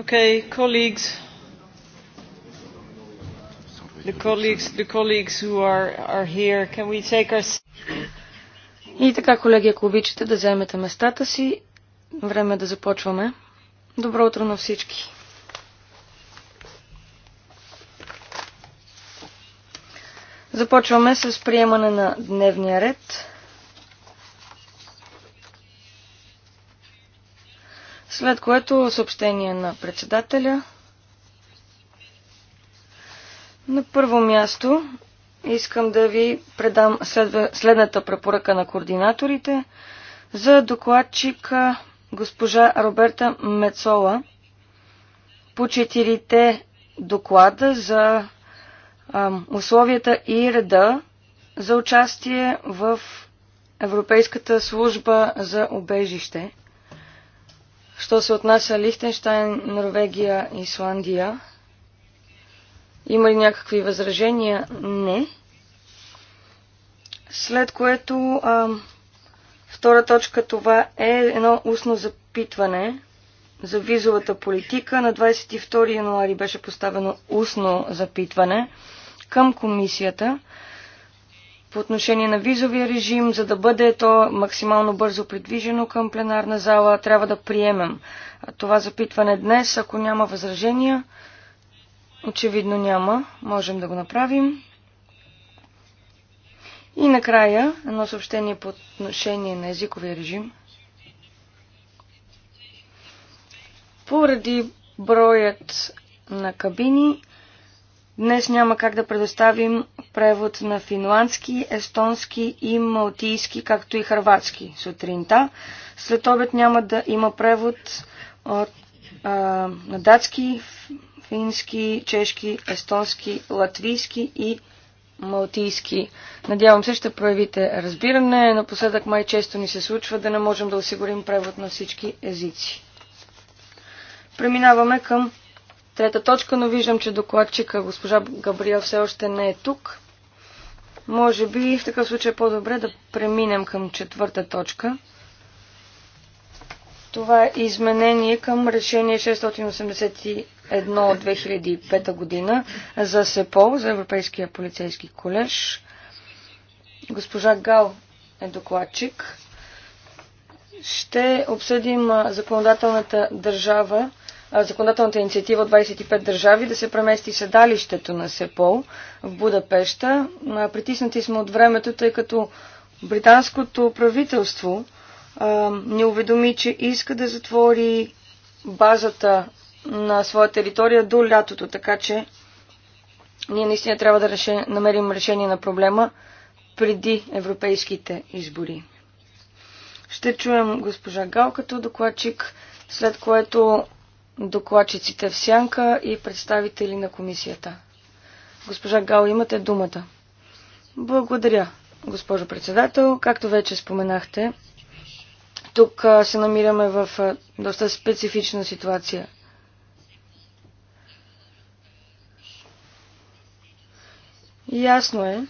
Okay, colleagues. The colleagues, the colleagues who are, are here, can we take our... И така, колеги, ако обичате да вземете местата си, време е да започваме. Добро утро на всички! Започваме с приемане на дневния ред. След което съобщение на председателя. На първо място искам да ви предам следната препоръка на координаторите за докладчика госпожа Роберта Мецола по четирите доклада за условията и реда за участие в Европейската служба за обежище. Що се отнася Лихтенштайн, Норвегия, Исландия, има ли някакви възражения? Не. След което а, втора точка това е едно устно запитване за визовата политика. На 22 януари беше поставено устно запитване към комисията по отношение на визовия режим, за да бъде то максимално бързо придвижено към пленарна зала, трябва да приемем това запитване днес. Ако няма възражения, очевидно няма, можем да го направим. И накрая едно съобщение по отношение на езиковия режим. Поради броят на кабини Днес няма как да предоставим превод на финландски, естонски и малтийски, както и хрватски сутринта. След обед няма да има превод от, а, на датски, фински, чешки, естонски, латвийски и малтийски. Надявам се ще проявите разбиране. Напоследък май често ни се случва да не можем да осигурим превод на всички езици. Преминаваме към трета точка, но виждам, че докладчика госпожа Габриел все още не е тук. Може би в такъв случай е по-добре да преминем към четвърта точка. Това е изменение към решение 681 от 2005 година за СЕПОЛ, за Европейския полицейски колеж. Госпожа Гал е докладчик. Ще обсъдим законодателната държава законодателната инициатива от 25 държави да се премести седалището на СЕПОЛ в Будапешта. Притиснати сме от времето, тъй като британското правителство ни уведоми, че иска да затвори базата на своя територия до лятото, така че ние наистина трябва да решен, намерим решение на проблема преди европейските избори. Ще чуем госпожа Галкато, докладчик, след което докладчиците в сянка и представители на комисията. Госпожа Гал, имате думата. Благодаря, госпожо председател. Както вече споменахте, тук се намираме в доста специфична ситуация. Ясно е,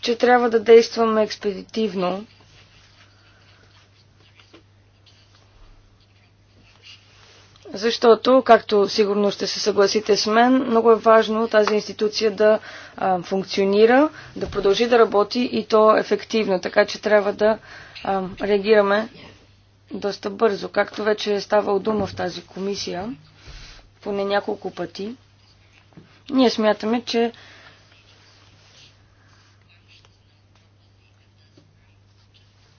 че трябва да действаме експедитивно Защото, както сигурно ще се съгласите с мен, много е важно тази институция да а, функционира, да продължи да работи и то ефективно. Така че трябва да а, реагираме доста бързо. Както вече е ставал дума в тази комисия, поне няколко пъти, ние смятаме, че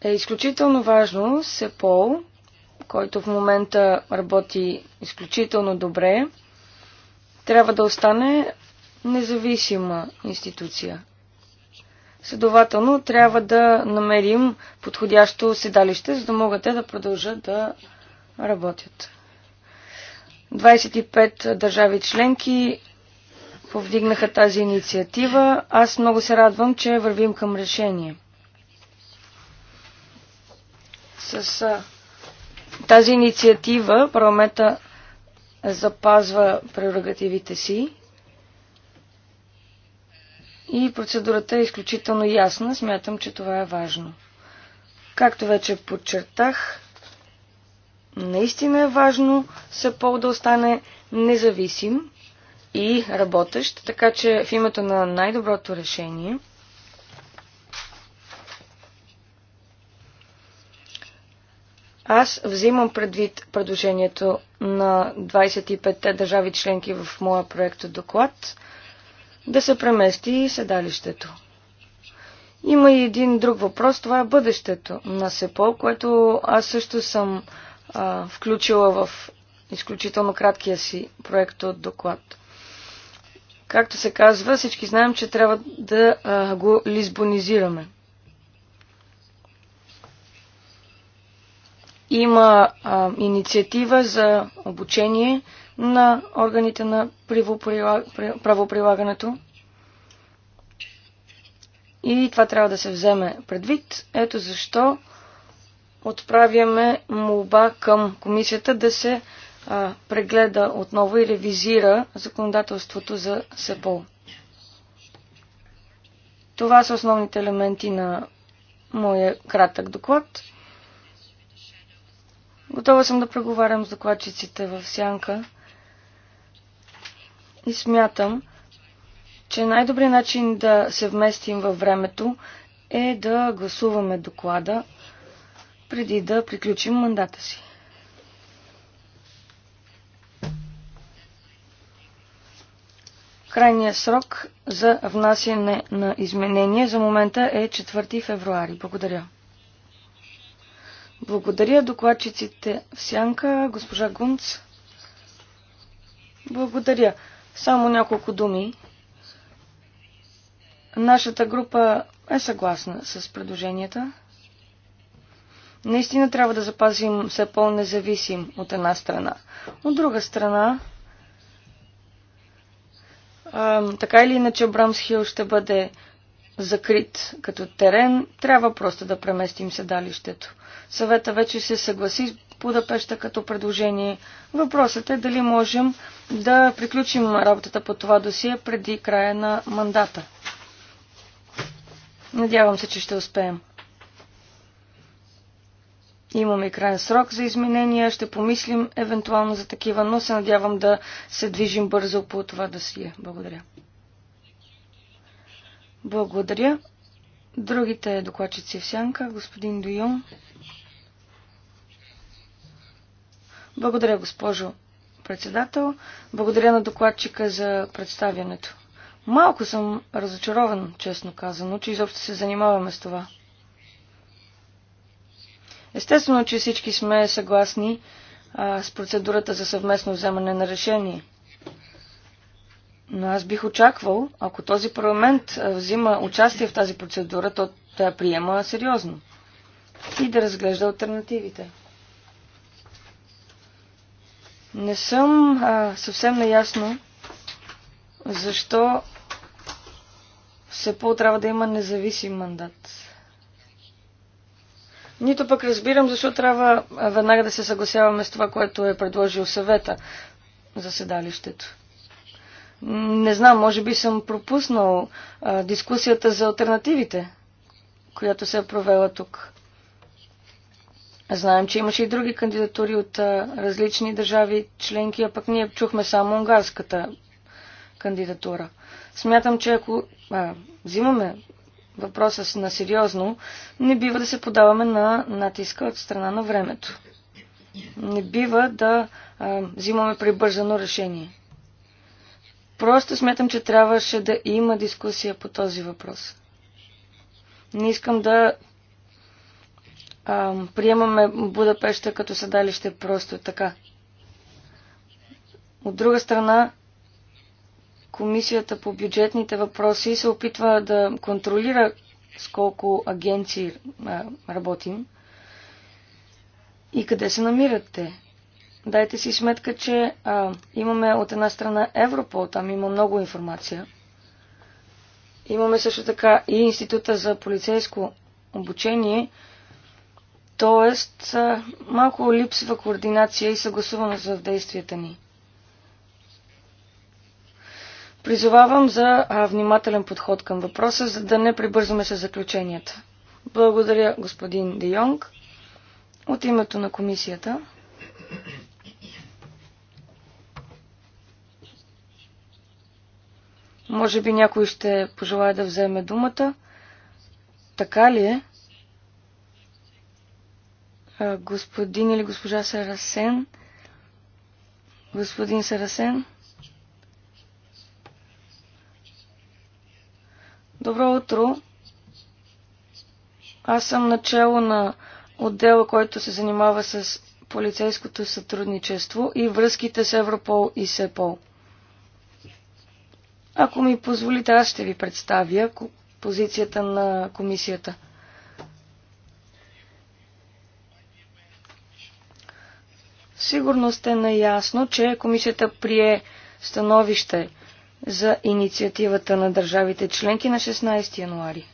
е изключително важно СЕПОЛ който в момента работи изключително добре, трябва да остане независима институция. Следователно, трябва да намерим подходящо седалище, за да могат те да продължат да работят. 25 държави членки повдигнаха тази инициатива. Аз много се радвам, че вървим към решение. С тази инициатива парламента запазва прерогативите си и процедурата е изключително ясна. Смятам, че това е важно. Както вече подчертах, наистина е важно СЕПОЛ да остане независим и работещ, така че в името на най-доброто решение Аз взимам предвид предложението на 25-те държави членки в моя проект доклад да се премести седалището. Има и един друг въпрос, това е бъдещето на СЕПО, което аз също съм а, включила в изключително краткия си проект от доклад. Както се казва, всички знаем, че трябва да а, го лизбонизираме. Има а, инициатива за обучение на органите на правоприлагането. И това трябва да се вземе предвид. Ето защо отправяме молба към комисията да се а, прегледа отново и ревизира законодателството за СЕПОЛ. Това са основните елементи на моя кратък доклад. Готова съм да преговарям с докладчиците в сянка и смятам, че най-добрият начин да се вместим във времето е да гласуваме доклада преди да приключим мандата си. Крайният срок за внасяне на изменения за момента е 4 февруари. Благодаря. Благодаря докладчиците в сянка, госпожа Гунц. Благодаря. Само няколко думи. Нашата група е съгласна с предложенията. Наистина трябва да запазим все по-независим от една страна. От друга страна, а, така или иначе Брамс Хил ще бъде закрит като терен, трябва просто да преместим седалището. Съвета вече се съгласи Будапеща като предложение. Въпросът е дали можем да приключим работата по това досие преди края на мандата. Надявам се, че ще успеем. Имаме и крайен срок за изменения, ще помислим евентуално за такива, но се надявам да се движим бързо по това досие. Благодаря. Благодаря. Другите докладчици в сянка, господин Дуйон. Благодаря, госпожо председател. Благодаря на докладчика за представянето. Малко съм разочарован, честно казано, че изобщо се занимаваме с това. Естествено, че всички сме съгласни а, с процедурата за съвместно вземане на решение – но аз бих очаквал, ако този парламент взима участие в тази процедура, то да я приема сериозно и да разглежда альтернативите. Не съм а, съвсем наясно защо все по трябва да има независим мандат. Нито пък разбирам защо трябва веднага да се съгласяваме с това, което е предложил съвета за седалището. Не знам, може би съм пропуснал а, дискусията за альтернативите, която се е провела тук. Знаем, че имаше и други кандидатури от а, различни държави членки, а пък ние чухме само унгарската кандидатура. Смятам, че ако а, взимаме въпроса на сериозно, не бива да се подаваме на натиска от страна на времето. Не бива да а, взимаме прибързано решение. Просто смятам, че трябваше да има дискусия по този въпрос. Не искам да а, приемаме Будапеща като седалище просто така. От друга страна, Комисията по бюджетните въпроси се опитва да контролира с колко агенции а, работим и къде се намират те дайте си сметка, че а, имаме от една страна Европол, там има много информация. Имаме също така и Института за полицейско обучение, т.е. малко липсва координация и съгласуваност в действията ни. Призовавам за а, внимателен подход към въпроса, за да не прибързваме с заключенията. Благодаря господин Де Йонг. От името на комисията. Може би някой ще пожелая да вземе думата. Така ли е? Господин или госпожа Сарасен? Господин Сарасен? Добро утро! Аз съм начало на отдела, който се занимава с полицейското сътрудничество и връзките с Европол и СЕПОЛ. Ако ми позволите, аз ще ви представя позицията на комисията. Сигурно сте наясно, че комисията прие становище за инициативата на държавите членки на 16 януари.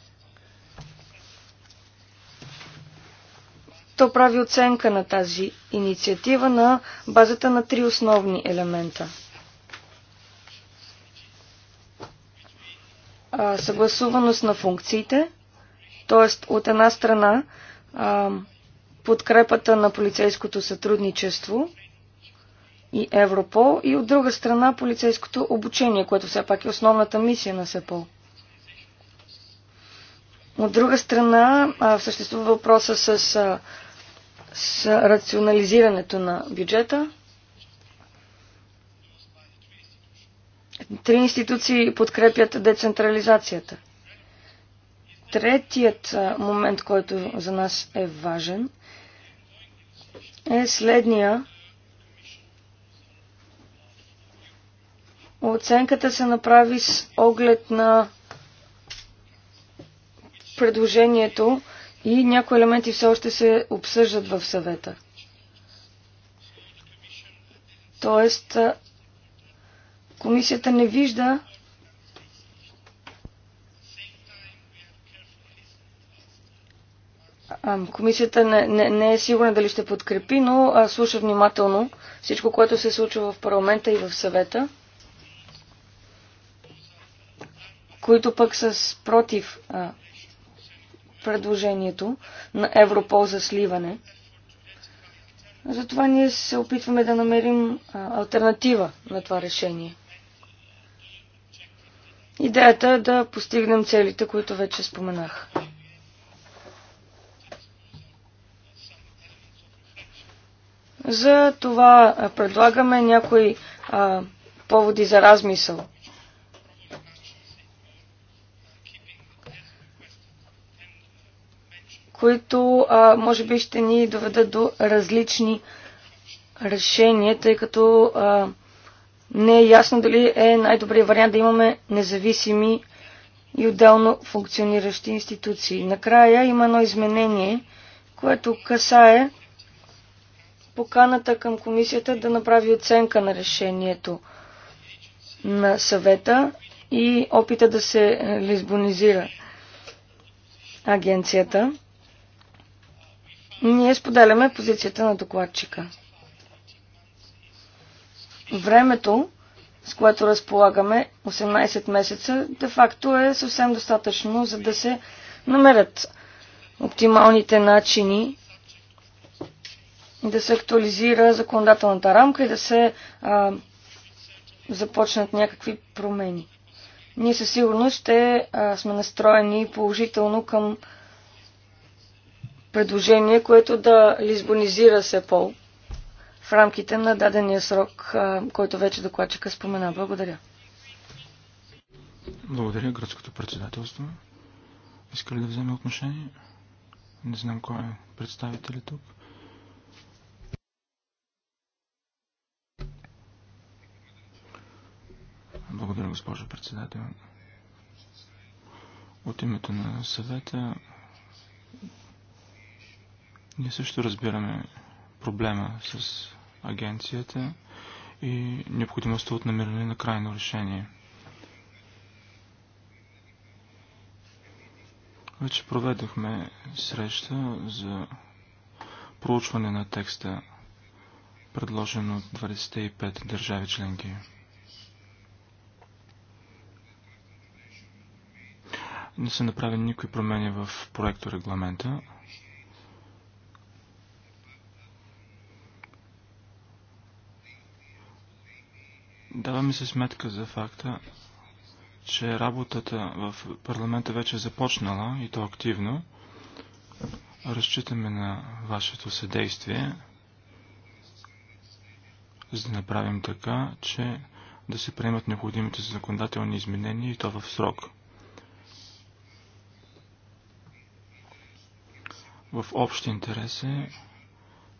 То прави оценка на тази инициатива на базата на три основни елемента – съгласуваност на функциите, т.е. от една страна а, подкрепата на полицейското сътрудничество и Европол и от друга страна полицейското обучение, което все пак е основната мисия на СЕПОЛ. От друга страна а, съществува въпроса с, с рационализирането на бюджета – Три институции подкрепят децентрализацията. Третият момент, който за нас е важен, е следния. Оценката се направи с оглед на предложението и някои елементи все още се обсъждат в съвета. Тоест, Комисията не вижда Комисията не, не, не е сигурна дали ще подкрепи, но а, слуша внимателно всичко, което се случва в парламента и в съвета, които пък са против а, предложението на Европол за сливане. Затова ние се опитваме да намерим а, альтернатива на това решение. Идеята е да постигнем целите, които вече споменах. За това предлагаме някои а, поводи за размисъл. които а, може би ще ни доведат до различни решения, тъй като а, не е ясно дали е най-добрият вариант да имаме независими и отделно функциониращи институции. Накрая има едно изменение, което касае поканата към комисията да направи оценка на решението на съвета и опита да се лизбонизира агенцията. Ние споделяме позицията на докладчика времето, с което разполагаме, 18 месеца, де-факто е съвсем достатъчно, за да се намерят оптималните начини да се актуализира законодателната рамка и да се а, започнат някакви промени. Ние със сигурност ще а, сме настроени положително към предложение, което да лизбонизира се пол в рамките на дадения срок, който вече докладчика спомена. Благодаря. Благодаря, градското председателство. Иска ли да вземе отношение? Не знам кой е представител тук. Благодаря, госпожо председател. От името на съвета ние също разбираме проблема с агенцията и необходимостта от намиране на крайно решение. Вече проведохме среща за проучване на текста, предложен от 25 държави членки. Не са направени никакви промени в проекто регламента. Даваме се сметка за факта, че работата в парламента вече е започнала и то активно. Разчитаме на вашето съдействие, за да направим така, че да се приемат необходимите законодателни изменения и то в срок. В общ интерес е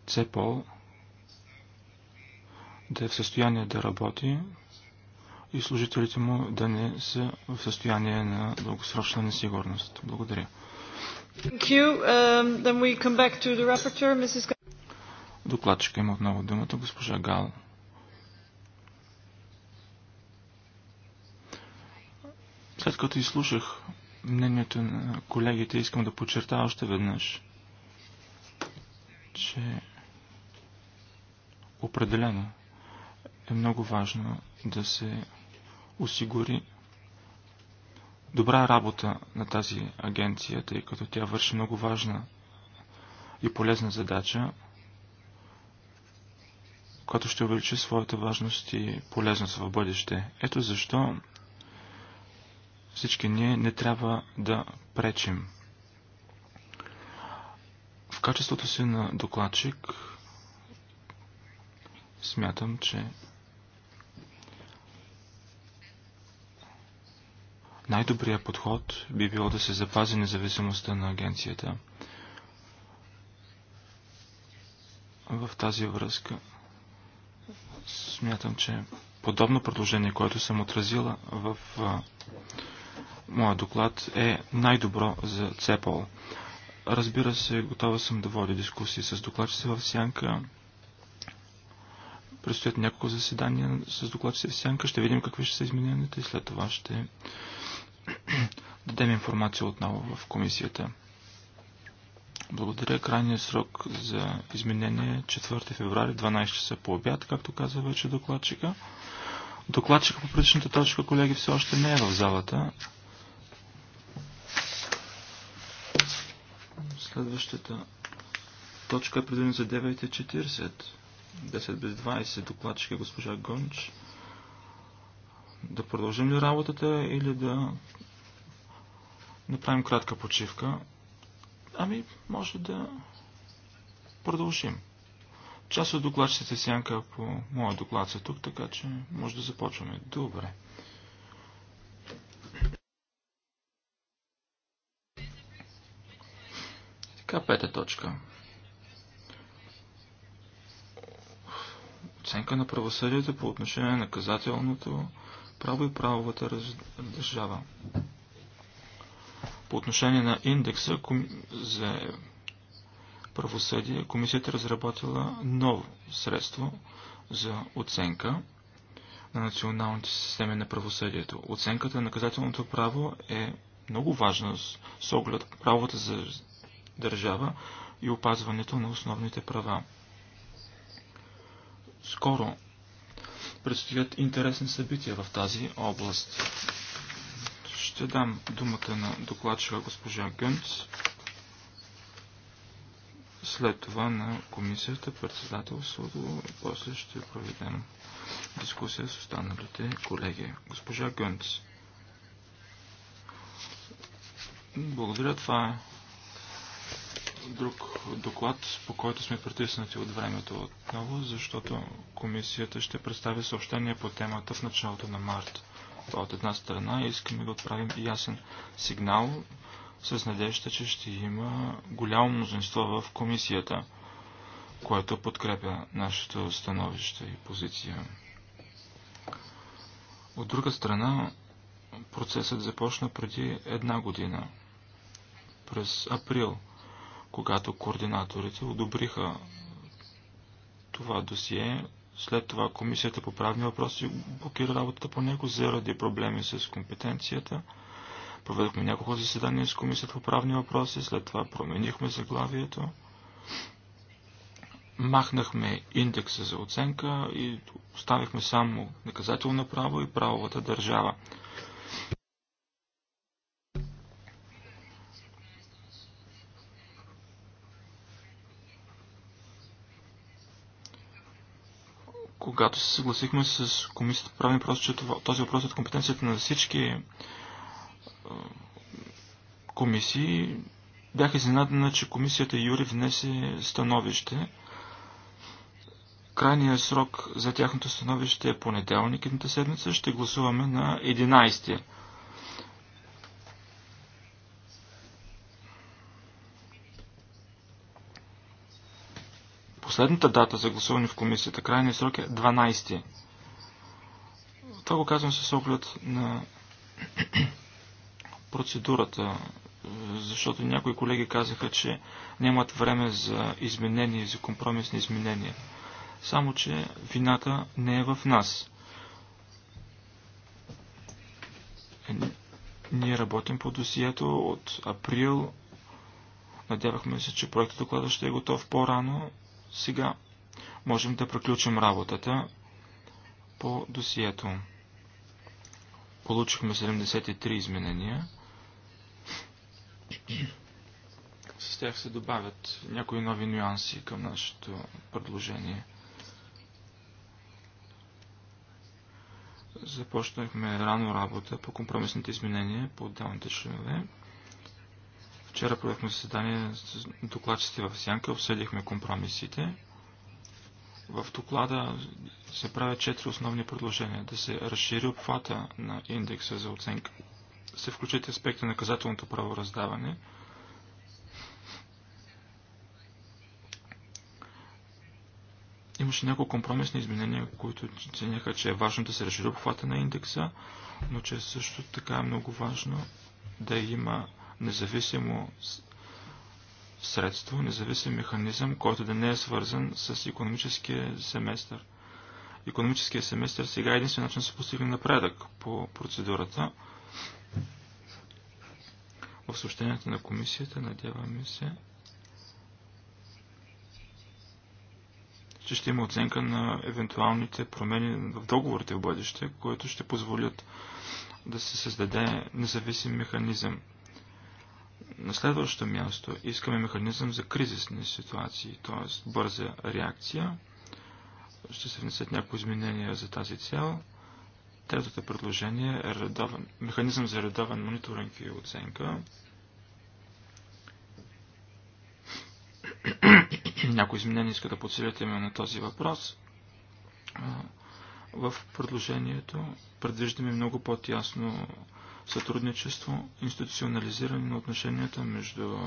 ЦЕПОЛ – да е в състояние да работи и служителите му да не са в състояние на дългосрочна несигурност. Благодаря. Um, Докладчика има отново думата, госпожа Гал. След като изслушах мнението на колегите, искам да подчертая още веднъж, че определено е много важно да се осигури добра работа на тази агенция, тъй като тя върши много важна и полезна задача, която ще увеличи своята важност и полезност в бъдеще. Ето защо всички ние не трябва да пречим. В качеството си на докладчик смятам, че най-добрият подход би било да се запази независимостта на агенцията. В тази връзка смятам, че подобно предложение, което съм отразила в а, моя доклад, е най-добро за ЦЕПОЛ. Разбира се, готова съм да водя дискусии с докладчица в Сянка. Предстоят няколко заседания с докладчица в Сянка. Ще видим какви ще са измененията и след това ще дадем информация отново в комисията. Благодаря. Крайният срок за изменение 4 феврари 12 часа по обяд, както каза вече докладчика. Докладчика по предишната точка, колеги, все още не е в залата. Следващата точка е предвидена за 9.40. 10 без 20. Докладчика е госпожа Гонч. Да продължим ли работата или да направим кратка почивка? Ами, може да продължим. Част от докладчите сянка по моя доклад са тук, така че може да започваме. Добре. Така, пета точка. Оценка на правосъдието по отношение на наказателното право и правовата държава. По отношение на индекса за правосъдие, комисията е разработила ново средство за оценка на националните системи на правосъдието. Оценката на наказателното право е много важна с оглед правовата за държава и опазването на основните права. Скоро предстоят интересни събития в тази област. Ще дам думата на докладчика госпожа Гънц, след това на комисията, председателството, после ще проведем дискусия с останалите колеги. Госпожа Гънц. Благодаря, това е друг доклад, по който сме притиснати от времето отново, защото комисията ще представи съобщение по темата в началото на март. Това от една страна искаме да отправим ясен сигнал с надежда, че ще има голямо мнозинство в комисията, което подкрепя нашето становище и позиция. От друга страна, процесът започна преди една година. През април когато координаторите одобриха това досие. След това Комисията по правни въпроси блокира работата по него заради проблеми с компетенцията. Проведохме няколко заседания с Комисията по правни въпроси, след това променихме заглавието. Махнахме индекса за оценка и оставихме само наказателно право и правовата държава. когато се съгласихме с комисията по правни въпроси, че това, този въпрос е от компетенцията на всички е, комисии, бях изненадана, че комисията Юри внесе становище. Крайният срок за тяхното становище е понеделник едната седмица. Ще гласуваме на 11 Последната дата за гласуване в комисията, крайния срок е 12. Това го казвам с оглед на процедурата, защото някои колеги казаха, че нямат време за изменения и за компромисни изменения. Само, че вината не е в нас. Е, ние работим по досието от април. Надявахме се, че проектът доклада ще е готов по-рано. Сега можем да приключим работата по досието. Получихме 73 изменения. С тях се добавят някои нови нюанси към нашето предложение. Започнахме рано работа по компромисните изменения по отделните членове. Вчера провехме заседание с докладчиците в Сянка, обсъдихме компромисите. В доклада се правят четири основни предложения. Да се разшири обхвата на индекса за оценка, да се включат аспекти на наказателното правораздаване, Имаше няколко компромисни изменения, които ценяха, че е важно да се разшири обхвата на индекса, но че също така е много важно да има независимо средство, независим механизъм, който да не е свързан с економическия семестър. Економическия семестър сега е единствен начин да се постигне напредък по процедурата. В съобщението на комисията надяваме се, че ще има оценка на евентуалните промени в договорите в бъдеще, които ще позволят да се създаде независим механизъм на следващото място искаме механизъм за кризисни ситуации, т.е. бърза реакция. Ще се внесат някои изменения за тази цел. Третото предложение е редовен, механизъм за редовен мониторинг и оценка. някои изменения иска да подсилят именно този въпрос. В предложението предвиждаме много по-тясно сътрудничество, институционализиране на отношенията между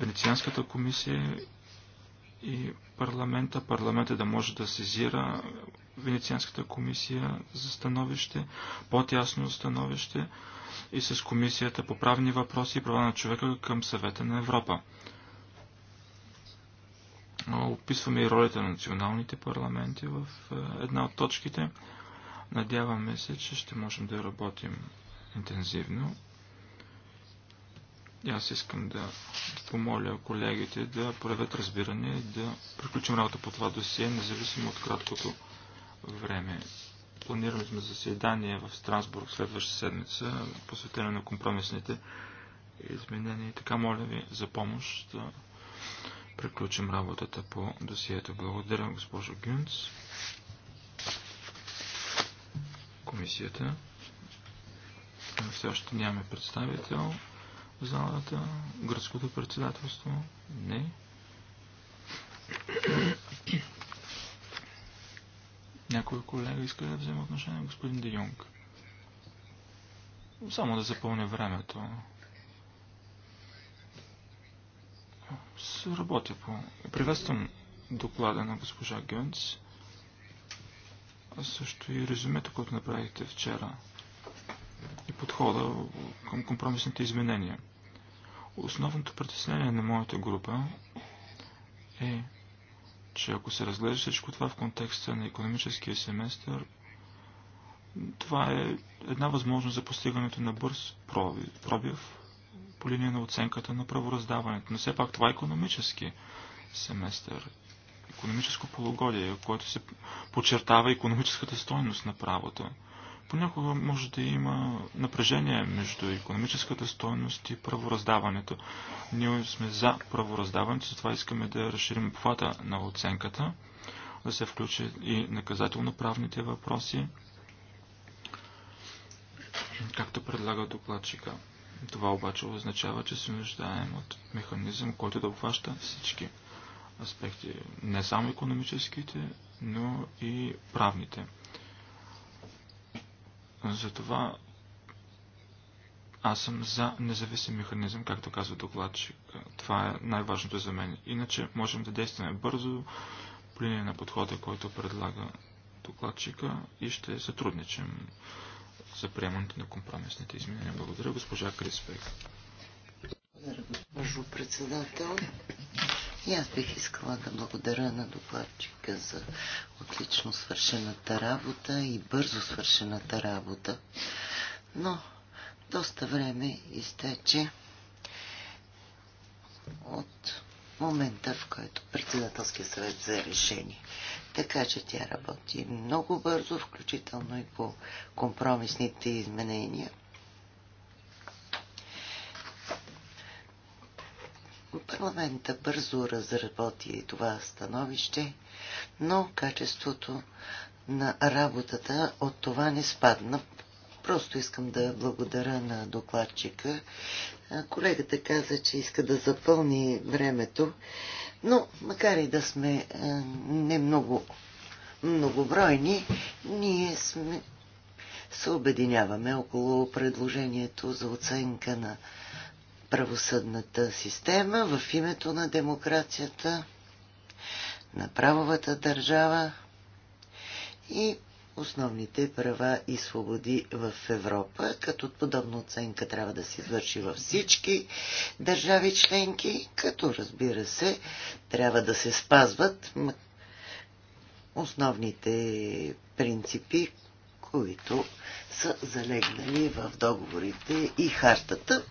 Венецианската комисия и парламента. Парламента да може да сезира Венецианската комисия за становище, по-тясно становище и с комисията по правни въпроси и права на човека към съвета на Европа. Описваме и ролята на националните парламенти в е, една от точките. Надяваме се, че ще можем да работим интензивно. И аз искам да помоля колегите да проявят разбиране и да приключим работа по това досие, независимо от краткото време. Планираме сме заседание в Страсбург следващата седмица, посветено на компромисните изменения. И така моля ви за помощ да приключим работата по досието. Благодаря, госпожо Гюнц комисията. Все още нямаме представител в залата. Гръцкото председателство. Не. Някой колега иска да вземе отношение? Господин Де Юнг. Само да запълня времето. работя по... Приветствам доклада на госпожа Гюнц също и резюмето, което направихте вчера и подхода към компромисните изменения. Основното притеснение на моята група е, че ако се разглежда всичко това в контекста на економическия семестър, това е една възможност за постигането на бърз пробив по линия на оценката на правораздаването. Но все пак това е економически семестър економическо полугодие, което се подчертава економическата стойност на правото. Понякога може да има напрежение между економическата стойност и правораздаването. Ние сме за правораздаването, затова искаме да разширим обхвата на оценката, да се включи и наказателно-правните въпроси, както предлага докладчика. Това обаче означава, че се нуждаем от механизъм, който да обхваща всички аспекти, не само економическите, но и правните. Затова аз съм за независим механизъм, както казва докладчик. Това е най-важното за мен. Иначе можем да действаме бързо по линия на подхода, който предлага докладчика и ще сътрудничим за приемането на компромисните изменения. Благодаря, госпожа Криспек. Благодаря, госпожо председател. И аз бих искала да благодаря на докладчика за отлично свършената работа и бързо свършената работа. Но доста време изтече от момента, в който Председателския съвет взе решение. Така че тя работи много бързо, включително и по компромисните изменения. Парламента бързо разработи това становище, но качеството на работата от това не спадна. Просто искам да благодаря на докладчика. Колегата каза, че иска да запълни времето, но макар и да сме не много многобройни, ние сме, се обединяваме около предложението за оценка на правосъдната система в името на демокрацията, на правовата държава и основните права и свободи в Европа, като подобна оценка трябва да се извърши във всички държави членки, като разбира се, трябва да се спазват основните принципи, които са залегнали в договорите и хартата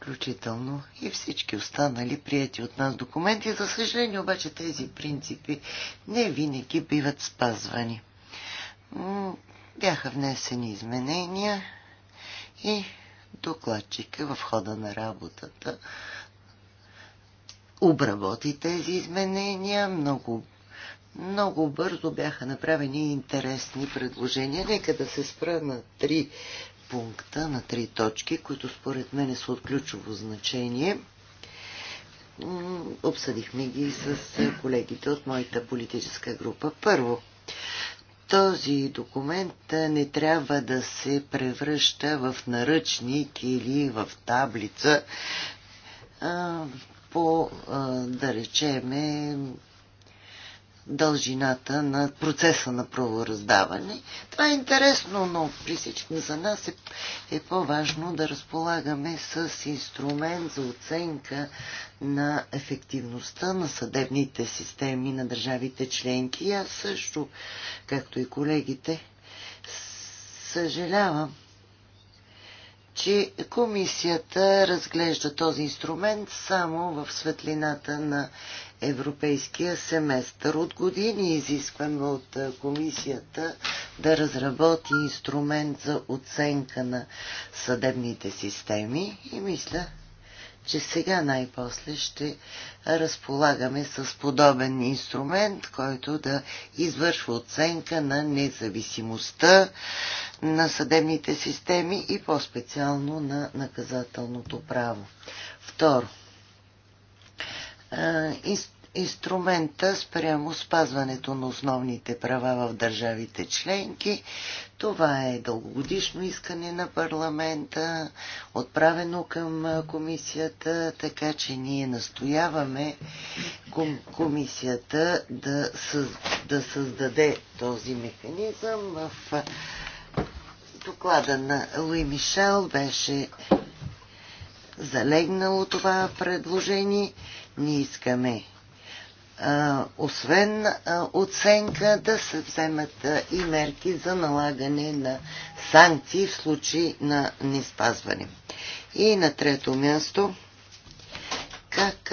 включително и всички останали прияти от нас документи. За съжаление обаче тези принципи не винаги биват спазвани. Бяха внесени изменения и докладчика в хода на работата обработи тези изменения. Много, много бързо бяха направени интересни предложения. Нека да се спра на три пункта на три точки, които според мен е са от ключово значение. Обсъдихме ги с е, колегите от моята политическа група. Първо, този документ е, не трябва да се превръща в наръчник или в таблица по, да речеме, дължината на процеса на правораздаване. Това е интересно, но при всички за нас е, е по-важно да разполагаме с инструмент за оценка на ефективността на съдебните системи на държавите членки. И аз също, както и колегите, съжалявам, че комисията разглежда този инструмент само в светлината на европейския семестър. От години е изискваме от комисията да разработи инструмент за оценка на съдебните системи и мисля, че сега най-после ще разполагаме с подобен инструмент, който да извършва оценка на независимостта на съдебните системи и по-специално на наказателното право. Второ, е, инструмента спрямо спазването на основните права в държавите членки. Това е дългогодишно искане на парламента, отправено към е, комисията, така че ние настояваме комисията да, да създаде този механизъм. В е, доклада на Луи Мишел беше залегнало това предложение ние искаме освен оценка да се вземат и мерки за налагане на санкции в случай на неспазване. И на трето място, как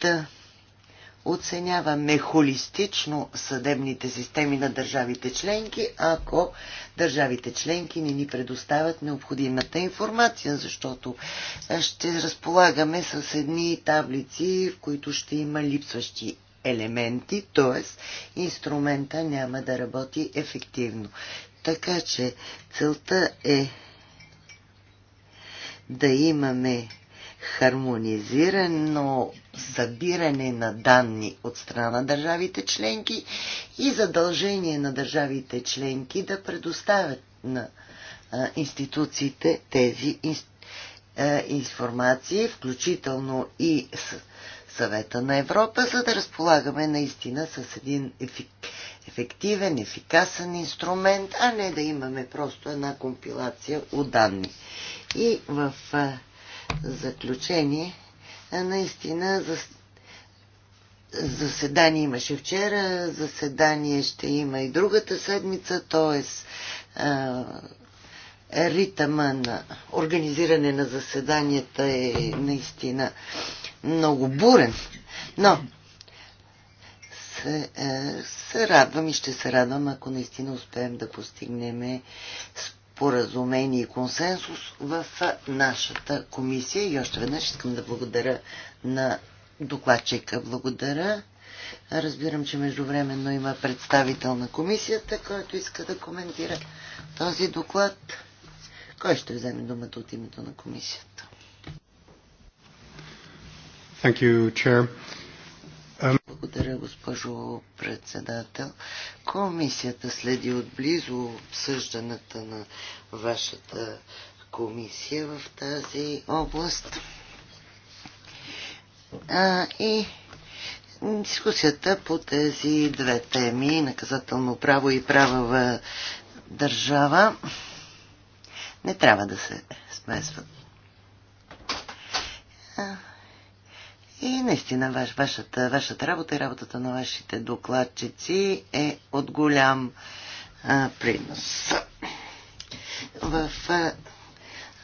да оценяваме холистично съдебните системи на държавите членки, ако държавите членки не ни предоставят необходимата информация, защото ще разполагаме с едни таблици, в които ще има липсващи елементи, т.е. инструмента няма да работи ефективно. Така че целта е да имаме хармонизирано събиране на данни от страна на държавите членки и задължение на държавите членки да предоставят на институциите тези информации, включително и с съвета на Европа, за да разполагаме наистина с един ефективен, ефикасен инструмент, а не да имаме просто една компилация от данни. И в заключение Наистина, за заседание имаше вчера, заседание ще има и другата седмица, т.е. ритъма на организиране на заседанията е наистина много бурен. Но се, е, се радвам и ще се радвам, ако наистина успеем да постигнем споразумение и консенсус в нашата комисия. И още веднъж искам да благодаря на докладчика. Благодаря. Разбирам, че междувременно има представител на комисията, който иска да коментира този доклад. Кой ще вземе думата от името на комисията? Thank you, Chair. Благодаря, госпожо председател. Комисията следи отблизо обсъжданата на вашата комисия в тази област. А, и дискусията по тези две теми наказателно право и правова държава не трябва да се смесват. И наистина ваш, вашата, вашата работа и работата на вашите докладчици е от голям а, принос. В, а,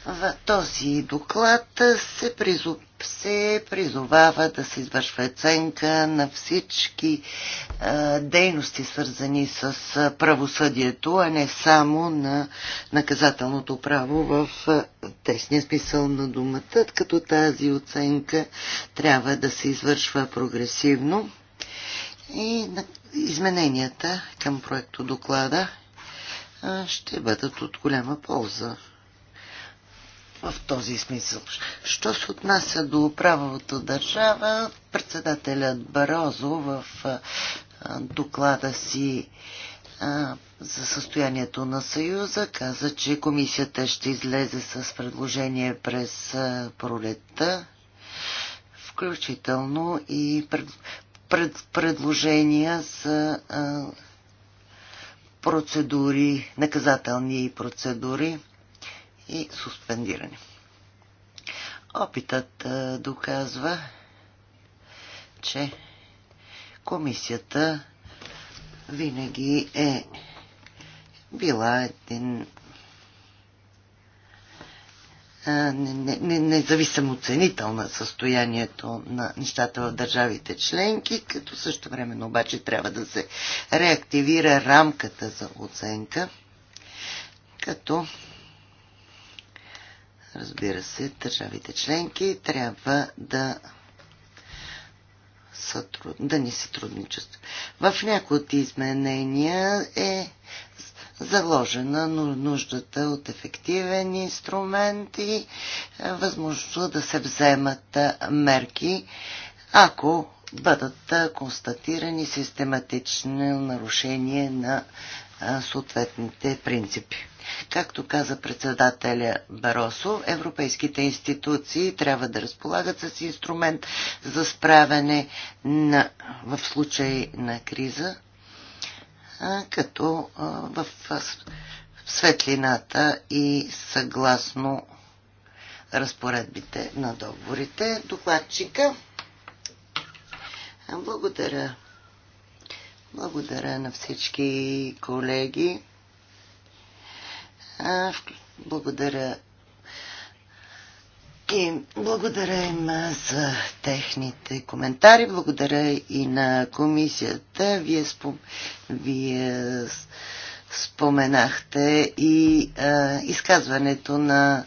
в този доклад се призу, се призовава да се извършва оценка на всички а, дейности, свързани с правосъдието, а не само на наказателното право в тесния смисъл на думата, като тази оценка трябва да се извършва прогресивно. И измененията към проекто доклада ще бъдат от голяма полза в този смисъл. Що се отнася до правовото държава, председателят Барозо в доклада си за състоянието на Съюза каза, че комисията ще излезе с предложение през пролетта, включително и пред, пред, предложения за процедури, наказателни процедури и суспендиране. Опитът доказва, че комисията винаги е била един независим оценител на състоянието на нещата в държавите членки, като също времено обаче трябва да се реактивира рамката за оценка, като разбира се, държавите членки трябва да, сътруд... да ни сътрудничат. В някои от изменения е заложена нуждата от ефективен инструмент и е, възможността да се вземат е, мерки, ако бъдат е, констатирани систематични нарушения на съответните принципи. Както каза председателя Баросо, европейските институции трябва да разполагат с инструмент за справяне на, в случай на криза, като в светлината и съгласно разпоредбите на договорите. Докладчика. Благодаря. Благодаря на всички колеги благодаря и благодаря им за техните коментари. Благодаря и на комисията. Вие, спом... Вие споменахте и а, изказването на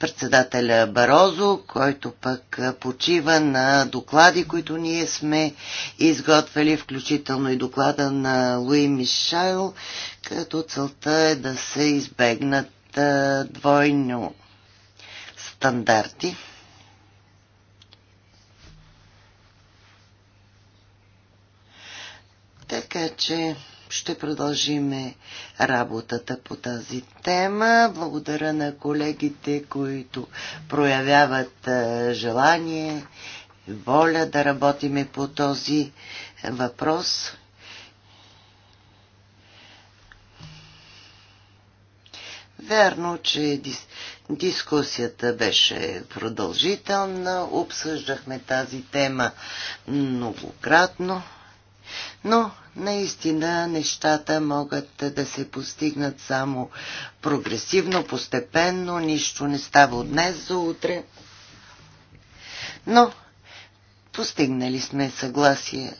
председателя Барозо, който пък почива на доклади, които ние сме изготвили, включително и доклада на Луи Мишайл, като целта е да се избегнат двойно стандарти. Така че ще продължиме работата по тази тема. Благодаря на колегите, които проявяват желание, воля да работиме по този въпрос. Верно, че дис... дискусията беше продължителна, обсъждахме тази тема многократно, но наистина нещата могат да се постигнат само прогресивно, постепенно, нищо не става от днес за утре. Но постигнали сме съгласие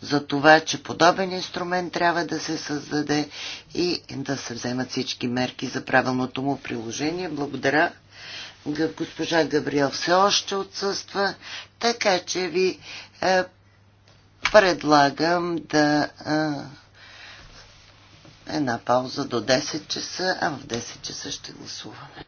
за това, че подобен инструмент трябва да се създаде и да се вземат всички мерки за правилното му приложение. Благодаря. Госпожа Габриел все още отсъства, така че ви е, предлагам да а, една пауза до 10 часа, а в 10 часа ще гласуваме.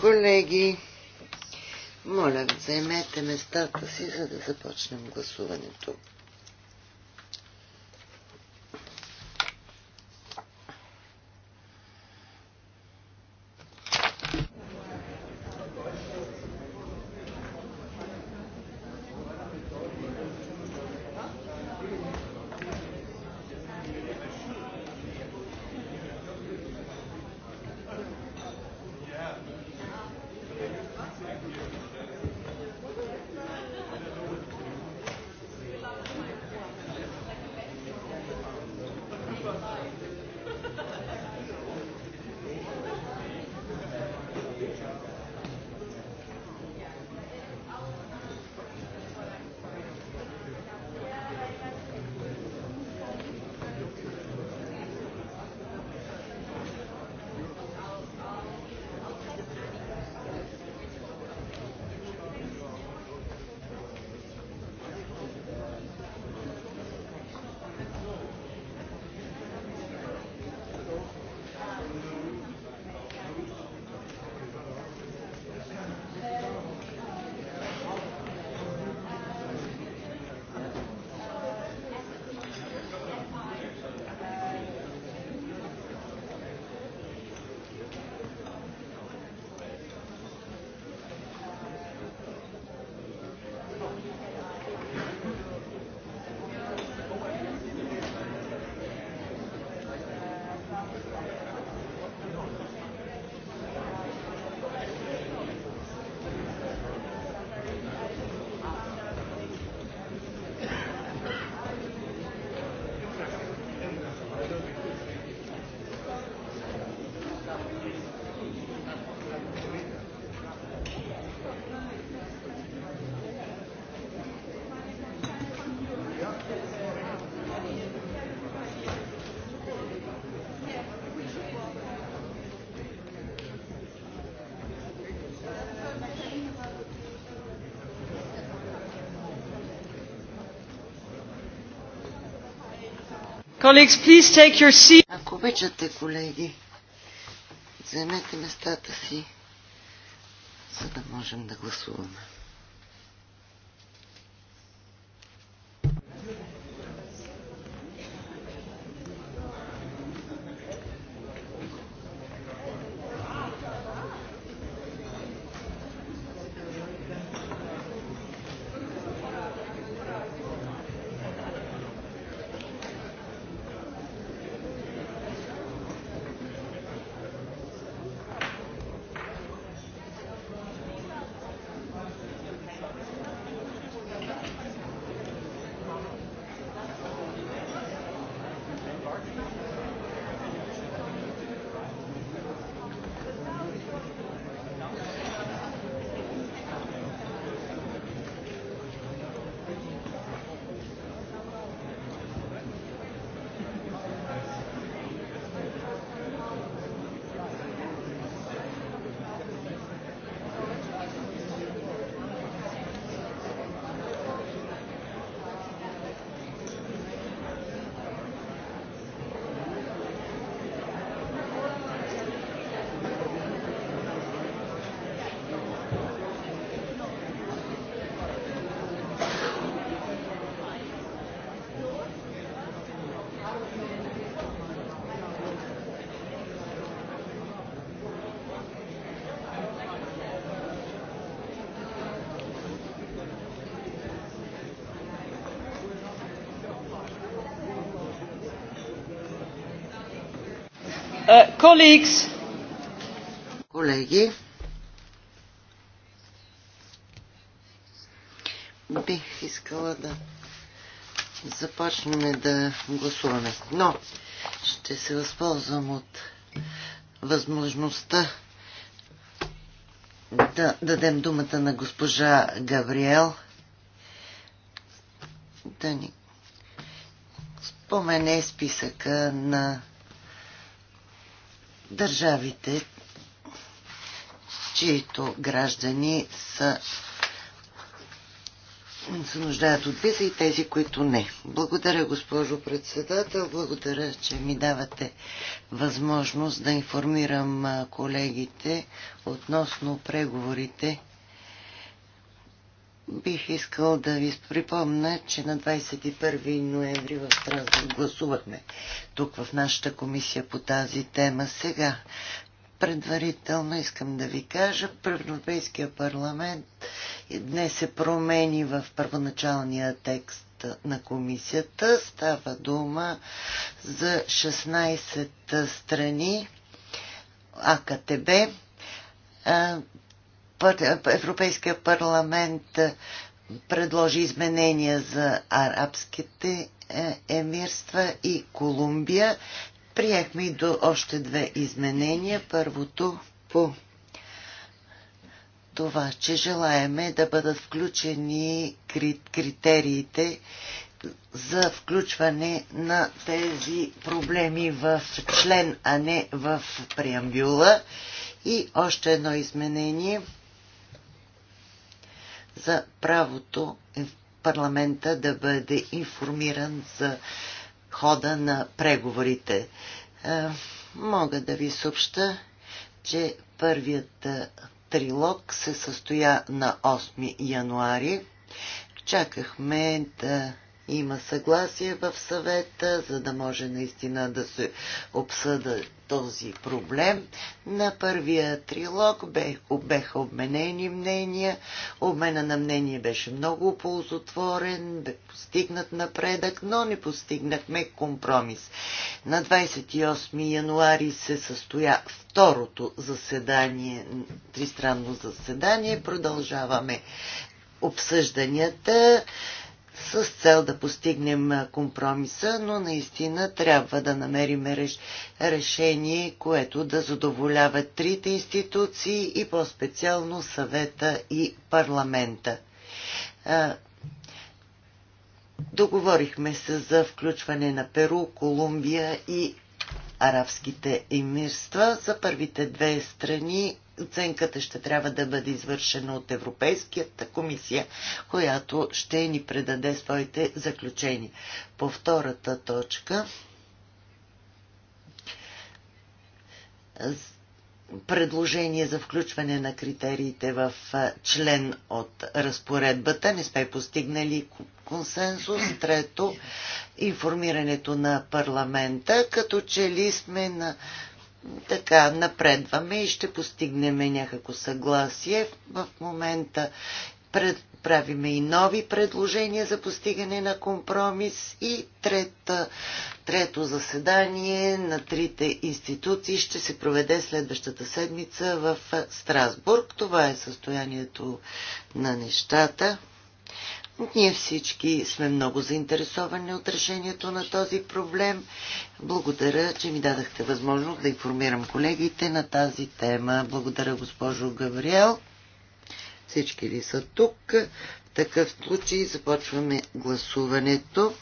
Колеги, моля, вземете местата си, за да започнем гласуването. Ако обичате, колеги, вземете местата си, за да можем да гласуваме. Colleagues. Колеги, бих искала да започнем да гласуваме. Но ще се възползвам от възможността да дадем думата на госпожа Гавриел да ни спомене списъка на държавите, чието граждани са се нуждаят от виза и тези, които не. Благодаря, госпожо председател. Благодаря, че ми давате възможност да информирам колегите относно преговорите Бих искал да ви припомня, че на 21 ноември в Страсбург гласувахме тук в нашата комисия по тази тема. Сега предварително искам да ви кажа, Европейския парламент днес се промени в първоначалния текст на комисията. Става дума за 16 страни АКТБ, Европейския парламент е, предложи изменения за арабските е, емирства и Колумбия. Приехме и до още две изменения. Първото по това, че желаеме да бъдат включени критериите за включване на тези проблеми в член, а не в преамбюла. И още едно изменение – за правото парламента да бъде информиран за хода на преговорите. Е, мога да ви съобща, че първият е, трилог се състоя на 8 януари. Чакахме да има съгласие в съвета, за да може наистина да се обсъда този проблем. На първия трилог беха обменени мнения. Обмена на мнение беше много ползотворен, бе постигнат напредък, но не постигнахме компромис. На 28 януари се състоя второто заседание, тристранно заседание. Продължаваме обсъжданията с цел да постигнем компромиса, но наистина трябва да намерим решение, което да задоволява трите институции и по-специално съвета и парламента. Договорихме се за включване на Перу, Колумбия и арабските емирства. За първите две страни оценката ще трябва да бъде извършена от Европейската комисия, която ще ни предаде своите заключения. По втората точка предложение за включване на критериите в член от разпоредбата. Не сме постигнали консенсус. Трето, информирането на парламента, като че ли сме на така напредваме и ще постигнем някакво съгласие. В момента пред, правиме и нови предложения за постигане на компромис и трета, трето заседание на трите институции ще се проведе следващата седмица в Страсбург. Това е състоянието на нещата. Ние всички сме много заинтересовани от решението на този проблем. Благодаря, че ми дадахте възможност да информирам колегите на тази тема. Благодаря, госпожо Гавриел. Всички ли са тук? В такъв случай започваме гласуването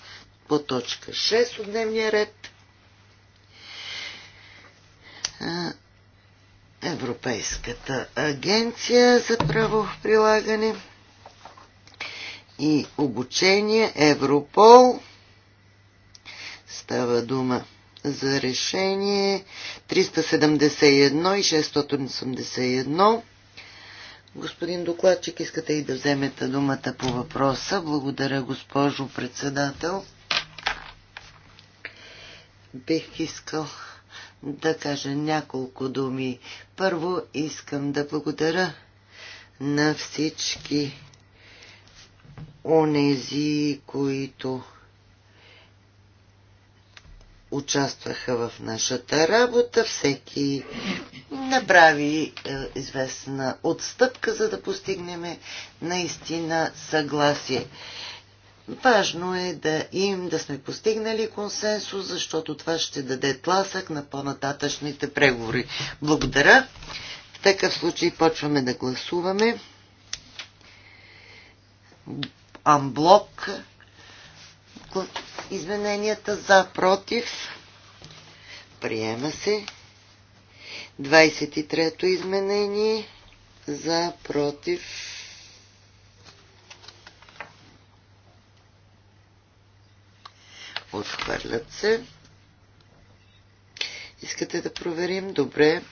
по точка 6 от дневния ред. Европейската агенция за правоприлагане и обучение Европол. Става дума за решение 371 и 681 Господин докладчик, искате и да вземете думата по въпроса. Благодаря, госпожо председател. Бих искал да кажа няколко думи. Първо искам да благодаря на всички онези, които участваха в нашата работа. Всеки направи е, известна отстъпка, за да постигнем наистина съгласие. Важно е да им да сме постигнали консенсус, защото това ще даде тласък на по-нататъчните преговори. Благодаря. В такъв случай почваме да гласуваме. Амблок измененията за, против. Приема се. 23-то изменение за, против. Отхвърлят се. Искате да проверим? Добре.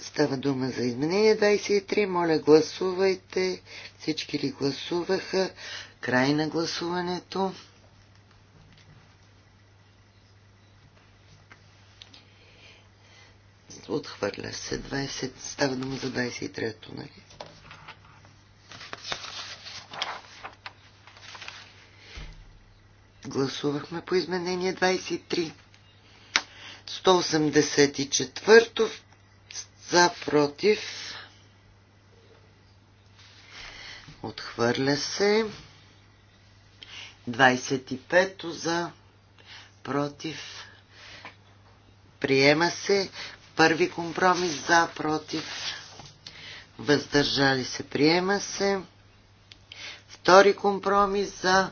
Става дума за изменение 23. Моля, гласувайте. Всички ли гласуваха? Край на гласуването. Отхвърля се. 20, става дума за 23-то, нали? Гласувахме по изменение 23. 184 за против. Отхвърля се. 25 за против. Приема се. Първи компромис за против. Въздържали се. Приема се. Втори компромис за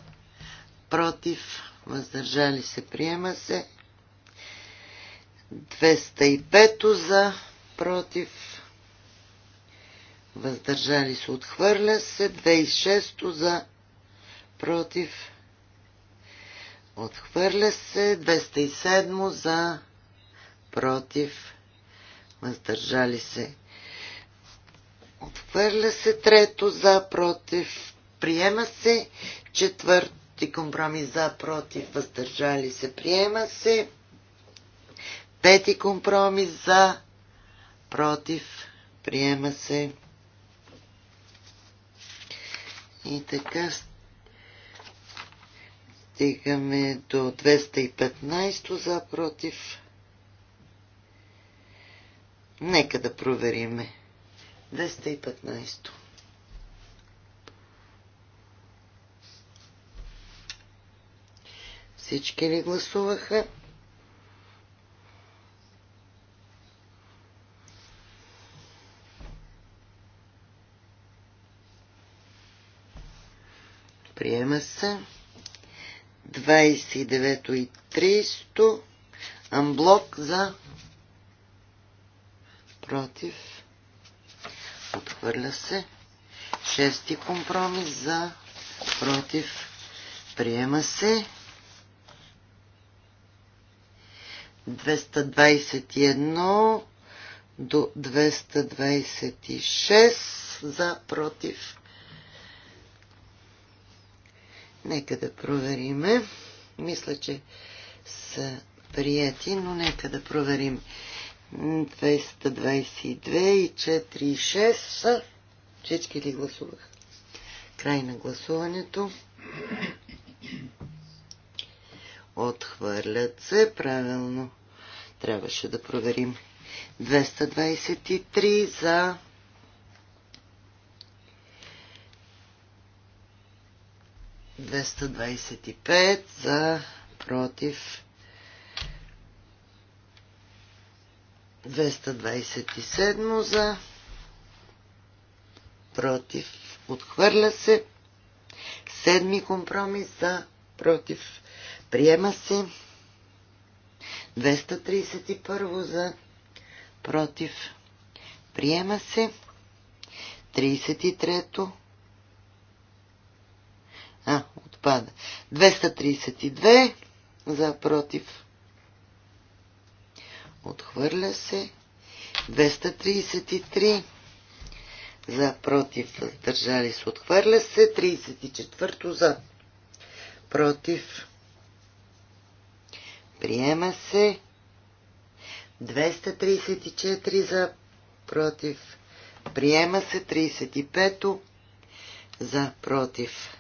против. Въздържали се. Приема се. 205 за против. Въздържали се. Отхвърля се. 26 за против Отхвърля се 207 за против. Въздържали се. Отхвърля се трето за против. Приема се четвърти компромис за против. Въздържали се. Приема се пети компромис за против. Приема се. И така Стигаме до 215 за против. Нека да провериме. 215. Всички ли гласуваха? Приема се. 29 и 300. Амблок за против. Отхвърля се. Шести компромис за против. Приема се. 221 до 226 за против. Нека да провериме. Мисля, че са прияти, но нека да проверим. 222 и 4 и 6 са. Всички ли гласуваха? Край на гласуването. Отхвърлят се. Правилно. Трябваше да проверим. 223 за 225 за против 227 за против отхвърля се седми компромис за против приема се 231 за против приема се 33 а, отпада. 232 за против. Отхвърля се. 233 за против. Въздържали се. Отхвърля се. 34 за против. Приема се. 234 за против. Приема се 35 за против.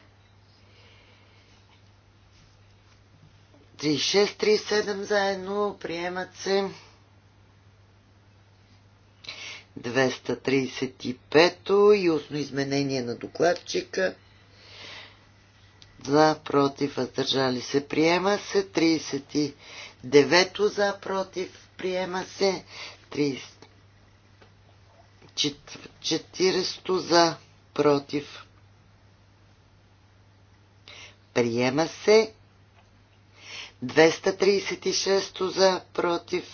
3637 заедно. Приемат се. 235 и устно изменение на докладчика. За, против, въздържали се. Приема се. 39 за, против. Приема се. 30. 40 за, против. Приема се 236 за, против.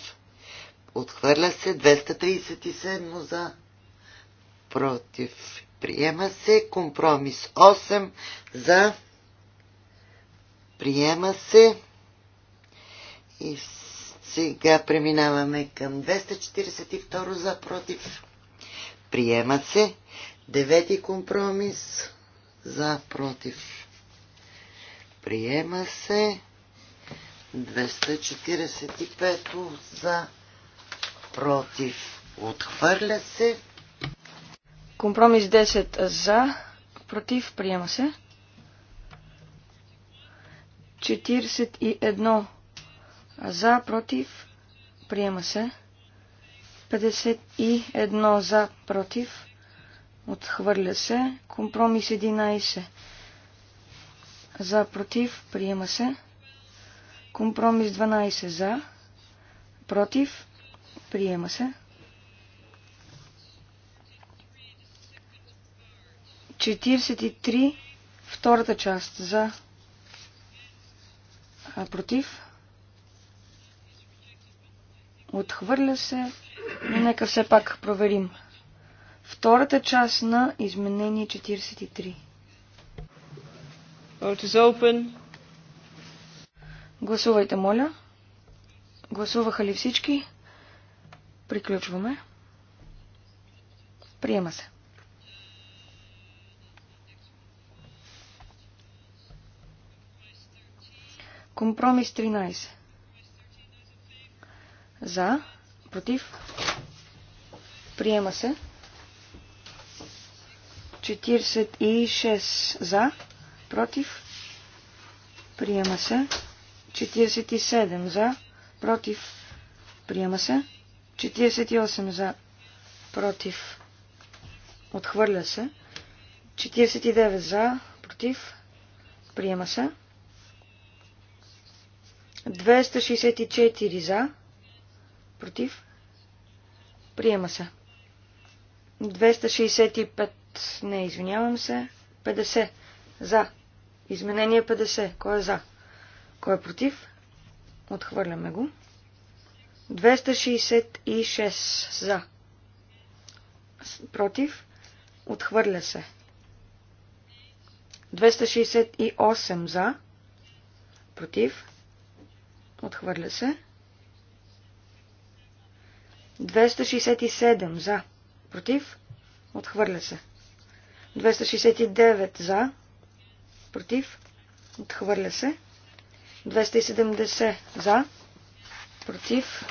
Отхвърля се. 237 за, против. Приема се. Компромис 8 за. Приема се. И сега преминаваме към 242 за против. Приема се. Девети компромис за против. Приема се. 245 за против. Отхвърля се. Компромис 10 за против. Приема се. 41 за против. Приема се. 51 за против. Отхвърля се. Компромис 11 за против. Приема се. Компромис 12 за. Против. Приема се. 43. Втората част за. А против. Отхвърля се. Но нека все пак проверим. Втората част на изменение 43. Vote is open. Гласувайте, моля. Гласуваха ли всички? Приключваме. Приема се. Компромис 13. За. Против. Приема се. 46 за. Против. Приема се. 47 за, против, приема се. 48 за, против, отхвърля се. 49 за, против, приема се. 264 за, против, приема се. 265, не, извинявам се, 50 за. Изменение 50. Кой е за? Кой е против? Отхвърляме го. 266 за. Против? Отхвърля се. 268 за. Против? Отхвърля се. 267 за. Против? Отхвърля се. 269 за. Против? Отхвърля се. 270 за, против,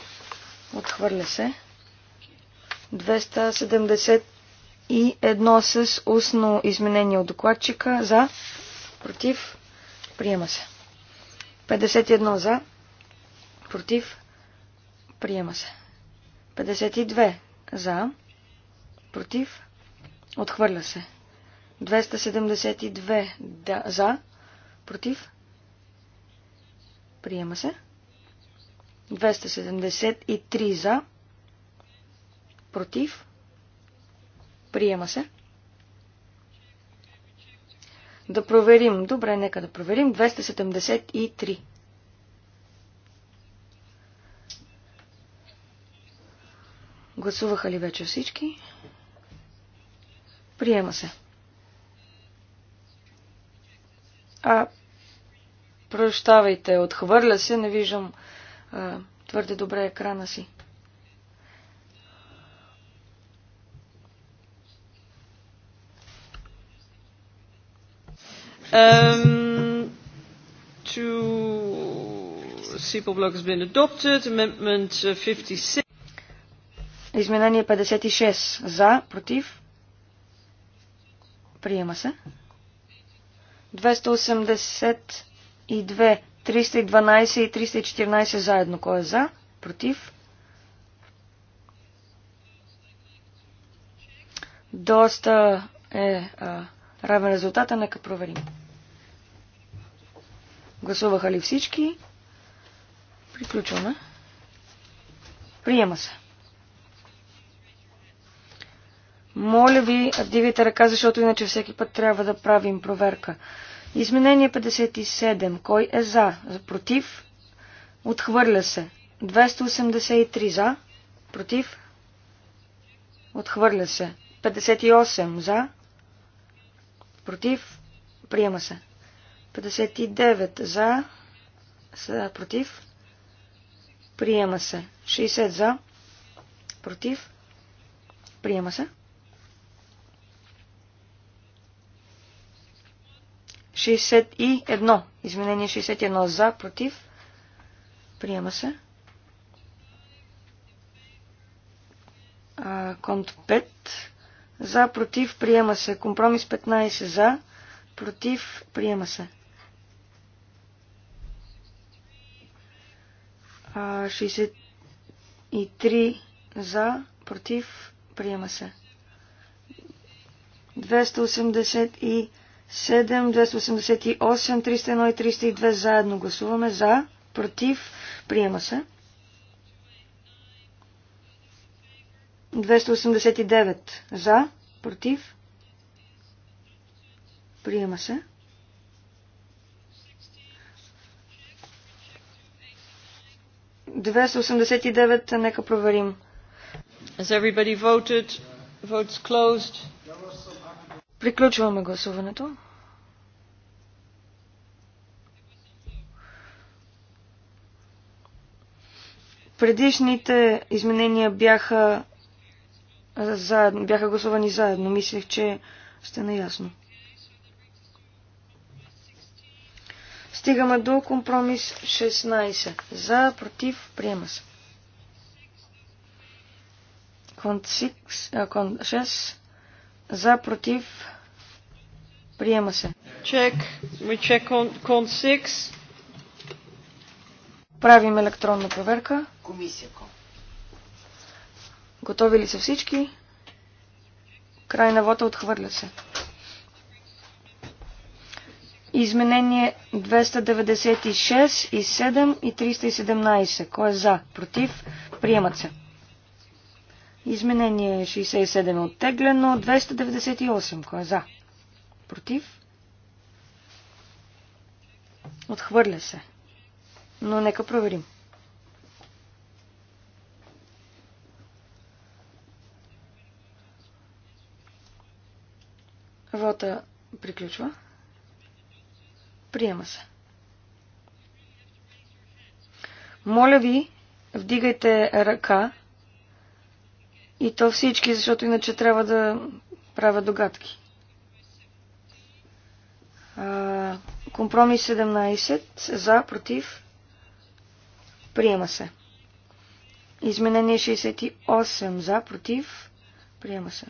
отхвърля се. 271 с устно изменение от докладчика за, против, приема се. 51 за, против, приема се. 52 за, против, отхвърля се. 272 да, за, против, Приема се. 273 за. Против. Приема се. Да проверим. Добре, нека да проверим. 273. Гласуваха ли вече всички? Приема се. А Прощавайте, отхвърля се, не виждам а, твърде добре екрана си. Um, to Sipel block has been adopted. Amendment 56. Uh, Изменение 56. За, против. Приема се. 280 и 2, 312 и 314 заедно. Кой е за? Против? Доста е а, равен резултата. Нека проверим. Гласуваха ли всички? Приключваме. Приема се. Моля ви, вдигайте ръка, защото иначе всеки път трябва да правим проверка. Изменение 57. Кой е за? Против? Отхвърля се. 283 за. Против? Отхвърля се. 58 за. Против? Приема се. 59 за. против? Приема се. 60 за. Против? Приема се. 61. Изменение 61 за, против. Приема се. Конт 5. За, против, приема се. Компромис 15 за, против, приема се. 63 за, против, приема се. 280 и. 7, и 302 заедно гласуваме за, против, приема се. 289 за, против, приема се. 289, нека проверим. Has everybody voted? Votes closed. Приключваме гласуването. Предишните изменения бяха, заедно, бяха гласувани заедно. Мислех, че сте наясно. Стигаме до компромис 16. За, против, приема се. Конт 6, 6 за, против, приема се. Чек. Ми чек кон 6. Правим електронна проверка. Комисия кон. Готови ли са всички? Край на вота отхвърля се. Изменение 296 и 7 и 317. Кой е за? Против? Приемат се. Изменение 67 е оттеглено. 298. Кой е за? Против? Отхвърля се. Но нека проверим. Вота приключва. Приема се. Моля ви, вдигайте ръка, и то всички, защото иначе трябва да правя догадки. компромис 17. За, против. Приема се. Изменение 68. За, против. Приема се.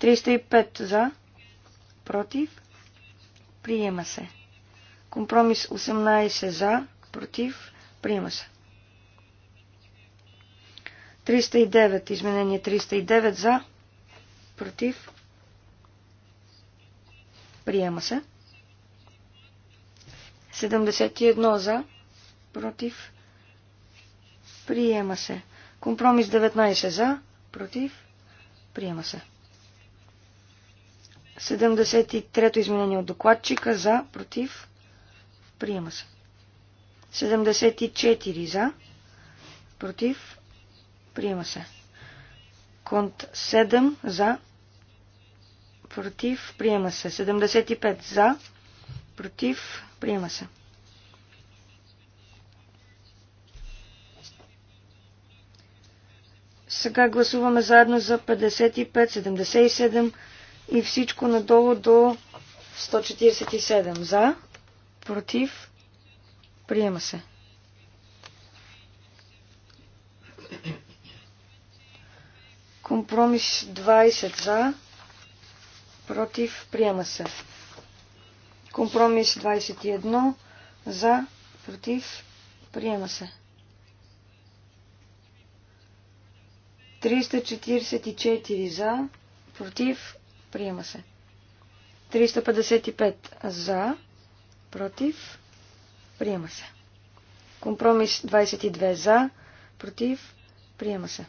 305. За, против. Приема се. Компромис 18. За, против. Приема се. 309. Изменение 309 за. Против. Приема се. 71 за. Против. Приема се. Компромис 19 за. Против. Приема се. 73-то изменение от докладчика за. Против. Приема се. 74 за. Против. Приема се. Конт 7 за. Против. Приема се. 75 за. Против. Приема се. Сега гласуваме заедно за 55, 77 и всичко надолу до 147. За. Против. Приема се. Компромис 20 за, против, приема се. Компромис 21 за, против, приема се. 344 за, против, приема се. 355 за, против, приема се. Компромис 22 за, против, приема се.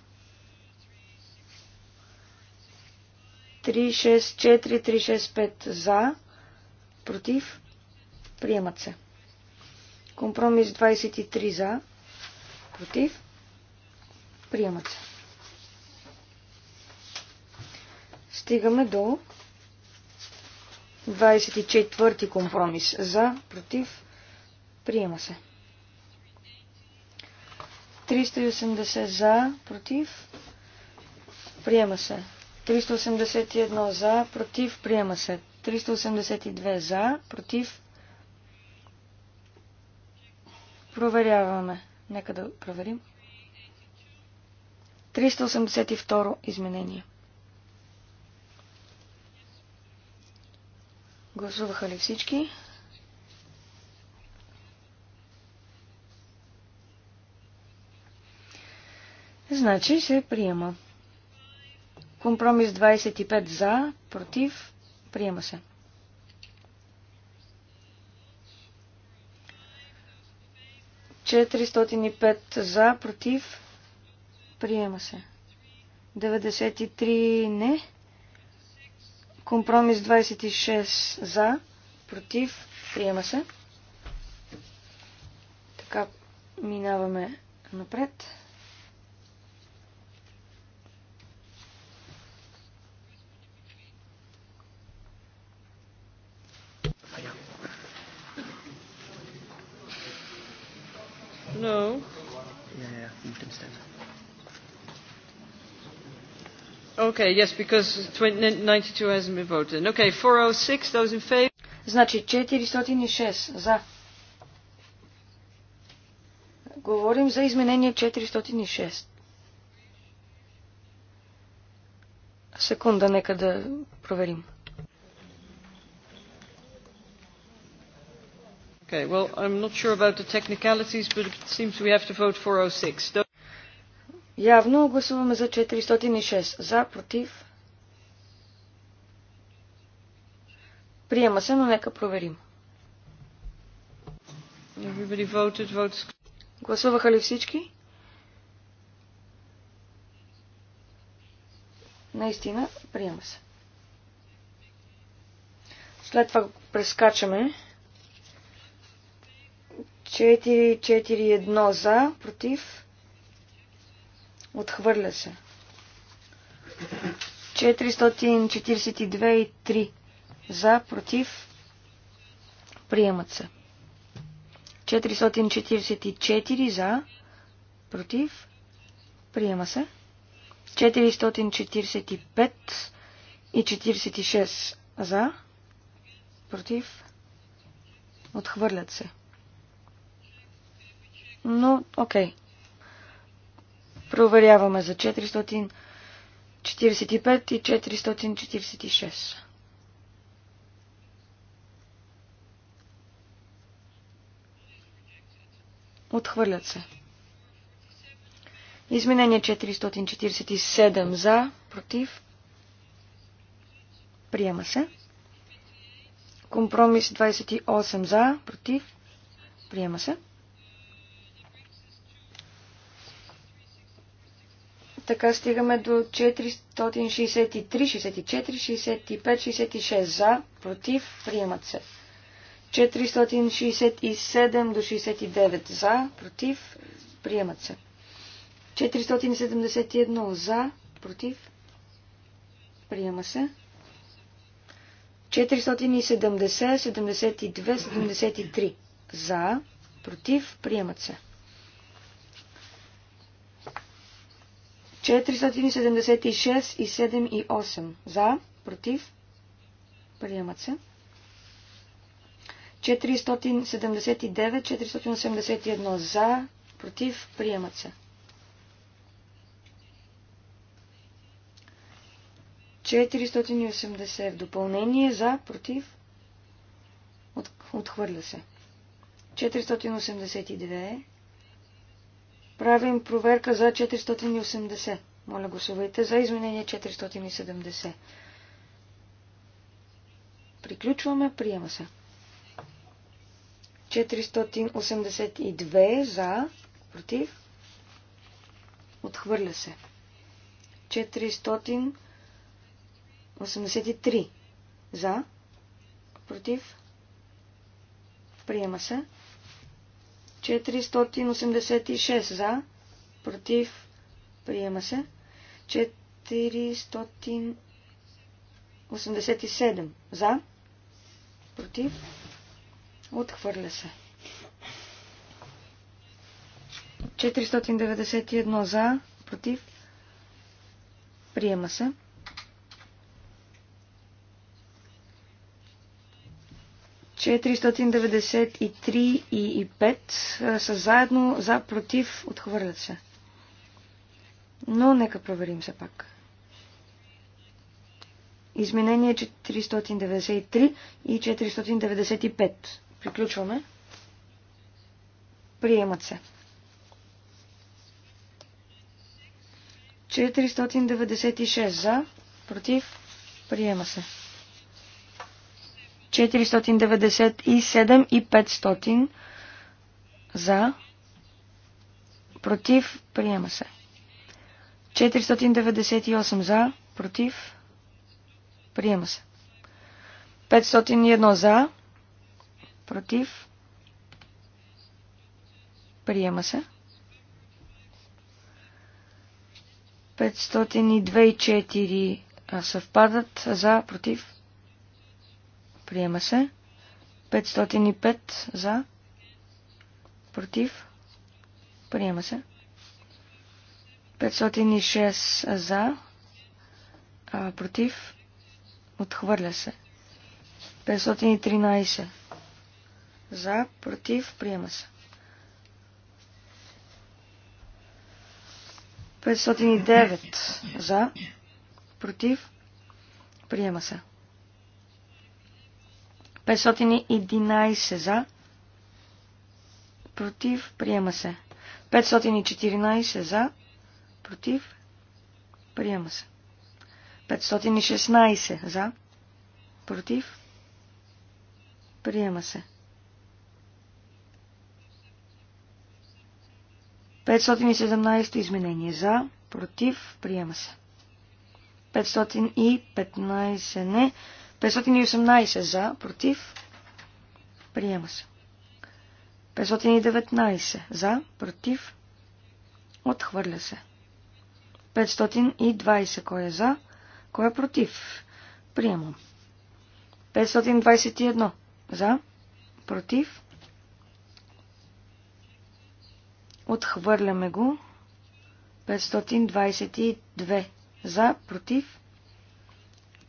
364, 365 за, против, приемат се. Компромис 23 за, против, приемат се. Стигаме до 24 компромис за, против, приема се. 380 за, против, приема се. 381 за, против, приема се. 382 за, против. Проверяваме. Нека да проверим. 382 изменение. Гласуваха ли всички? Значи се приема. Компромис 25 за, против, приема се. Четиристотин за, против, приема се. 93 не. Компромис 26 за, против, приема се. Така, минаваме напред. No. Yeah, yeah. you can stand. Okay, yes, because 92 hasn't been voted. Okay, 406, those in favor? Значи 406 за. Говорим за изменение 406. Секунда, нека да проверим. 406. Okay, well, I'm not sure about the technicalities, but it seems we have to vote 406. Явно гласуваме за 406. За, против. Приема се, но нека проверим. Everybody voted, votes... Гласуваха ли всички? Наистина, приема се. След това прескачаме 4-4-1 за, против, отхвърля се. 442 и 3 за, против, приемат се. 444 за, против, приема се. 445 и 46 за, против, отхвърлят се но окей. Okay. Проверяваме за 445 и 446. Отхвърлят се. Изменение 447 за, против. Приема се. Компромис 28 за, против. Приема се. Така стигаме до 463, 64, 65, 66 за, против, приемат се. 467 до 69 за, против, приемат се. 471 за, против, приема се. 470, 72, 73 за, против, приемат се. 471 476 и 7 и 8. За, против, приемат се. 479, 481 за, против, приемат се. 480 в допълнение за, против, отхвърля се. 482 Правим проверка за 480. Моля гласувайте за изменение 470. Приключваме. Приема се. 482 за, против, отхвърля се. 483 за, против, приема се. 486 за, против, приема се. 487 за, против, отхвърля се. 491 за, против, приема се. 493 и 5 са заедно, за, против, отхвърлят се. Но нека проверим се пак. Изменение 493 и 495. Приключваме. Приемат се. 496 за, против, приема се. 497 и 500 за, против, приема се. 498 за, против, приема се. 501 за, против, приема се. 502 и 4 съвпадат за, против, Приема се. 505 за. Против. Приема се. 506 за. А, против. Отхвърля се. 513 за. Против. Приема се. 509 за. Против. Приема се. 511 за. Против. Приема се. 514 за. Против. Приема се. 516 за. Против. Приема се. 517 изменение за. Против. Приема се. 515 не. 518 за, против, приема се. 519 за, против, отхвърля се. 520 кой е за, кой е против, приемам. 521 за, против, отхвърляме го. 522 за, против,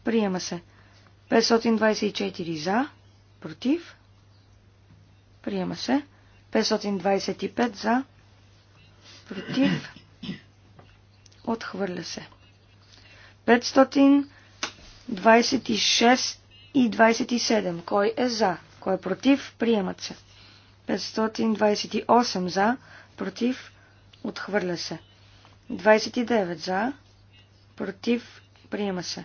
приема се. 523 524 за, против, приема се. 525 за, против, отхвърля се. 526 и 27. Кой е за? Кой е против? Приемат се. 528 за, против, отхвърля се. 29 за, против, приема се. 530.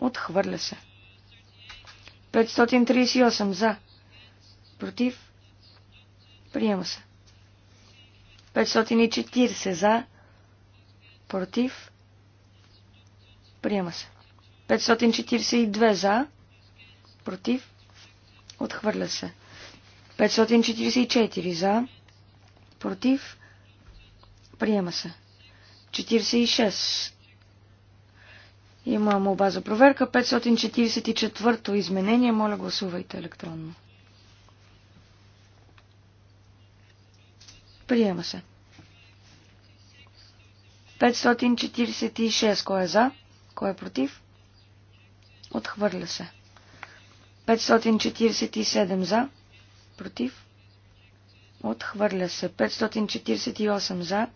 Отхвърля се. 538 за. Против. Приема се. 540 за. Против. Приема се. 542 за. Против. Отхвърля се. 544 за. Против. Приема се. 46 има молба за проверка. 544-то изменение. Моля, гласувайте електронно. Приема се. 546. Кой е за? Кой е против? Отхвърля се. 547 за. Против. Отхвърля се. 548 за.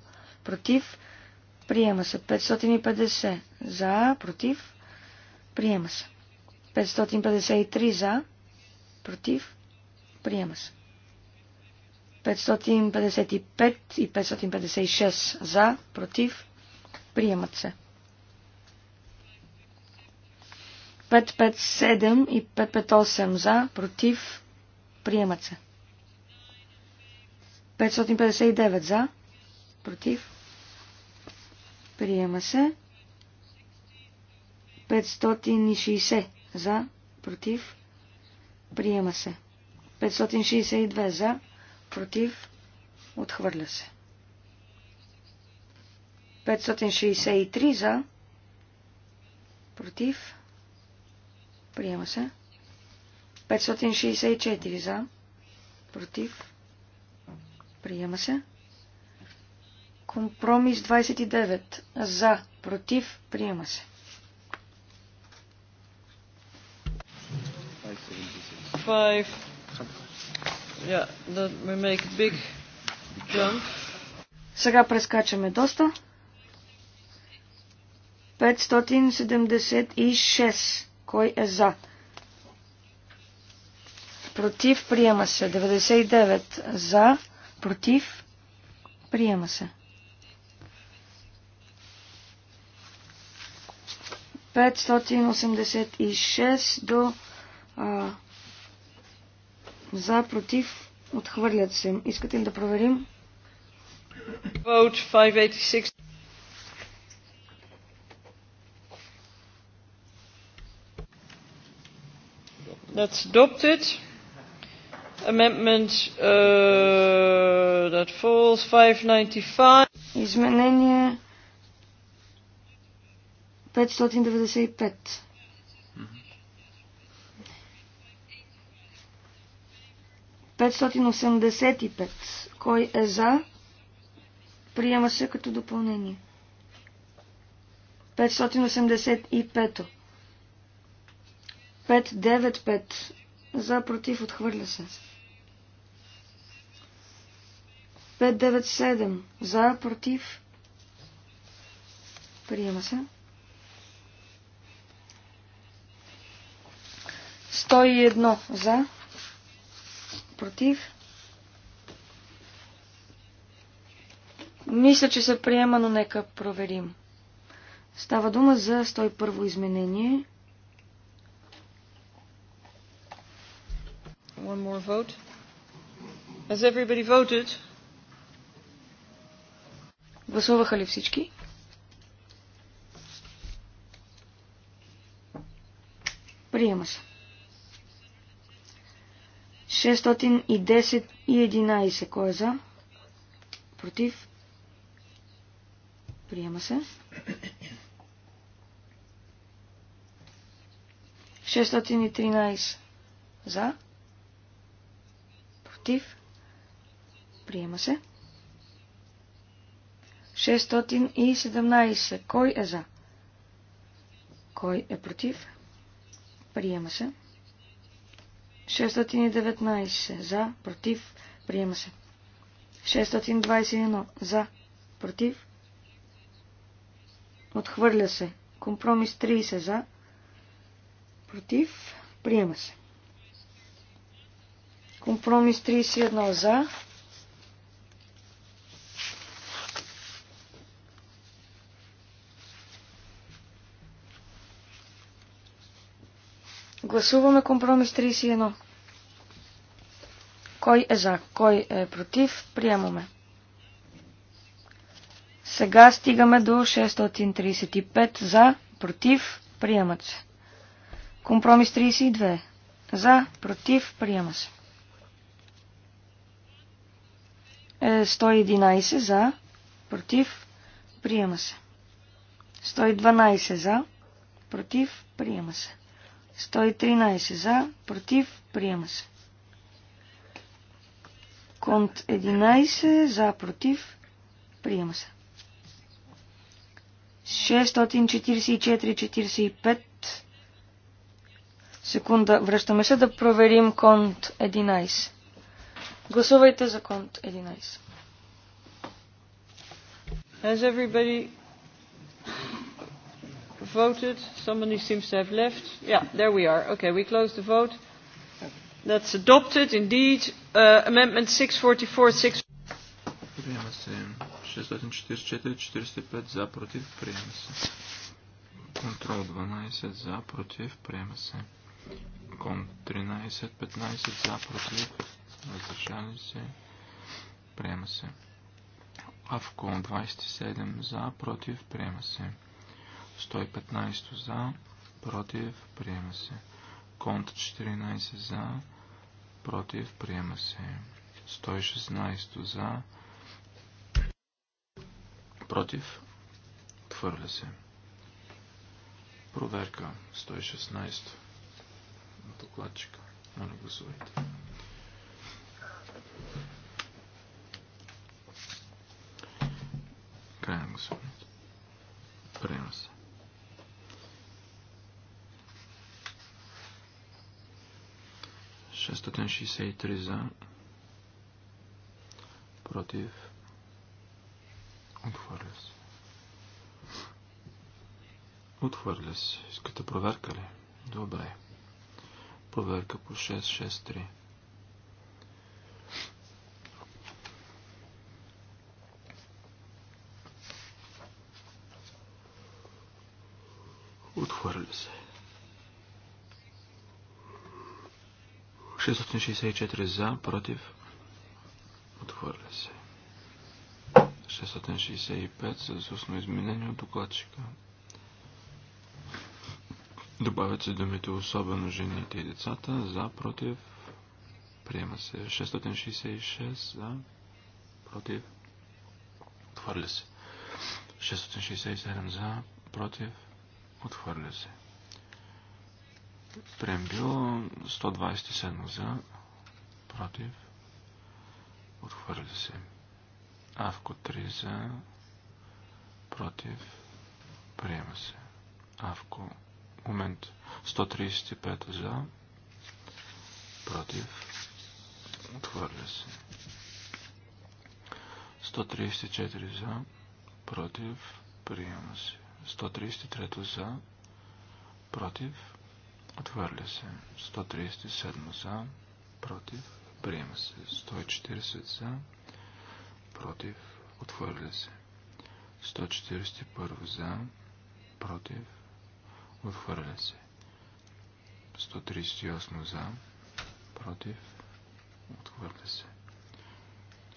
Против. Приема се. 550 за, против. Приема се. 553 за, против. Приема се. 555 и 556 за, против. Приемат се. 557 и 558 за, против. Приемат се. 559 за, против. Приема се. 560 за, против. Приема се. 562 за, против. Отхвърля се. 563 за, против. Приема се. 564 за, против. Приема се. Компромис 29. За. Против. Приема се. Сега прескачаме доста. 576. Кой е за? Против приема се. 99 за. Против приема се. 586 до а, за, против, отхвърлят се. Искате ли да проверим? Vote 586. That's adopted. Amendment uh, that falls 595. Изменение 595. Кой е за? Приема се като допълнение. 585. 595. За, против, отхвърля се. 597. За, против. Приема се. 101 за, против. Мисля, че се приема, но нека проверим. Става дума за 101 изменение. One more vote. Has everybody voted? Гласуваха ли всички? Приема се. 610 и 11. Кой е за? Против? Приема се. 613. За? Против? Приема се. 617. Кой е за? Кой е против? Приема се. 618. 619 за, против, приема се. 621 за, против, отхвърля се. Компромис 30 за, против, приема се. Компромис 31 за, Гласуваме компромис 31. Кой е за? Кой е против? Приемаме. Сега стигаме до 635 за, против, приемат се. Компромис 32. За, против, приема се. 111 е, за, против, приема се. 112 за, против, приема се. 113 за, против, приема се. Конт 11 за, против, приема се. 644-45 секунда. Връщаме се да проверим конт 11. Гласувайте за конт 11. Has everybody voted. Somebody seems to have left. Yeah, there we are. Okay, we close the vote. That's adopted indeed. Uh, amendment 644, 6... Приема се 644, 45 за, против, приема се. Контрол 12 за, против, приема се. Кон 13, 15 за, против, въздържали се, приема се. Авкон 27 за, против, приема се. 115 за, против, приема се. Конт 14 за, против, приема се. 116 за, против, отхвърля се. Проверка 116 докладчика. Моля, гласувайте. Край на гласуване. 663 за, против, отхвърля се. Отхвърля се. Искате проверка ли? Добре. Проверка по 663. Отхвърля се. 664 за, против, отхвърля се. 665 с устно изменение от докладчика. Добавят се думите особено жените и децата. За, против, приема се. 666 за, против, отхвърля се. 667 за, против, отхвърля се. 668 Прембил 127 за, против, отхвърля се. Авко 3 за, против, приема се. Авко, момент, 135 за, против, отхвърля се. 134 за, против, приема се. 133 за, против, Отхвърля се. 137 за, против, приема се. 140 за, против, отхвърля се. 141 за, против, отхвърля се. 138 за, против, отхвърля се.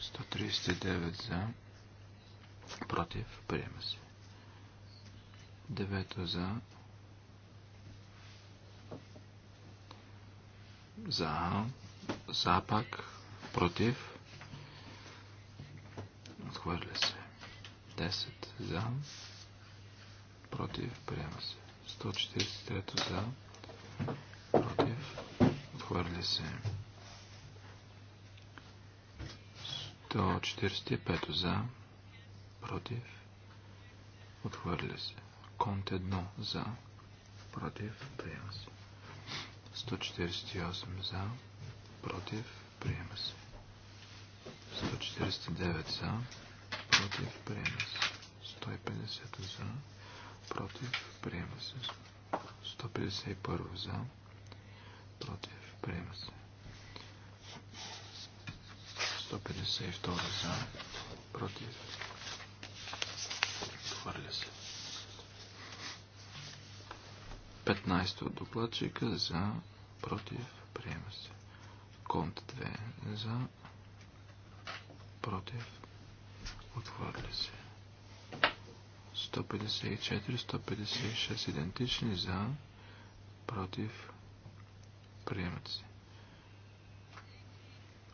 139 за, против, приема се. 9 за, за, запак, против, отхвърля се. 10 за, против, приема се. 143 за, против, отхвърля се. 145 за, против, отхвърля се. Конт 1 за, против, приема се. 148 за, против, приема се. 149 за, против, приема се. 150 за, против, приема се. 151 за, против, приема се. 152 за, против, хвърля се. 15 от докладчика за против приема се. Конт 2 за против отхвърля се. 154, 156 идентични за против приемат се.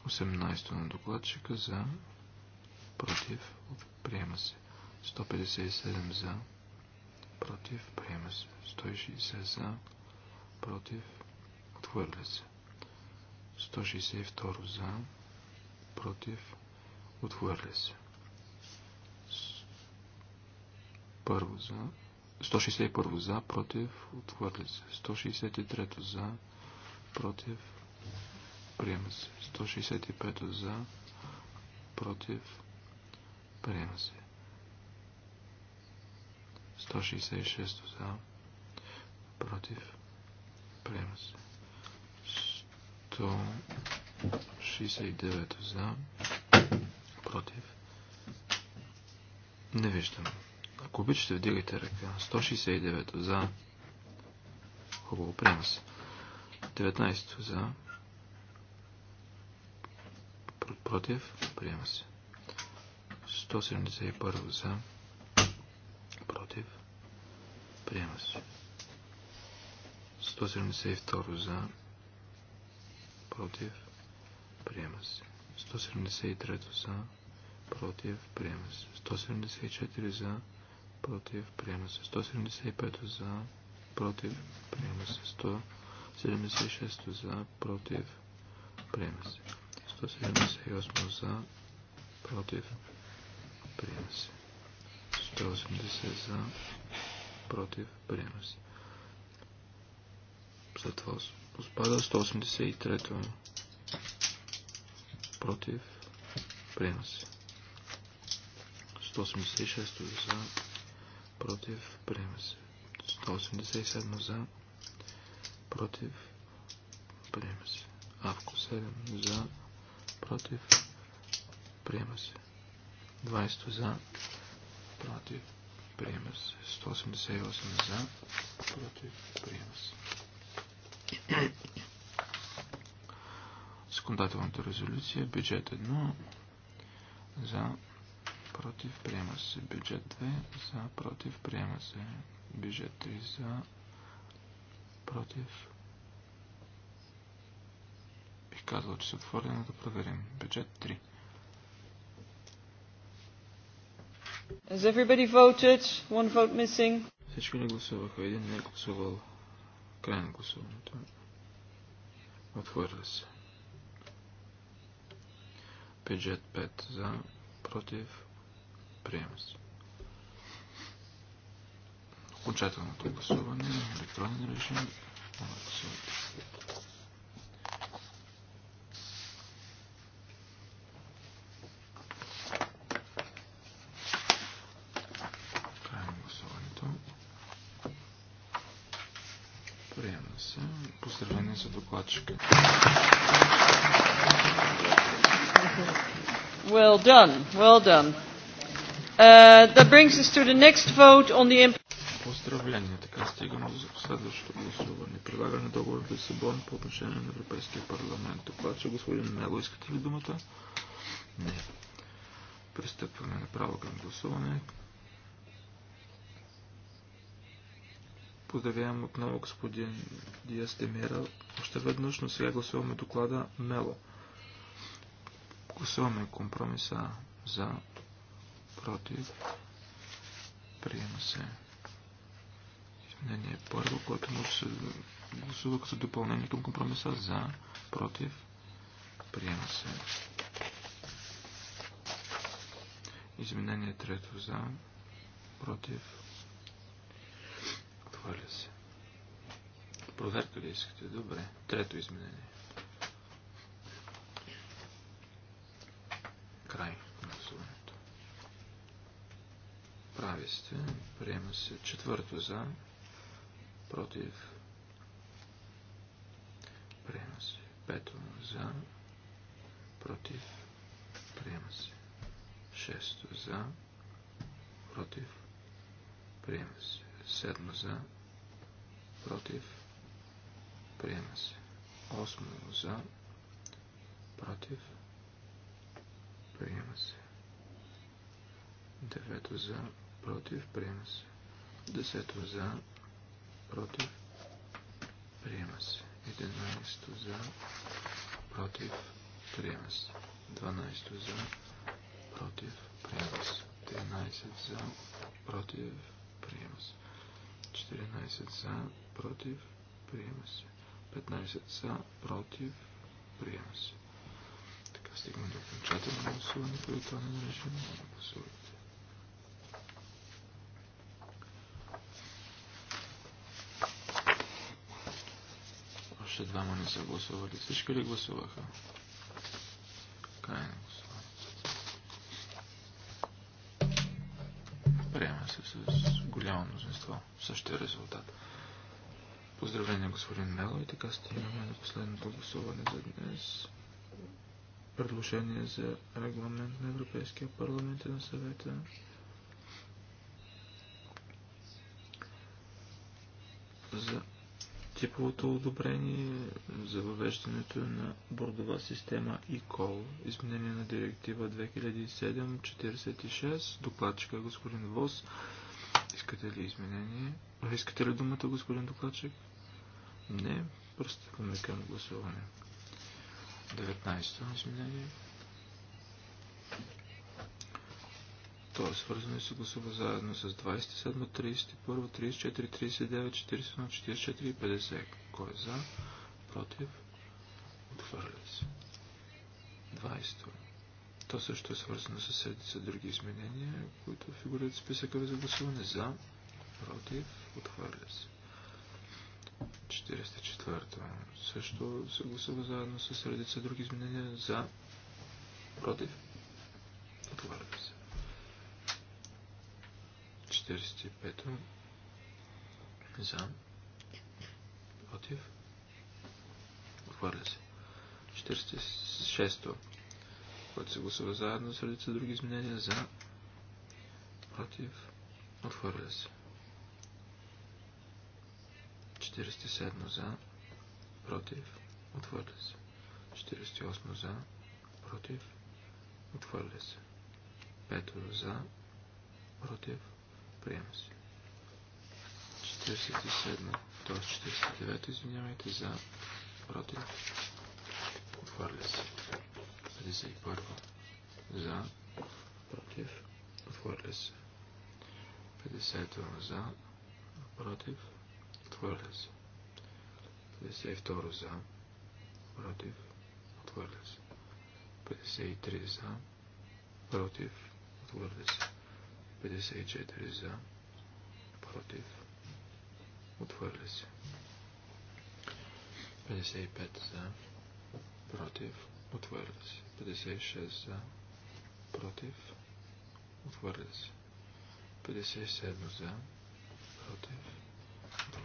18 на докладчика за против приема се. 157 за против, приема се. 160 за, против, отхвърля се. 162 за, против, отхвърля се. Първо за, 161 за, против, отхвърля се. 163 за, против, приема се. 165 за, против, приема се. 166 за, против, приема се. 169 за, против. Не виждам. Ако обичате, вдигайте ръка. 169 за. Хубаво, приема се. 19 за. Против, приема се. 171 за Приема се. 172 за. Против. Приема се. 173 за. Против. Приема се. 174 за. Против. Приема се. 175 за. Против. Приема се. 176 за. Против. Приема се. 178 за. Против. Приема се. 180 за против, приема се. След това спада 183 против, приема се. 186 за, против, приема се. 187 за, против, приема се. Авко 7 за, против, приема се. 20 за, против, приема се. 188 за, против, приема се. Законодателната резолюция, бюджет 1, за, против, приема се. Бюджет 2, за, против, приема се. Бюджет 3, за, против. Бих казал, че се отворено да проверим. Бюджет 3. Has everybody voted? One vote missing. Всички ли гласуваха? Един не е гласувал. Край на гласуването. Отхвърля се. Бюджет 5 за, против, приема се. Окончателното гласуване, електронен режим, моля гласувайте. done, well done. Uh, that brings us to the next vote on the Поздравления. Така стигаме до следващото гласуване. Прилагане договор в Лисабон по отношение на Европейския парламент. Обаче, господин Мело, искате ли думата? Не. Пристъпваме направо към гласуване. Поздравявам отново господин Диас Демера. Още веднъж, но сега гласуваме доклада Мело. Гласуваме компромиса за против. Приема се. Изменение първо, което може да се гласува като допълнение към компромиса за против. Приема се. Изменение трето за против. Отваря се. Проверка ли искате? Добре. Трето изменение. Край гласуването. Прави сте. Приема се четвърто за. Против. Приема се. Пето за. Против. Приема се. Шесто за. Против. Приема се. Седмо за. Против. Приема се. Осмо за. Против приема се. Девето за, против, приема се. Десето за, против, приема се. Единайсто за, против, приема се. Дванайсто за, против, приема се. Тринайсет за, против, приема се. 14 за, против, приема се. 15 за, против, приема се. Сега стигаме до окончателно гласуване по електронен режим. Моля, гласувайте. Още двама не са гласували. Всички ли гласуваха? Край на гласуването. Приема се с голямо мнозинство. Същия резултат. Поздравления, господин Мело. И така стигаме до последното гласуване за днес предложение за регламент на Европейския парламент и на съвета. за типовото одобрение за въвеждането на бордова система ECOL, изменение на директива 2007-46, докладчика е господин Вос. Искате ли изменение? искате ли думата, господин докладчик? Не, пристъпваме към гласуване. 19-то изменение. То е свързано и се гласува заедно с 27, 31, 34, 39, 41, 44 и 50. Кой е за? Против? Отхвърля се. 20. То То също е свързано с седица други изменения, които фигурират в списъка за гласуване. За? Против? Отхвърля се. 21. 44-то също се гласува заедно с редица други изменения за, против, Отваряме се. 45-то за, против, отваря се. 46 което се гласува заедно с редица други изменения за, против, отваря се. 47 47 за, против, отвърля се. 48 за, против, отвърля се. 5 за, против, приема се. 47, т.е. 49, извинявайте, за, против, отвърля се. 51 за, против, отвърля се. 50 за, против, Отхвърля се. 52 за. Против. Отхвърля се. 53 за. Против. Отхвърля се. 54 за. Против. Отхвърля се. 55 за. Против. Отхвърля се. 56 за. Против. Отхвърля се. 57 за. Против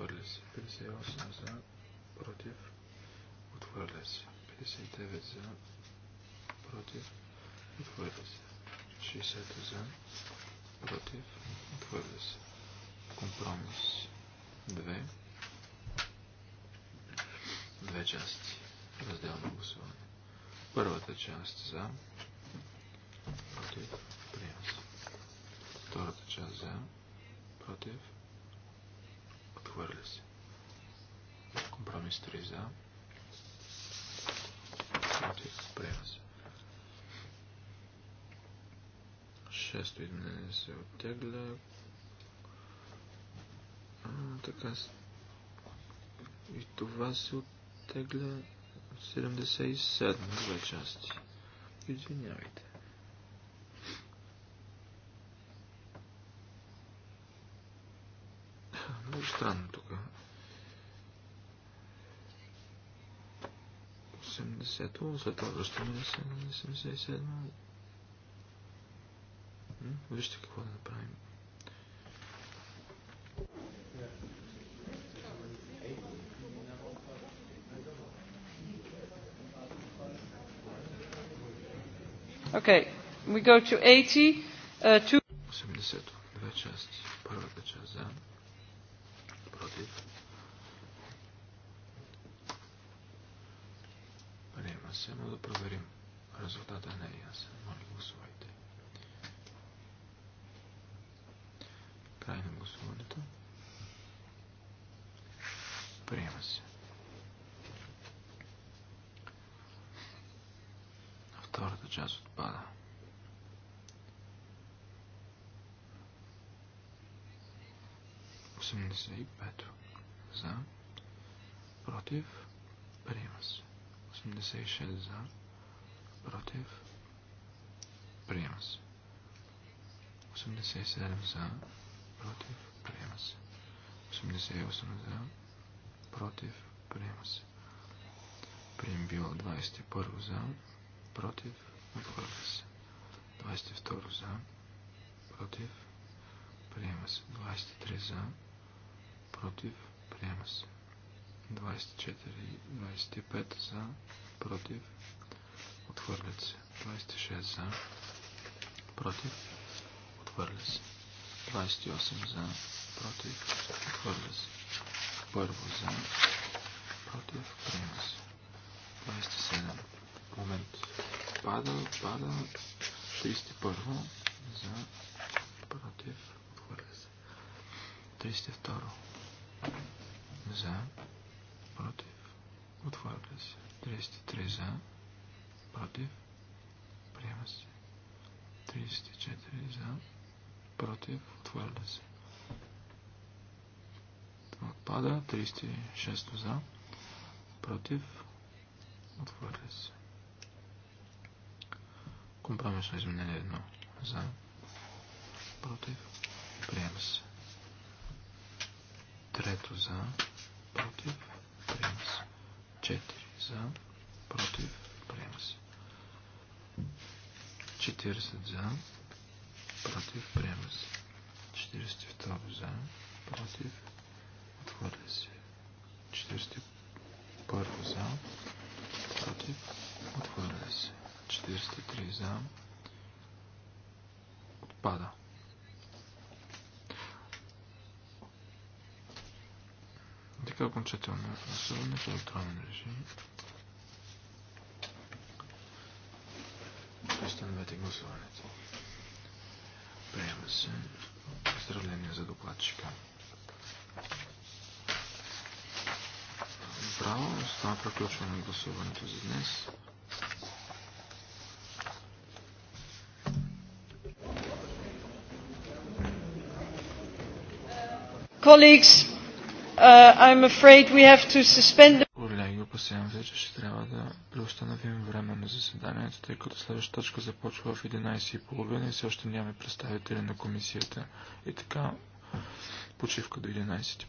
отхвърля се. 58 за, против, отхвърля се. 59 за, против, отхвърля се. 60 за, против, отхвърля се. Компромис 2. Две части. Разделно гласуване. Първата част за, против, приема се. Втората част за, против, Отхвърля се. Компромис 3 за. Против. Приема се. Шесто изменение се оттегля. А, така. И това се оттегля 77 две части. Извинявайте. Много странно тук. 80-то, след това връщаме на 77 Вижте какво да направим. Okay, we go to 80. Uh, two... 80 две части. Първата част за. Да. Здравейте. Приема се, но да проверим. Резултата не е ясен. Моля, гласувайте. Край на гласуването. Приема се. Втората част отпада. 85 за, против, приема се. 86 за, против, приема се. 87 за, против, приема се. 88 за, против, приема се. Прием било 21 за, против, отхвърля се. 22 за, против, приема се. 23 за, против, приема се. 24 и 25 за, против, отхвърлят се. 26 за, против, отхвърля се. 28 за, против, отхвърля се. Първо за, против, приема се. 27. Момент. Пада, пада. 31 за, против, отвърля се. 32 за, против, отхвърля се. 33 за, против, приема се. 34 за, против, отхвърля се. Това отпада. 36 за, против, отхвърля се. Компромисно изменение едно. за, против, приема се. Трето за, против, приема се. 4 за, против, приема се. 40 за, против, приема се. 42 за, против, отхвърля се. 41 за, против, отхвърля се. 43 за, отпада. Нека окончателно гласуване по електронен режим. Остановете гласуването. Приема се. Поздравление за докладчика. Браво, с това приключваме гласуването за днес. Colleagues, Uh, I'm afraid we have to suspend... Колеги, опасявам се, че ще трябва да преустановим време на заседанието, тъй като следващата точка започва в 11.30 и все още нямаме представители на комисията. И така, почивка до 11.30.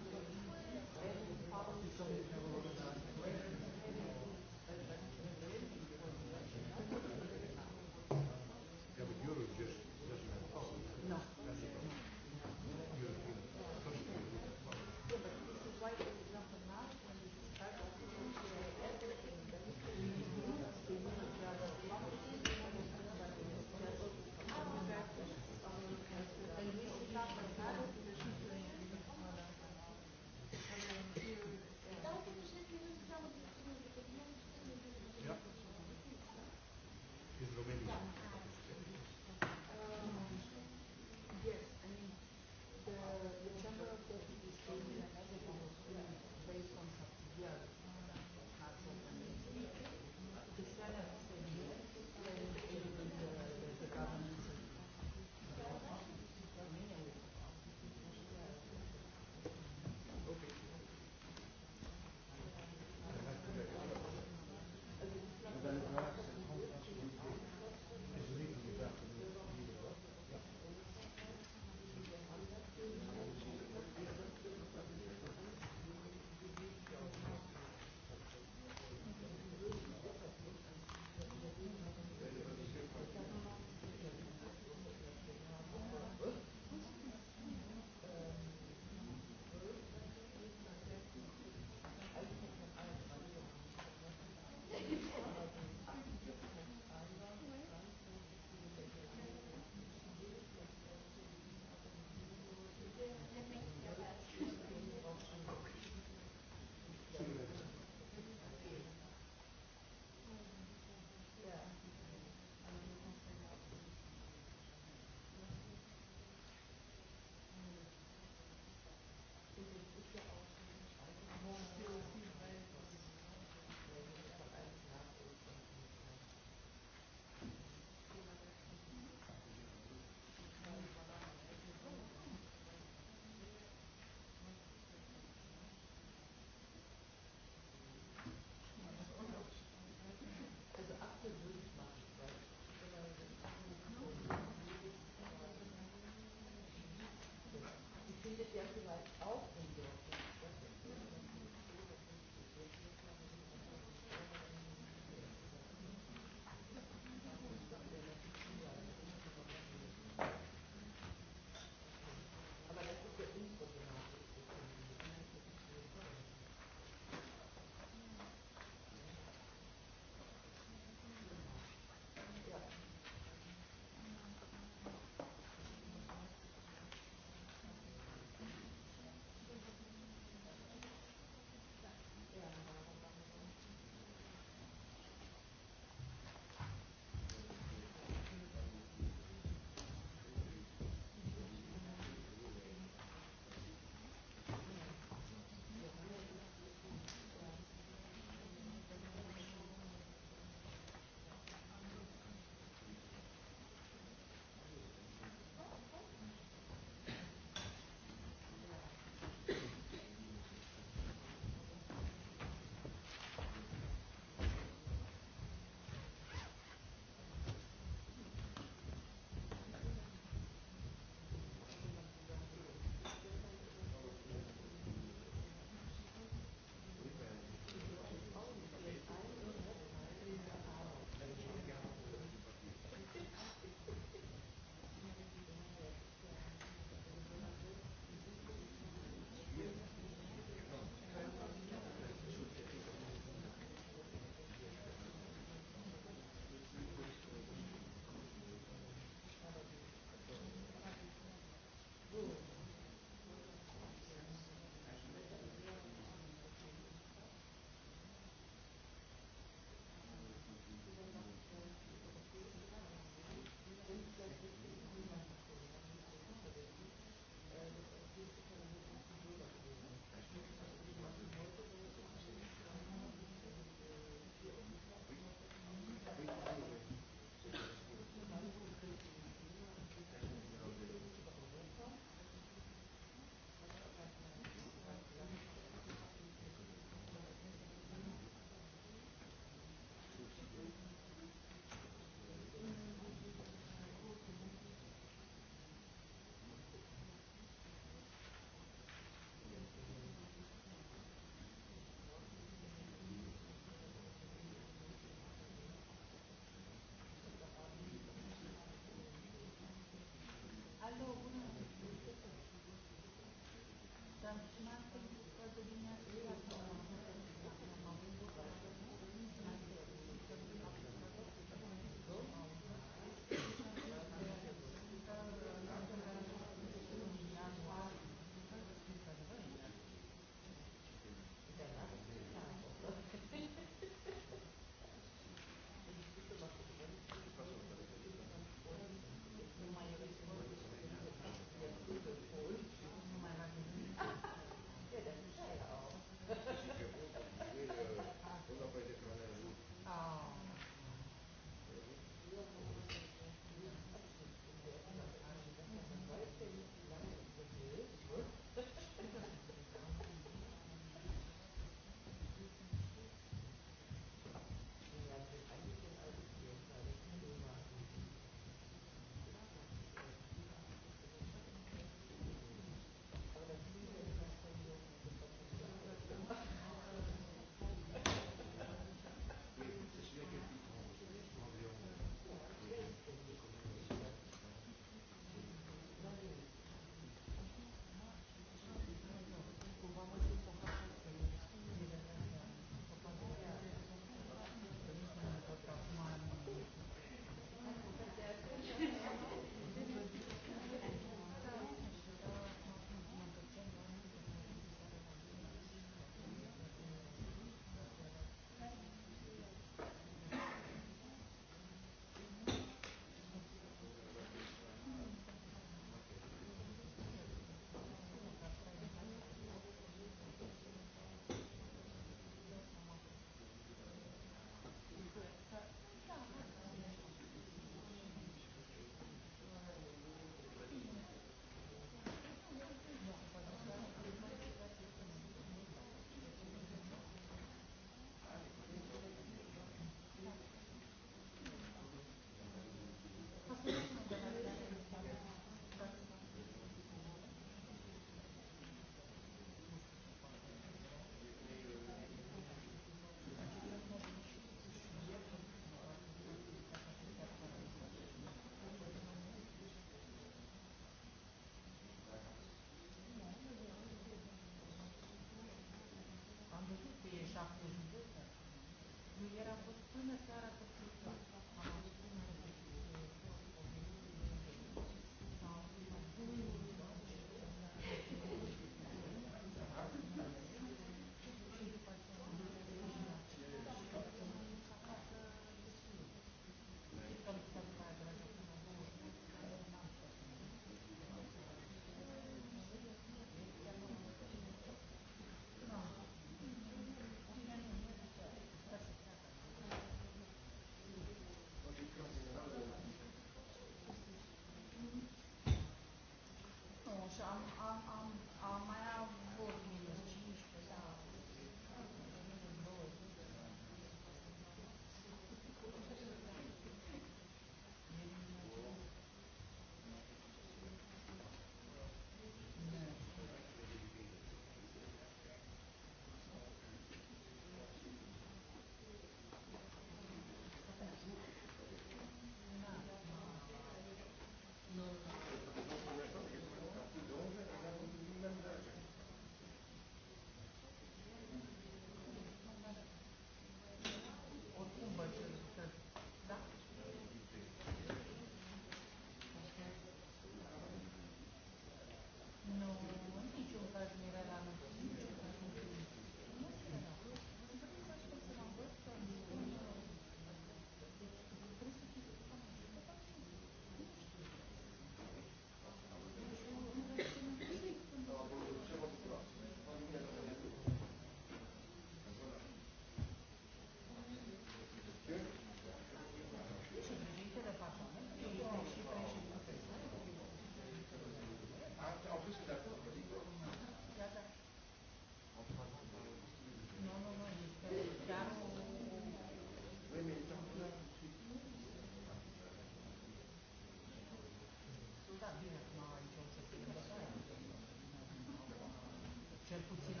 Thank you.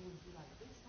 thing would be like this.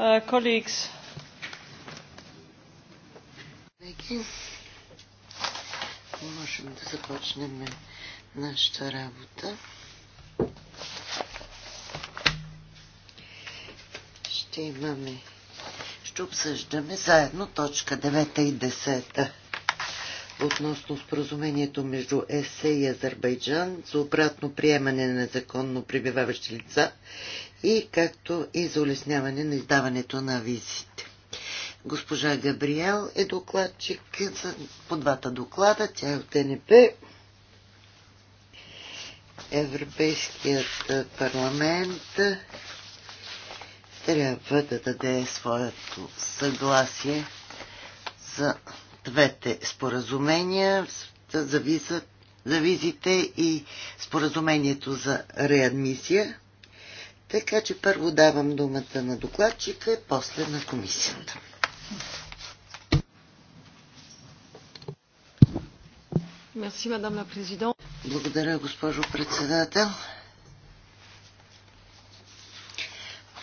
Uh, colleagues. Колеги, можем да започнем нашата работа. Ще имаме, ще обсъждаме заедно точка 9 и 10 относно споразумението между ЕСЕ и Азербайджан за обратно приемане на незаконно прибиваващи лица – и както и за улесняване на издаването на визите. Госпожа Габриел е докладчик по двата доклада. Тя е от НП. Европейският парламент трябва да даде своето съгласие за двете споразумения за, виза, за визите и споразумението за реадмисия. Така че първо давам думата на докладчика, после на комисията. Мерси, мадам президент. Благодаря, госпожо председател.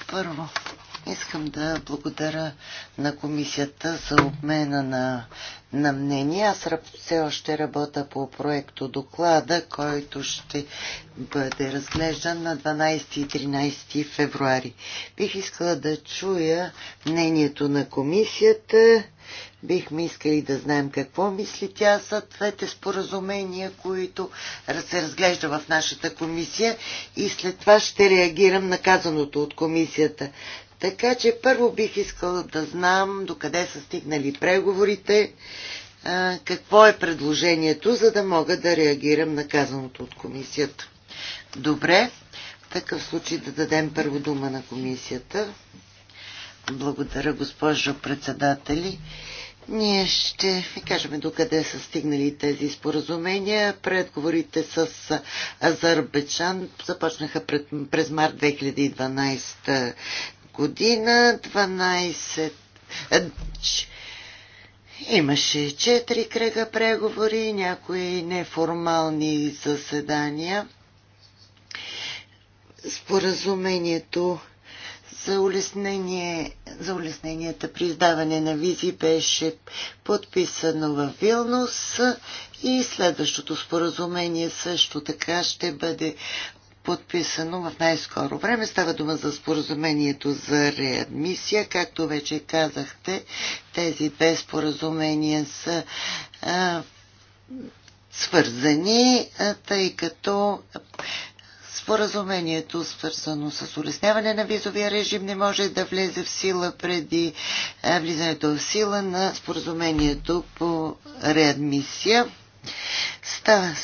Първо, Искам да благодаря на комисията за обмена на, на мнение. Аз все още работя по проекто доклада, който ще бъде разглеждан на 12 и 13 февруари. Бих искала да чуя мнението на комисията. Бихме искали да знаем какво мисли тя за двете споразумения, които се разглежда в нашата комисия и след това ще реагирам на казаното от комисията. Така че първо бих искала да знам докъде са стигнали преговорите, какво е предложението, за да мога да реагирам на казаното от комисията. Добре, в такъв случай да дадем първо дума на комисията. Благодаря, госпожо председатели. Ние ще ви кажем докъде са стигнали тези споразумения. Предговорите с Азербайджан започнаха през март 2012 година 12 Имаше четири кръга преговори, някои неформални заседания. Споразумението за, улеснение, за улесненията при издаване на визи беше подписано в Вилнус и следващото споразумение също така ще бъде подписано в най-скоро време. Става дума за споразумението за реадмисия. Както вече казахте, тези две споразумения са а, свързани, а, тъй като Споразумението, свързано с улесняване на визовия режим, не може да влезе в сила преди влизането в сила на споразумението по реадмисия. Става,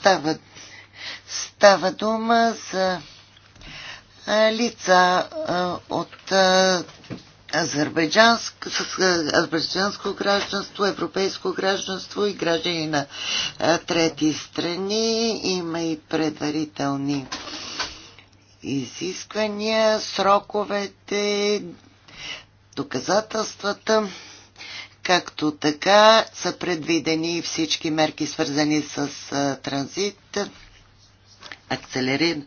става Става дума за лица от азербайджанско, азербайджанско гражданство, европейско гражданство и граждани на трети страни. Има и предварителни изисквания, сроковете, доказателствата. Както така са предвидени всички мерки, свързани с транзит акцелериран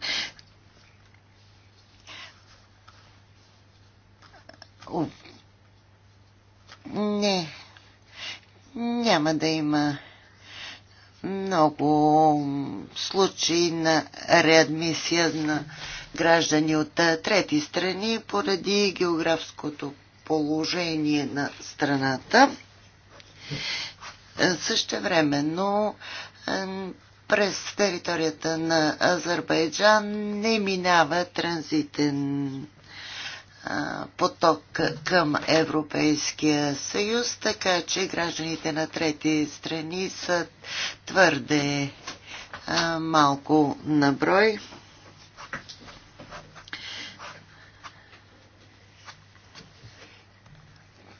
не, няма да има много случаи на реадмисия на граждани от трети страни поради географското положение на страната. Същевременно през територията на Азербайджан не минава транзитен поток към Европейския съюз, така че гражданите на трети страни са твърде малко на брой.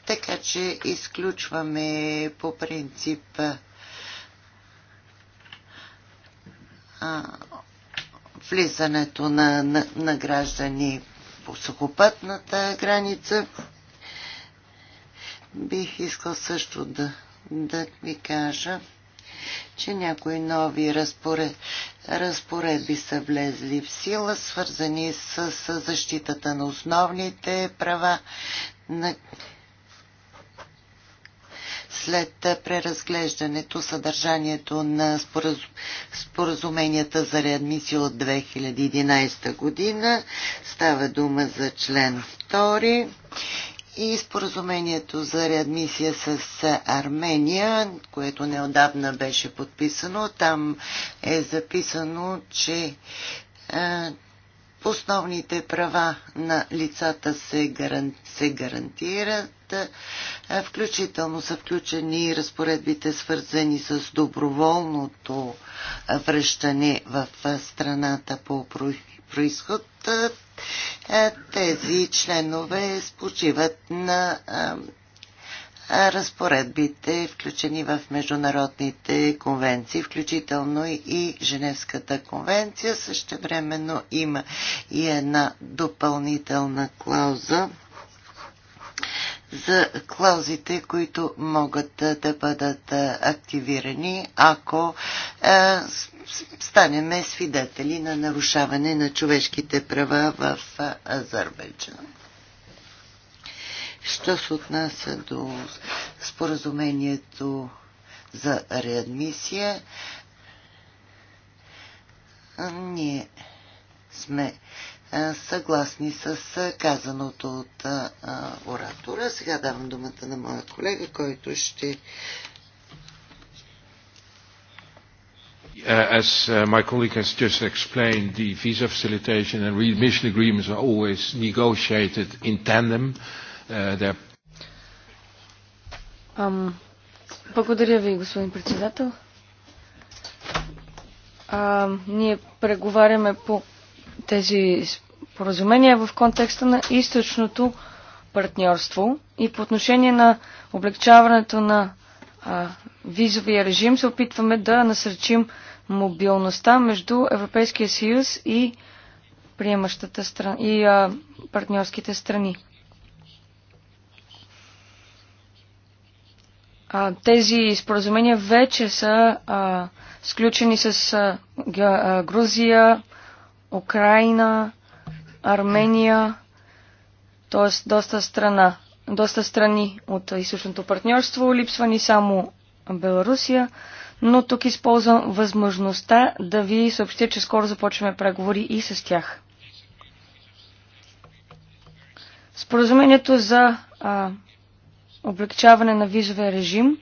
Така че изключваме по принцип влизането на, на, на граждани по сухопътната граница. Бих искал също да, да ви кажа, че някои нови разпоред, разпоредби са влезли в сила, свързани с, с защитата на основните права на след преразглеждането съдържанието на споразуменията за реадмисия от 2011 година. Става дума за член 2 и споразумението за реадмисия с Армения, което неодавна беше подписано. Там е записано, че е, Основните права на лицата се, гаран... се гарантират, е, включително са включени и разпоредбите свързани с доброволното е, връщане в е, страната по происход. Тези членове спочиват на разпоредбите, включени в международните конвенции, включително и Женевската конвенция. Същевременно има и една допълнителна клауза за клаузите, които могат да бъдат активирани, ако е, станеме свидетели на нарушаване на човешките права в Азербайджан. Що се отнася до споразумението за реадмисия, ние сме съгласни с казаното от оратора. Сега давам думата на моя колега, който ще. Uh, As uh, my colleague has just explained, the visa facilitation and readmission agreements are always negotiated in tandem. Uh, Uh, their... um, благодаря ви, господин председател. А, ние преговаряме по тези споразумения в контекста на източното партньорство и по отношение на облегчаването на а, визовия режим се опитваме да насърчим мобилността между Европейския съюз и приемащата страна и а, партньорските страни. а, тези споразумения вече са а, сключени с а, Грузия, Украина, Армения, т.е. доста страна, доста страни от източното партньорство. Липсва ни само Белорусия, но тук използвам възможността да ви съобщя, че скоро започваме преговори и с тях. Споразумението за а, облегчаване на визовия режим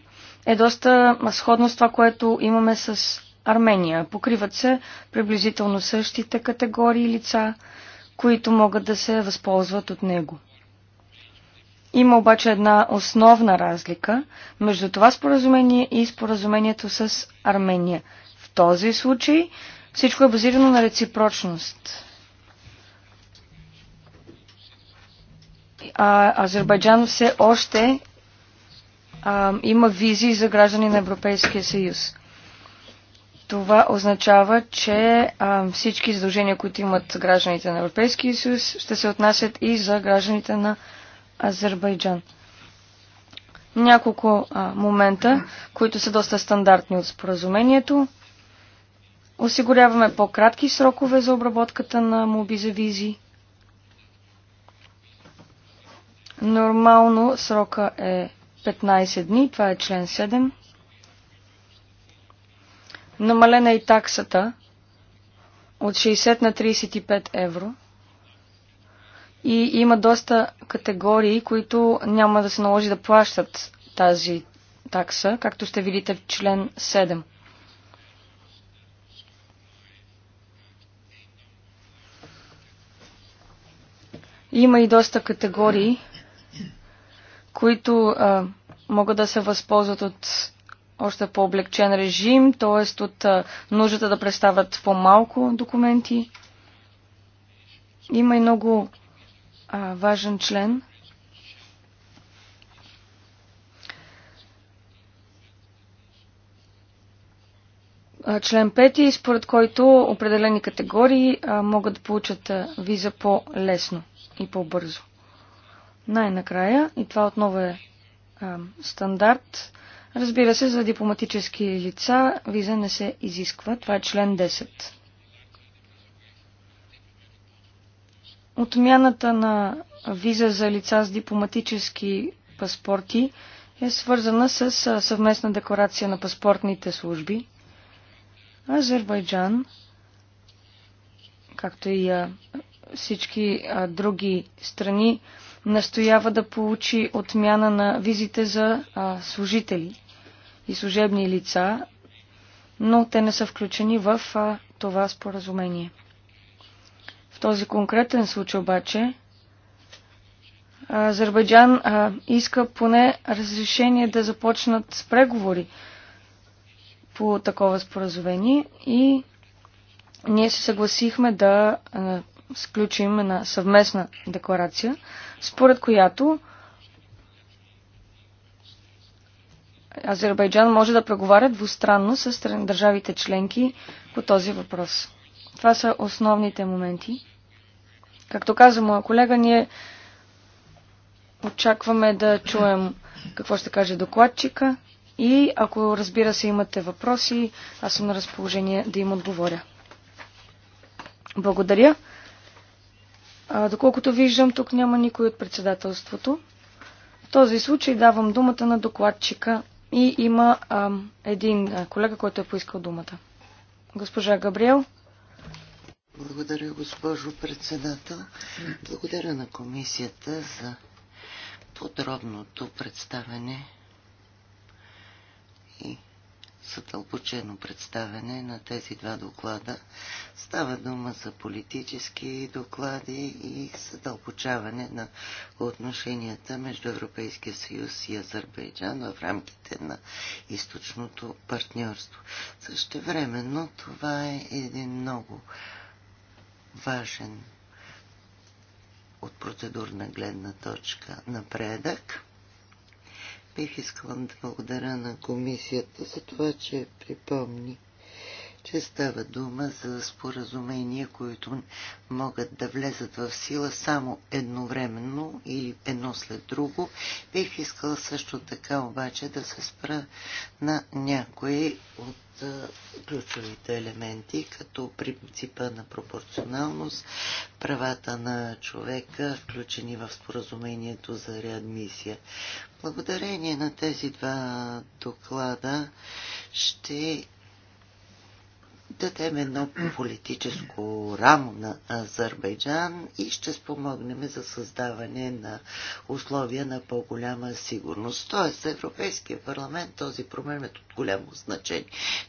е доста сходно с това, което имаме с Армения. Покриват се приблизително същите категории лица, които могат да се възползват от него. Има обаче една основна разлика между това споразумение и споразумението с Армения. В този случай всичко е базирано на реципрочност. А Азербайджан все още а, има визии за граждани на Европейския съюз. Това означава, че а, всички задължения, които имат гражданите на Европейския съюз, ще се отнасят и за гражданите на Азербайджан. Няколко а, момента, които са доста стандартни от споразумението. Осигуряваме по-кратки срокове за обработката на моби за визи. Нормално срока е 15 дни, това е член 7. Намалена е и таксата от 60 на 35 евро. И има доста категории, които няма да се наложи да плащат тази такса, както ще видите в член 7. Има и доста категории, които а, могат да се възползват от още по-облегчен режим, т.е. от а, нуждата да представят по-малко документи. Има и много а, важен член. А, член 5, според който определени категории а, могат да получат а, виза по-лесно и по-бързо. Най-накрая, и това отново е а, стандарт, разбира се, за дипломатически лица виза не се изисква. Това е член 10. Отмяната на виза за лица с дипломатически паспорти е свързана с съвместна декларация на паспортните служби. Азербайджан, както и всички други страни, настоява да получи отмяна на визите за а, служители и служебни лица, но те не са включени в а, това споразумение. В този конкретен случай обаче Азербайджан а, иска поне разрешение да започнат с преговори по такова споразумение и ние се съгласихме да а, сключим една съвместна декларация, според която Азербайджан може да преговаря двустранно с държавите членки по този въпрос. Това са основните моменти. Както каза моя колега, ние очакваме да чуем какво ще каже докладчика и ако разбира се имате въпроси, аз съм на разположение да им отговоря. Благодаря. А, доколкото виждам, тук няма никой от председателството. В този случай давам думата на докладчика и има а, един колега, който е поискал думата. Госпожа Габриел. Благодаря, госпожо председател. Благодаря на комисията за подробното представяне и сътълпочено представене на тези два доклада. Става дума за политически доклади и сътълпочаване на отношенията между Европейския съюз и Азербайджан в рамките на източното партньорство. Също времено това е един много важен от процедурна гледна точка напредък Бих искала да благодаря на комисията за това, че припомни че става дума за споразумения, които могат да влезат в сила само едновременно или едно след друго. Бих искала също така обаче да се спра на някои от ключовите елементи, като принципа на пропорционалност, правата на човека, включени в споразумението за реадмисия. Благодарение на тези два доклада ще дадем едно политическо рамо на Азербайджан и ще спомогнем за създаване на условия на по-голяма сигурност. Тоест, Европейския парламент този проблем е от голямо значение.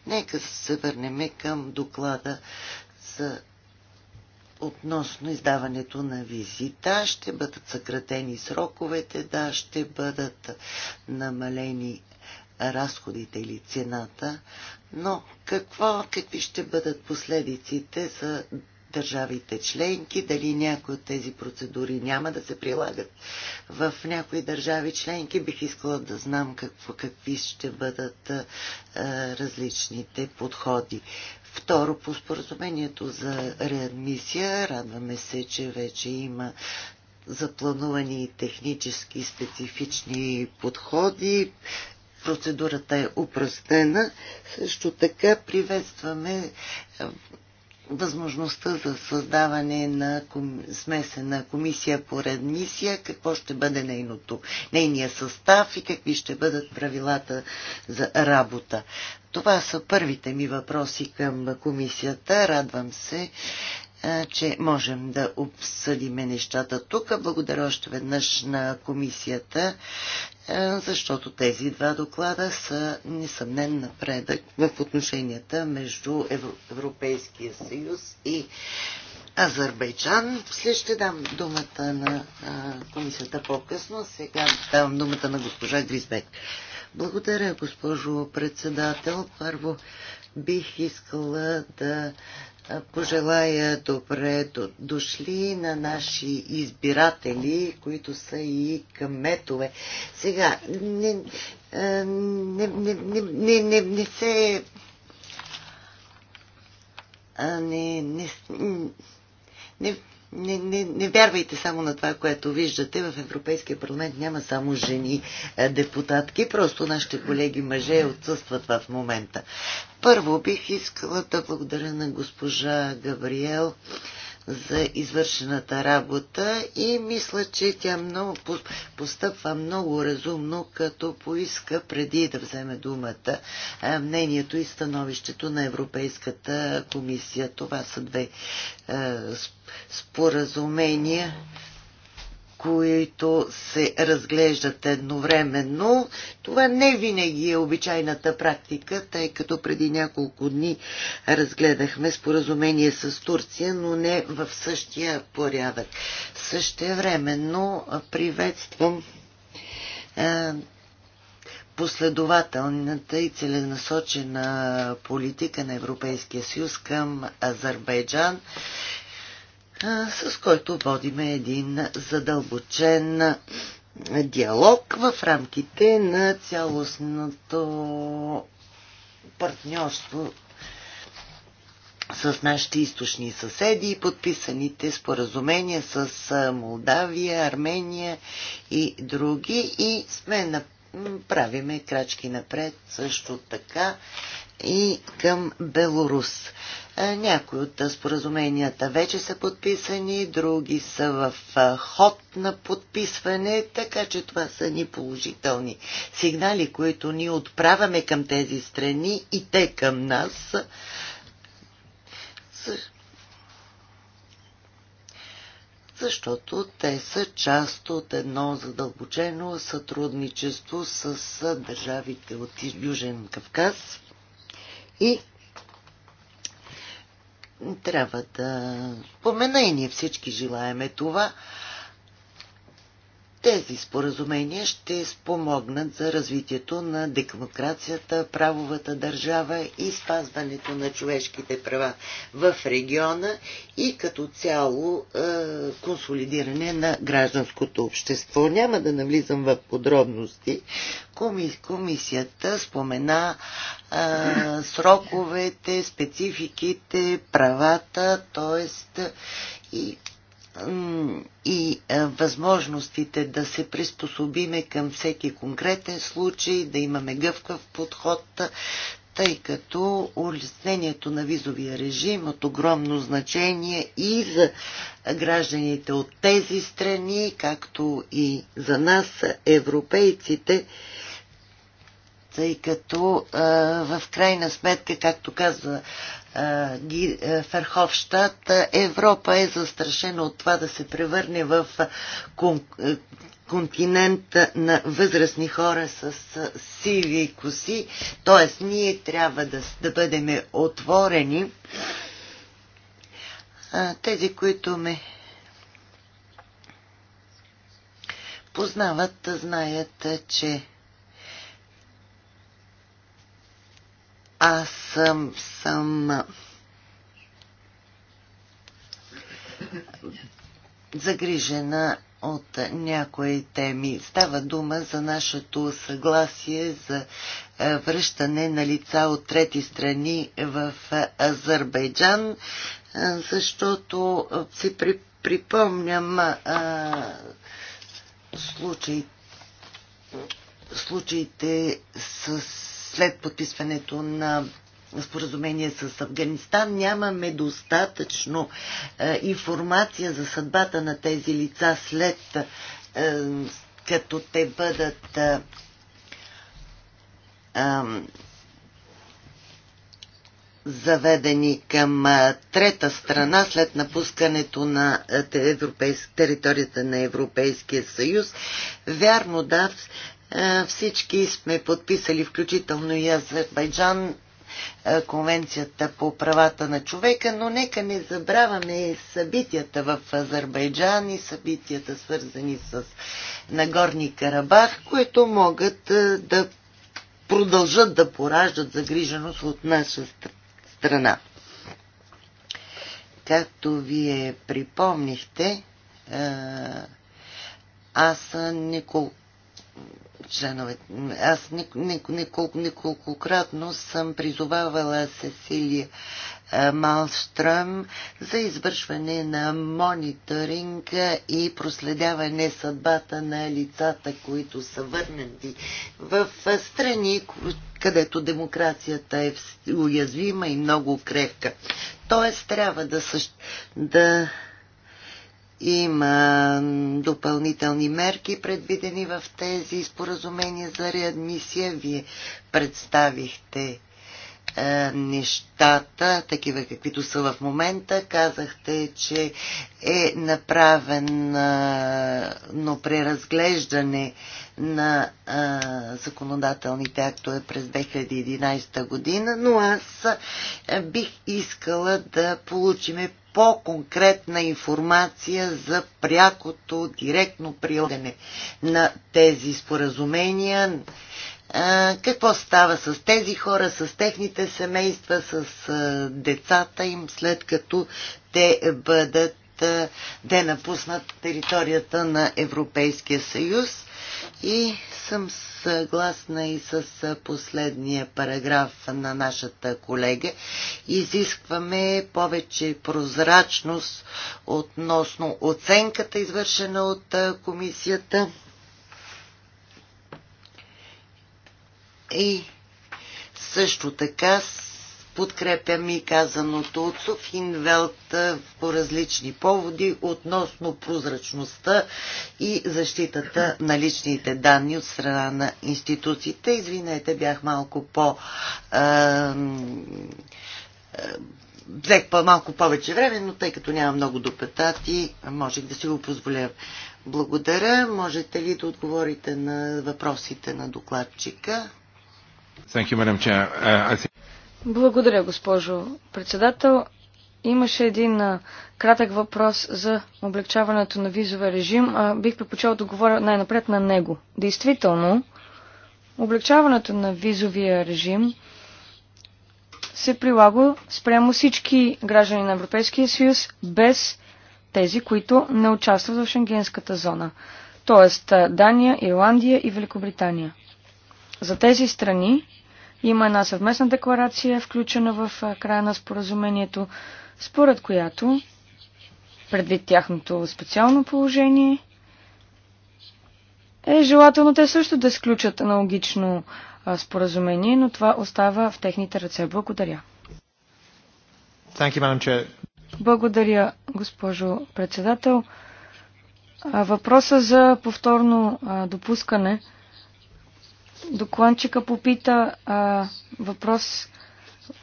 Нека се върнем към доклада за относно издаването на визи. Да, ще бъдат съкратени сроковете, да, ще бъдат намалени разходите или цената, но какво, какви ще бъдат последиците за държавите членки, дали някои от тези процедури няма да се прилагат в някои държави членки. Бих искала да знам какво, какви ще бъдат а, различните подходи. Второ, по споразумението за реадмисия, радваме се, че вече има запланувани технически специфични подходи, процедурата е упростена. Също така приветстваме е, възможността за създаване на смесена комисия по редмисия, какво ще бъде нейното, нейния състав и какви ще бъдат правилата за работа. Това са първите ми въпроси към комисията. Радвам се, че можем да обсъдиме нещата тук. Благодаря още веднъж на комисията, защото тези два доклада са несъмнен напредък в отношенията между Европейския съюз и Азербайджан. След ще дам думата на комисията по-късно. Сега давам думата на госпожа Гризбек. Благодаря, госпожо председател. Първо бих искала да пожелая добре дошли на наши избиратели, които са и кметове. Сега, не, не, не, не, не, не, не се... Не, не, не, не, не, не вярвайте само на това, което виждате. В Европейския парламент няма само жени е, депутатки, просто нашите колеги мъже отсъстват в момента. Първо бих искала да благодаря на госпожа Габриел за извършената работа и мисля, че тя много, постъпва много разумно, като поиска преди да вземе думата мнението и становището на Европейската комисия. Това са две споразумения, които се разглеждат едновременно. Това не винаги е обичайната практика, тъй като преди няколко дни разгледахме споразумение с Турция, но не в същия порядък. Същевременно приветствам е, последователната и целенасочена политика на Европейския съюз към Азербайджан с който водиме един задълбочен диалог в рамките на цялостното партньорство с нашите източни съседи и подписаните споразумения с Молдавия, Армения и други и сме направиме крачки напред също така и към Белорус. Някои от споразуменията вече са подписани, други са в ход на подписване, така че това са ни положителни сигнали, които ние отправяме към тези страни и те към нас. Защото те са част от едно задълбочено сътрудничество с държавите от Южен Кавказ. И трябва да помена и ние всички желаеме това, тези споразумения ще спомогнат за развитието на демокрацията, правовата държава и спазването на човешките права в региона и като цяло е, консолидиране на гражданското общество. Няма да навлизам в подробности. Коми, комисията спомена е, сроковете, спецификите, правата, т.е. и и възможностите да се приспособиме към всеки конкретен случай, да имаме гъвкав подход, тъй като улеснението на визовия режим от огромно значение и за гражданите от тези страни, както и за нас, европейците, тъй като а, в крайна сметка, както казва Ферховщад, Европа е застрашена от това да се превърне в континент на възрастни хора с сиви и коси. Т.е. ние трябва да, да бъдем отворени. Тези, които ме познават, знаят, че Аз съм, съм загрижена от някои теми. Става дума за нашето съгласие за връщане на лица от трети страни в Азербайджан, защото си при, припомням а, случай, случаите с след подписването на споразумение с Афганистан, нямаме достатъчно е, информация за съдбата на тези лица след е, като те бъдат е, е, заведени към е, трета страна след напускането на е, европейс... територията на Европейския съюз. Вярно, да, е, всички сме подписали, включително и Азербайджан, е, Конвенцията по правата на човека, но нека не забравяме събитията в Азербайджан и събитията свързани с Нагорни Карабах, които могат е, да продължат да пораждат загриженост от наша страна. Както вие припомнихте, аз неколко Женове, Аз неколко, неколкократно съм призовавала Сесилия Малстръм за извършване на мониторинг и проследяване съдбата на лицата, които са върнати в страни, където демокрацията е уязвима и много крехка. Тоест трябва да, същ... да има допълнителни мерки, предвидени в тези споразумения за реадмисия. Вие представихте е, нещата, такива каквито са в момента. Казахте, че е направено е, преразглеждане на е, законодателните актове през 2011 година, но аз е, бих искала да получиме по-конкретна информация за прякото, директно прилагане на тези споразумения. Какво става с тези хора, с техните семейства, с децата им, след като те бъдат да напуснат територията на Европейския съюз. И съм съгласна и с последния параграф на нашата колега. Изискваме повече прозрачност относно оценката, извършена от комисията. И също така Подкрепям и казаното от Софин Велт по различни поводи относно прозрачността и защитата на личните данни от страна на институциите. Извинете, бях малко по... взех малко повече време, но тъй като няма много допетати, можех да си го позволя. Благодаря. Можете ли да отговорите на въпросите на докладчика? You, uh, think... Благодаря, госпожо председател. Имаше един а, кратък въпрос за облегчаването на визовия режим. А, бих предпочел да говоря най-напред на него. Действително, облегчаването на визовия режим се прилага спрямо всички граждани на Европейския съюз, без тези, които не участват в Шенгенската зона, т.е. Дания, Ирландия и Великобритания. За тези страни има една съвместна декларация, включена в края на споразумението, според която, предвид тяхното специално положение, е желателно те също да сключат аналогично споразумение, но това остава в техните ръце. Благодаря. You, Благодаря, госпожо председател. Въпроса за повторно допускане Докланчика попита а, въпрос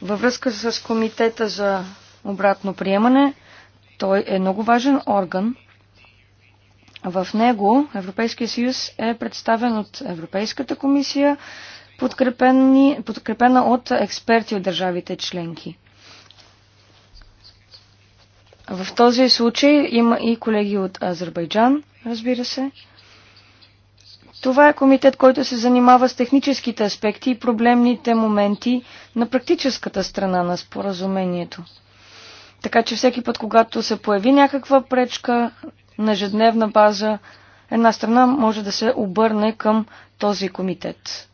във връзка с комитета за обратно приемане. Той е много важен орган. В него Европейския съюз е представен от Европейската комисия, подкрепена от експерти от държавите членки. В този случай има и колеги от Азербайджан, разбира се. Това е комитет, който се занимава с техническите аспекти и проблемните моменти на практическата страна на споразумението. Така че всеки път, когато се появи някаква пречка на ежедневна база, една страна може да се обърне към този комитет.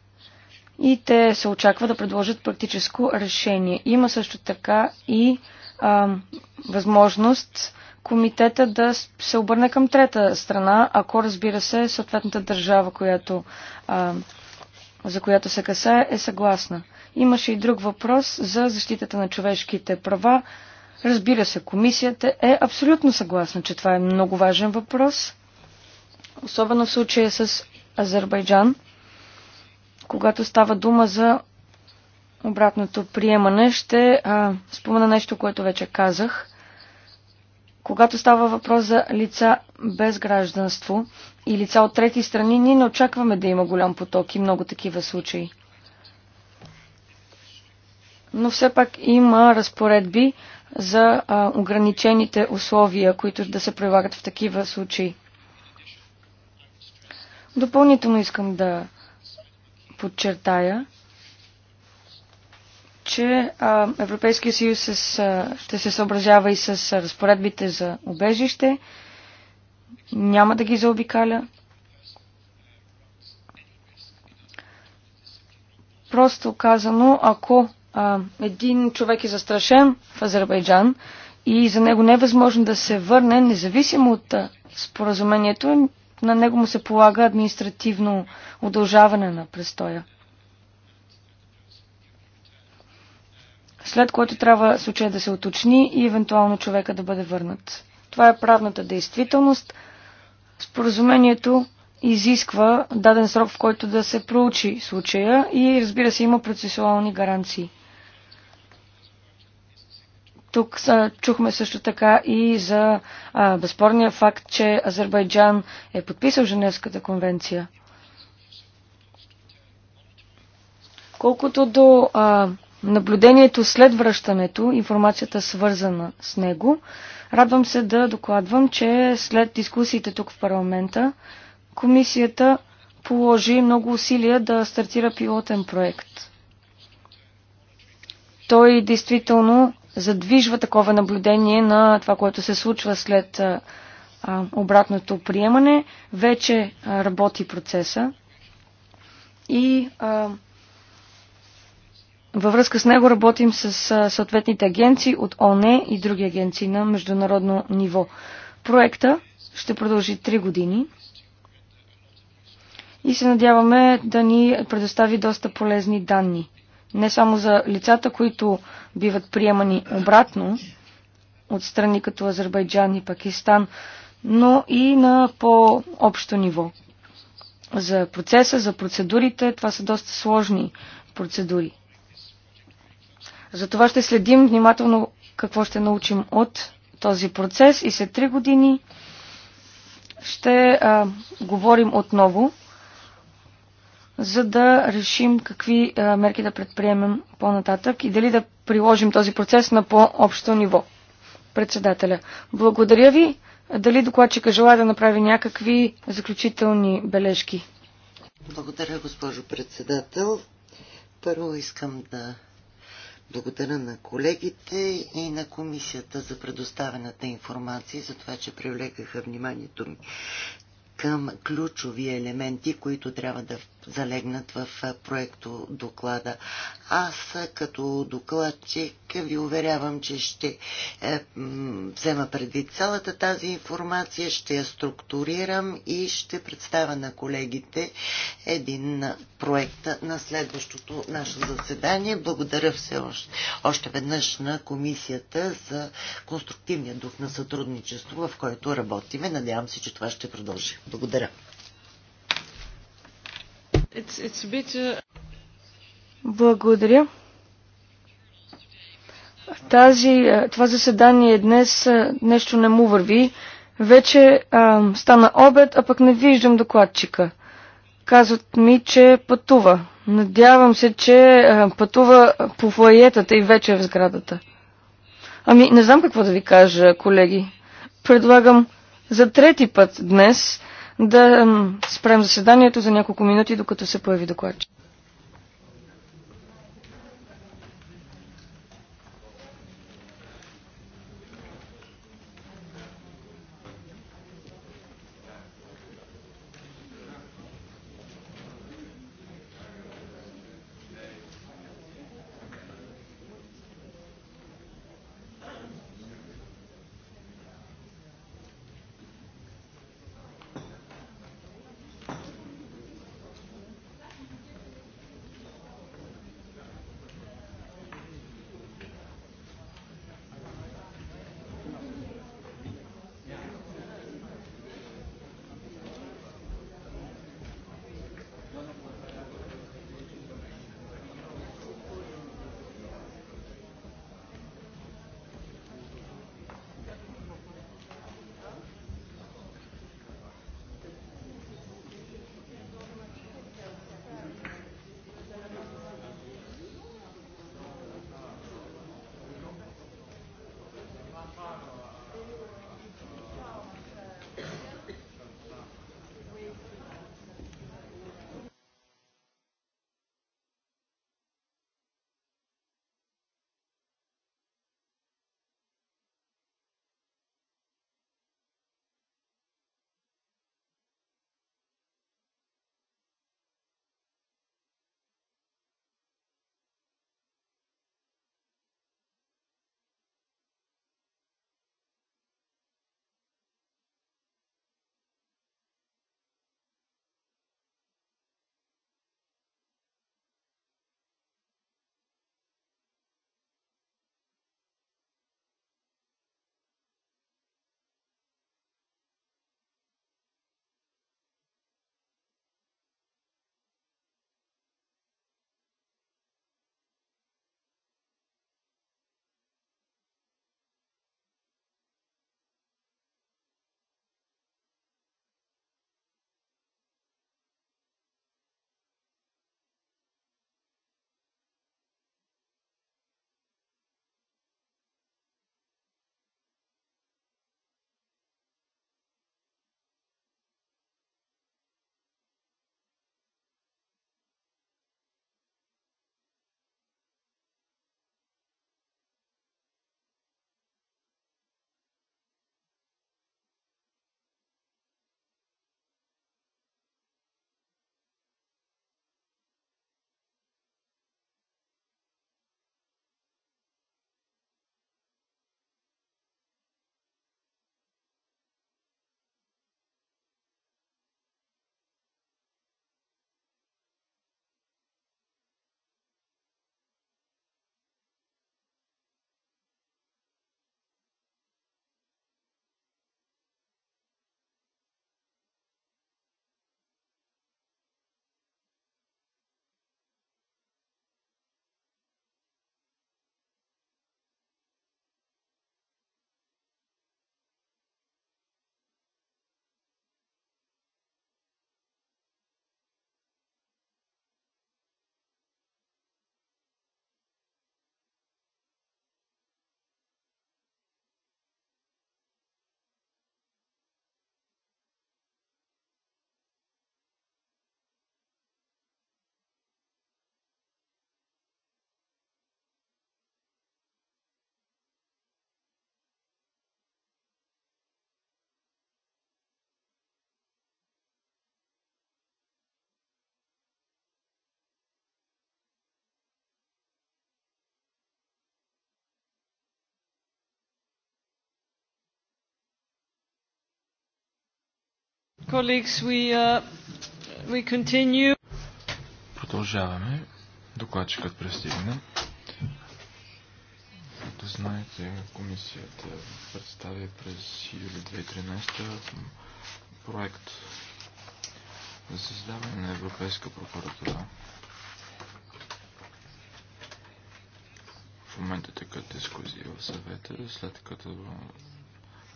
И те се очаква да предложат практическо решение. Има също така и а, възможност комитета да се обърне към трета страна, ако разбира се съответната държава, която, а, за която се касае, е съгласна. Имаше и друг въпрос за защитата на човешките права. Разбира се, комисията е абсолютно съгласна, че това е много важен въпрос, особено в случая с Азербайджан, когато става дума за обратното приемане. Ще а, спомена нещо, което вече казах – когато става въпрос за лица без гражданство и лица от трети страни, ние не очакваме да има голям поток и много такива случаи. Но все пак има разпоредби за а, ограничените условия, които да се прилагат в такива случаи. Допълнително искам да подчертая, че Европейския съюз е с, ще се съобразява и с разпоредбите за убежище. Няма да ги заобикаля. Просто казано, ако а, един човек е застрашен в Азербайджан и за него не е възможно да се върне, независимо от споразумението, на него му се полага административно удължаване на престоя. след което трябва случая да се уточни и евентуално човека да бъде върнат. Това е правната действителност. Споразумението изисква даден срок, в който да се проучи случая и разбира се има процесуални гаранции. Тук а, чухме също така и за а, безспорния факт, че Азербайджан е подписал Женевската конвенция. Колкото до а, наблюдението след връщането, информацията свързана с него. Радвам се да докладвам, че след дискусиите тук в парламента, комисията положи много усилия да стартира пилотен проект. Той действително задвижва такова наблюдение на това, което се случва след а, обратното приемане. Вече а, работи процеса и а, във връзка с него работим с съответните агенции от ОНЕ и други агенции на международно ниво. Проекта ще продължи 3 години и се надяваме да ни предостави доста полезни данни. Не само за лицата, които биват приемани обратно от страни като Азербайджан и Пакистан, но и на по-общо ниво. За процеса, за процедурите, това са доста сложни процедури. Затова ще следим внимателно какво ще научим от този процес и след 3 години ще а, говорим отново, за да решим какви а, мерки да предприемем по-нататък и дали да приложим този процес на по-общо ниво. Председателя, благодаря ви. Дали докладчика желая да направи някакви заключителни бележки? Благодаря, госпожо председател. Първо искам да благодаря на колегите и на комисията за предоставената информация за това, че привлекаха вниманието ми към ключови елементи, които трябва да залегнат в проекто доклада. Аз като докладчик ви уверявам, че ще е, взема предвид цялата тази информация, ще я структурирам и ще представя на колегите един проект на следващото наше заседание. Благодаря все още, още веднъж на комисията за конструктивния дух на сътрудничество, в който работиме. Надявам се, че това ще продължи. Благодаря. Uh, Благодаря. Тази, това заседание днес нещо не му върви. Вече а, стана обед, а пък не виждам докладчика. Казват ми, че пътува. Надявам се, че а, пътува по флаетата и вече е в сградата. Ами, не знам какво да ви кажа, колеги. Предлагам за трети път днес да спрем заседанието за няколко минути, докато се появи докладчик. Colleagues, we, uh, we continue. Продължаваме. Докладчикът пристигна. Както знаете, комисията представи през юли 2013 проект за създаване на Европейска прокуратура. В момента така дискусия в съвета, след като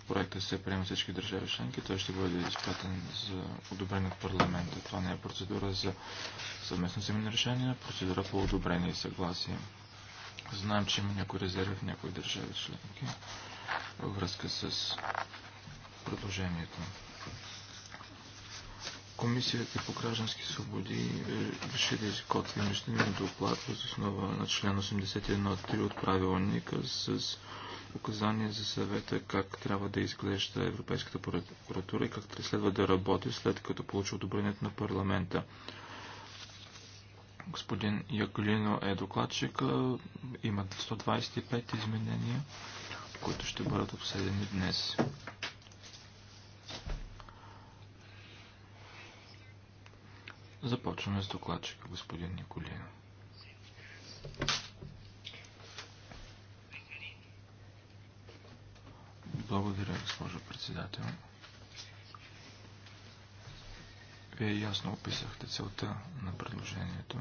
проекта се приема всички държави членки, той ще бъде изпратен за одобрение от парламента. Това не е процедура за съвместно вземане решение, а процедура по одобрение и съгласие. Знаем, че има някои резерви в някои държави членки във връзка с предложението. Комисията по граждански свободи реши да изготви междинен доклад въз основа на член 81.3 от правилника с указания за съвета как трябва да изглежда Европейската прокуратура и как следва да работи след като получи одобрението на парламента. Господин Яколино е докладчик. Има 125 изменения, които ще бъдат обсъдени днес. Започваме с докладчика, господин Николино. Благодаря, госпожо председател. Вие ясно описахте целта на предложението,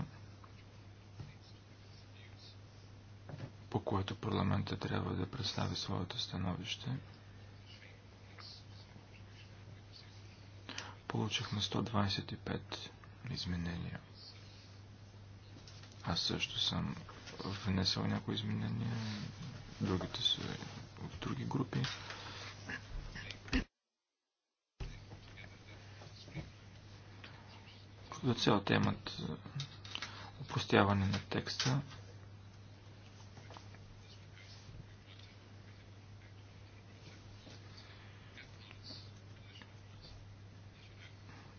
по което парламента трябва да представи своето становище. Получихме 125 изменения. Аз също съм внесъл някои изменения, другите са от други групи. за цялата имат е, упростяване на текста.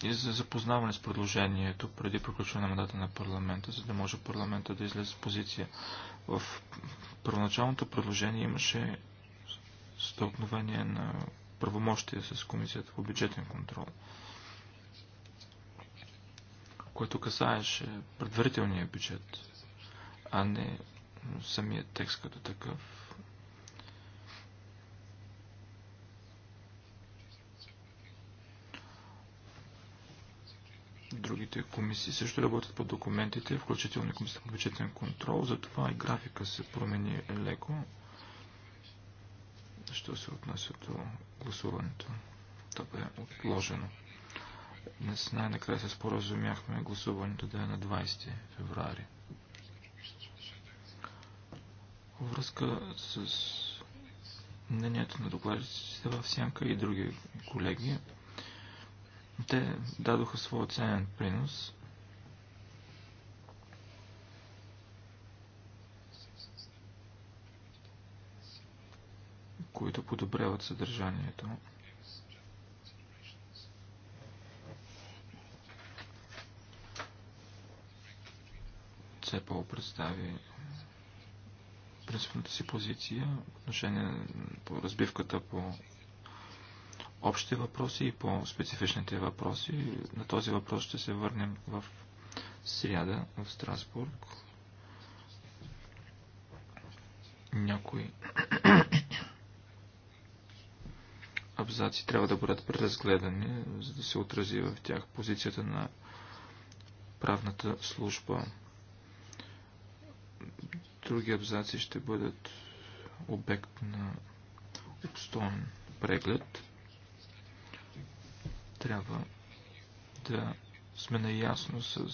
и за запознаване с предложението преди приключване на мандата на парламента, за да може парламента да излезе с позиция. В първоначалното предложение имаше стълкновение на правомощия с Комисията по бюджетен контрол което касаеше предварителния бюджет, а не самият текст като такъв. Другите комисии също работят по документите, включително и комисията по бюджетен контрол, затова и графика се промени леко, що се отнася до гласуването. Това е отложено. Днес най-накрая се споразумяхме гласуването да е на 20 февруари. Във връзка с мнението на докладчиците в Сянка и други колеги, те дадоха своя ценен принос. които подобряват съдържанието. СЕПОЛ представи е, принципната си позиция отношение по разбивката по общите въпроси и по специфичните въпроси. На този въпрос ще се върнем в сряда в Страсбург. Някои абзаци трябва да бъдат преразгледани, за да се отрази в тях позицията на правната служба други абзаци ще бъдат обект на обстоен преглед. Трябва да сме наясно с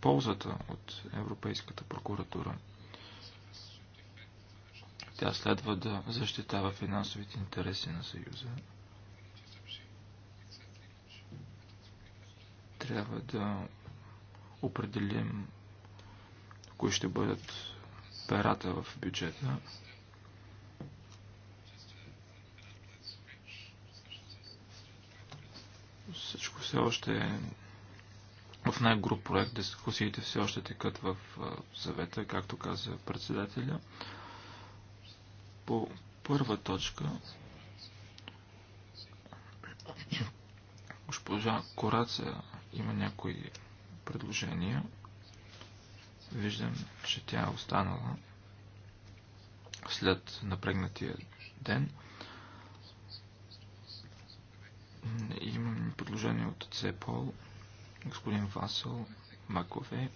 ползата от Европейската прокуратура. Тя следва да защитава финансовите интереси на Съюза. Трябва да определим кои ще бъдат перата в бюджета. Всичко все още е в най-груп проект. Дискусиите все още текат в съвета, както каза председателя. По първа точка госпожа Кораца има някои предложения. Виждам, че тя е останала след напрегнатия ден. Имам предложение от Цепол, господин Васел, Макове.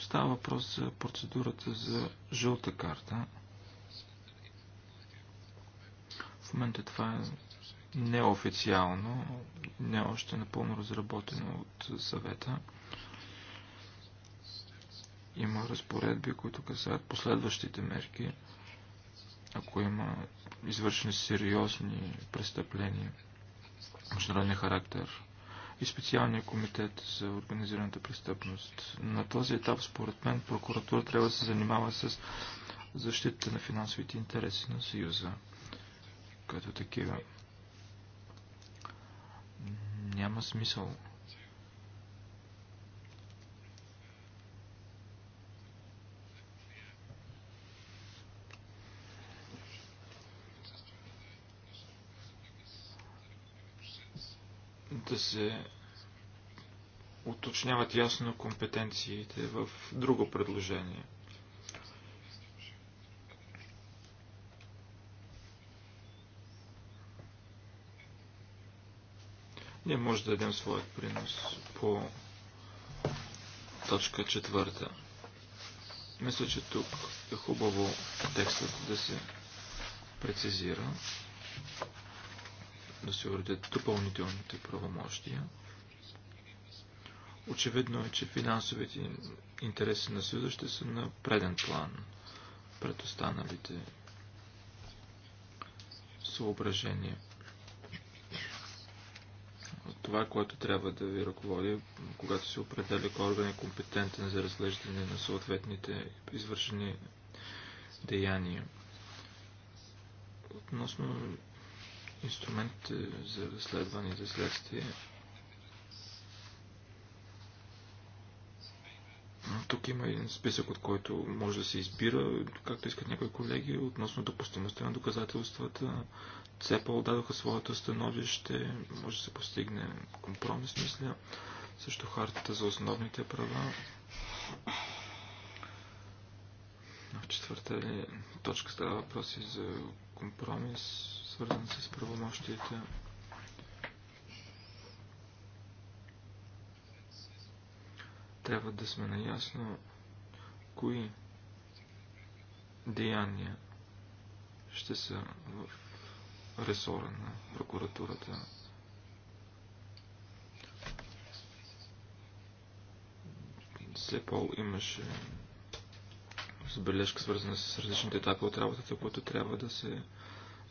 Става въпрос за процедурата за жълта карта. момента това е неофициално, не още напълно разработено от съвета. Има разпоредби, които касаят последващите мерки, ако има извършени сериозни престъпления, международния характер и специалния комитет за организираната престъпност. На този етап, според мен, прокуратура трябва да се занимава с защита на финансовите интереси на Съюза като такива. Няма смисъл. Да се уточняват ясно компетенциите в друго предложение – Ние може да дадем своят принос по точка четвърта. Мисля, че тук е хубаво текстът да се прецизира, да се уредят допълнителните правомощия. Очевидно е, че финансовите интереси на Съюза ще са на преден план пред останалите съображения това, което трябва да ви ръководи, когато се определя кой орган е компетентен за разглеждане на съответните извършени деяния. Относно инструментите за разследване и за следствие, тук има един списък, от който може да се избира, както искат някои колеги, относно допустимостта на доказателствата, ЦЕПАЛ дадоха своето становище, може да се постигне компромис, мисля, също хартата за основните права. В четвърта ли, точка става въпроси за компромис, свързан с правомощите. Трябва да сме наясно кои деяния ще са в ресора на прокуратурата. Все пол имаше забележка, свързана с различните етапи от работата, които трябва да се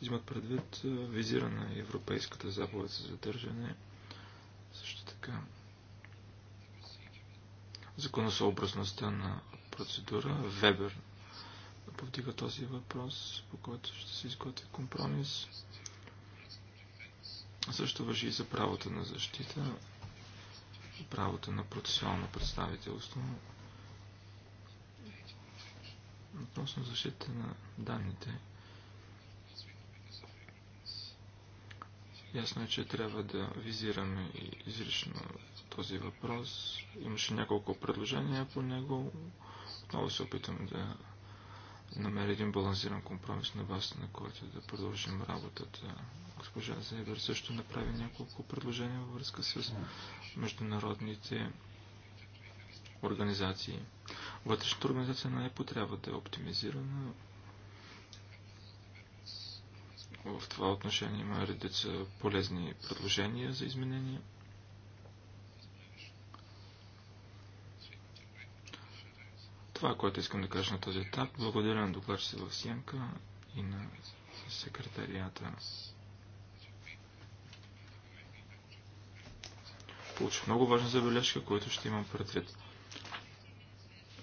взимат предвид. Визирана е Европейската заповед за задържане. Също така законосъобразността на процедура. Вебер повдига този въпрос, по който ще се изготви компромис. Също въжи и за правото на защита, правото на процесуално представителство относно защита на данните. Ясно е, че трябва да визираме и изрично този въпрос. Имаше няколко предложения по него. Отново се опитам да намери един балансиран компромис на базата, на който да продължим работата. Госпожа Зайбер също направи няколко предложения във връзка с международните организации. Вътрешната организация на ЕПО трябва да е оптимизирана. В това отношение има редица полезни предложения за изменения. Това е което искам да кажа на този етап. Благодаря на докладчица в Сянка и на секретарията. Получих много важна забележка, която ще имам предвид.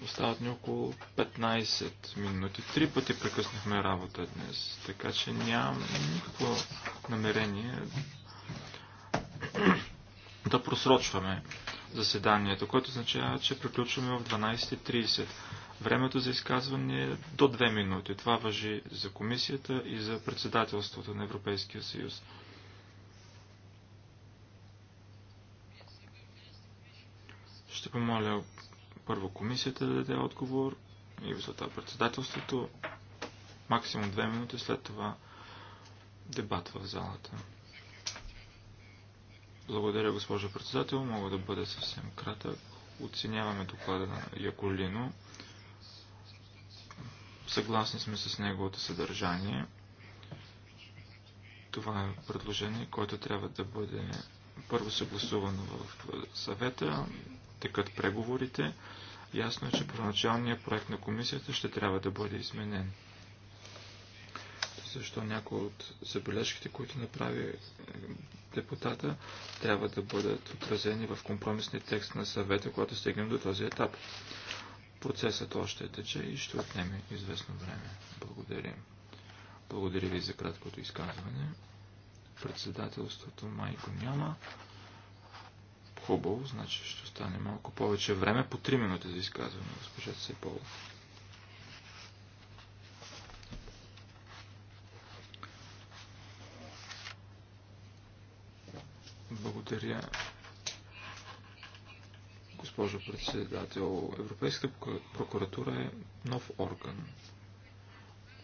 Остават ни около 15 минути. Три пъти прекъснахме работа днес, така че нямам никакво намерение да просрочваме заседанието, което означава, че приключваме в 12.30. Времето за изказване е до две минути. Това въжи за комисията и за председателството на Европейския съюз. Ще помоля първо комисията да даде отговор и за това председателството. Максимум две минути след това дебат в залата. Благодаря, госпожо председател. Мога да бъда съвсем кратък. Оценяваме доклада на Яколино. Съгласни сме с неговото съдържание. Това е предложение, което трябва да бъде първо съгласувано в съвета, текат преговорите. Ясно е, че първоначалният проект на комисията ще трябва да бъде изменен. Защо някои от забележките, които направи е, депутата, трябва да бъдат отразени в компромисния текст на съвета, когато стигнем до този етап. Процесът още тече и ще отнеме известно време. Благодаря. Благодаря ви за краткото изказване. Председателството майко няма. Хубаво, значи ще остане малко повече време. По 3 минути за изказване, госпожа Сепол. Благодаря госпожо председател. Европейската прокуратура е нов орган.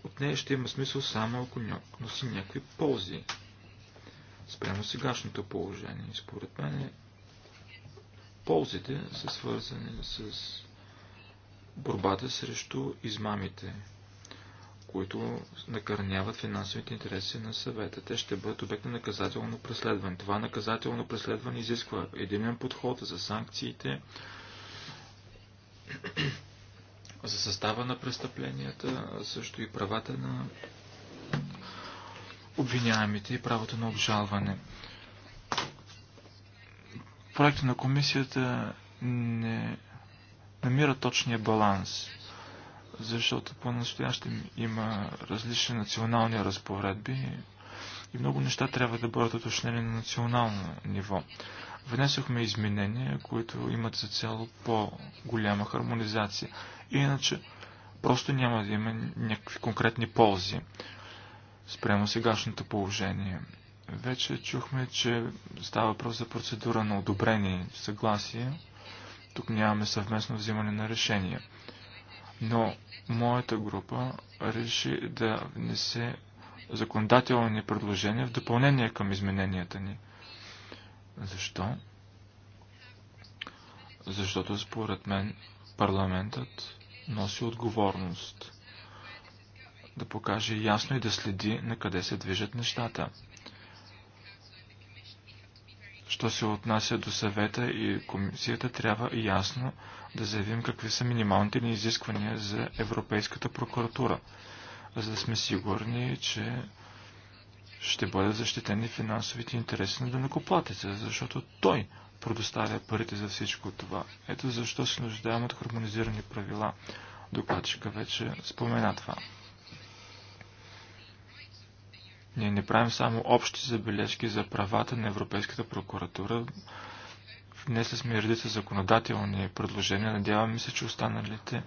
От нея ще има смисъл само ако носи някакви ползи спрямо сегашното положение. Според мен ползите са свързани с борбата срещу измамите, които накърняват финансовите интереси на съвета. Те ще бъдат обект на наказателно преследване. Това наказателно преследване изисква единен подход за санкциите, за състава на престъпленията, също и правата на обвиняемите и правото на обжалване. Проекта на комисията не намира точния баланс защото по-настоящем има различни национални разпоредби и много неща трябва да бъдат уточнени на национално ниво. Внесохме изменения, които имат за цяло по-голяма хармонизация. Иначе просто няма да има някакви конкретни ползи спрямо сегашното положение. Вече чухме, че става въпрос за процедура на одобрение, съгласие. Тук нямаме съвместно взимане на решения. Но моята група реши да внесе законодателни предложения в допълнение към измененията ни. Защо? Защото според мен парламентът носи отговорност да покаже ясно и да следи на къде се движат нещата. Що се отнася до съвета и комисията, трябва ясно да заявим какви са минималните ни изисквания за Европейската прокуратура, за да сме сигурни, че ще бъдат защитени финансовите интереси на данакоплатеца, защото той предоставя парите за всичко това. Ето защо се нуждаем от хармонизирани правила. Докладчика вече спомена това. Ние не правим само общи забележки за правата на Европейската прокуратура. Внесли сме редица законодателни предложения. Надяваме се, че останалите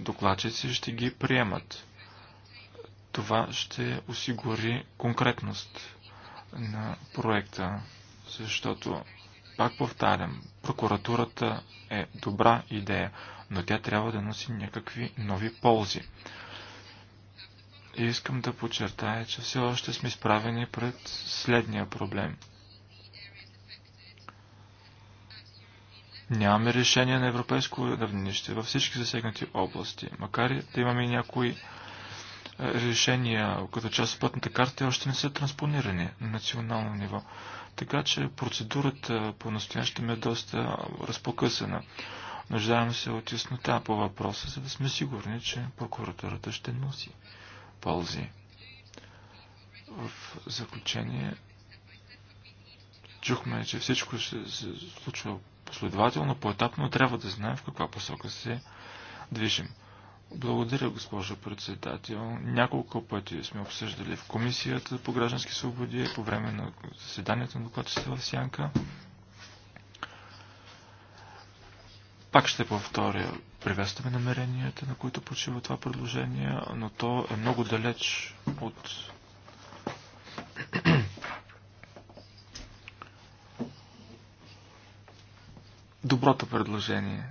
докладчици ще ги приемат. Това ще осигури конкретност на проекта, защото, пак повтарям, прокуратурата е добра идея, но тя трябва да носи някакви нови ползи. И искам да подчертая, че все още сме изправени пред следния проблем. Нямаме решение на европейско равнище във всички засегнати области, макар и да имаме някои е, решения, като част от пътната карта още не са транспонирани на национално ниво. Така че процедурата е, по настоящем е доста е, разпокъсана. Нуждаем се от яснота по въпроса, за да сме сигурни, че прокуратурата ще носи ползи. В заключение чухме, че всичко се случва последователно, поетапно, трябва да знаем в каква посока се движим. Благодаря, госпожо председател. Няколко пъти сме обсъждали в Комисията по граждански свободи по време на заседанието на докладчество в Сянка. Пак ще повторя, приветстваме намеренията, на които почива това предложение, но то е много далеч от доброто предложение.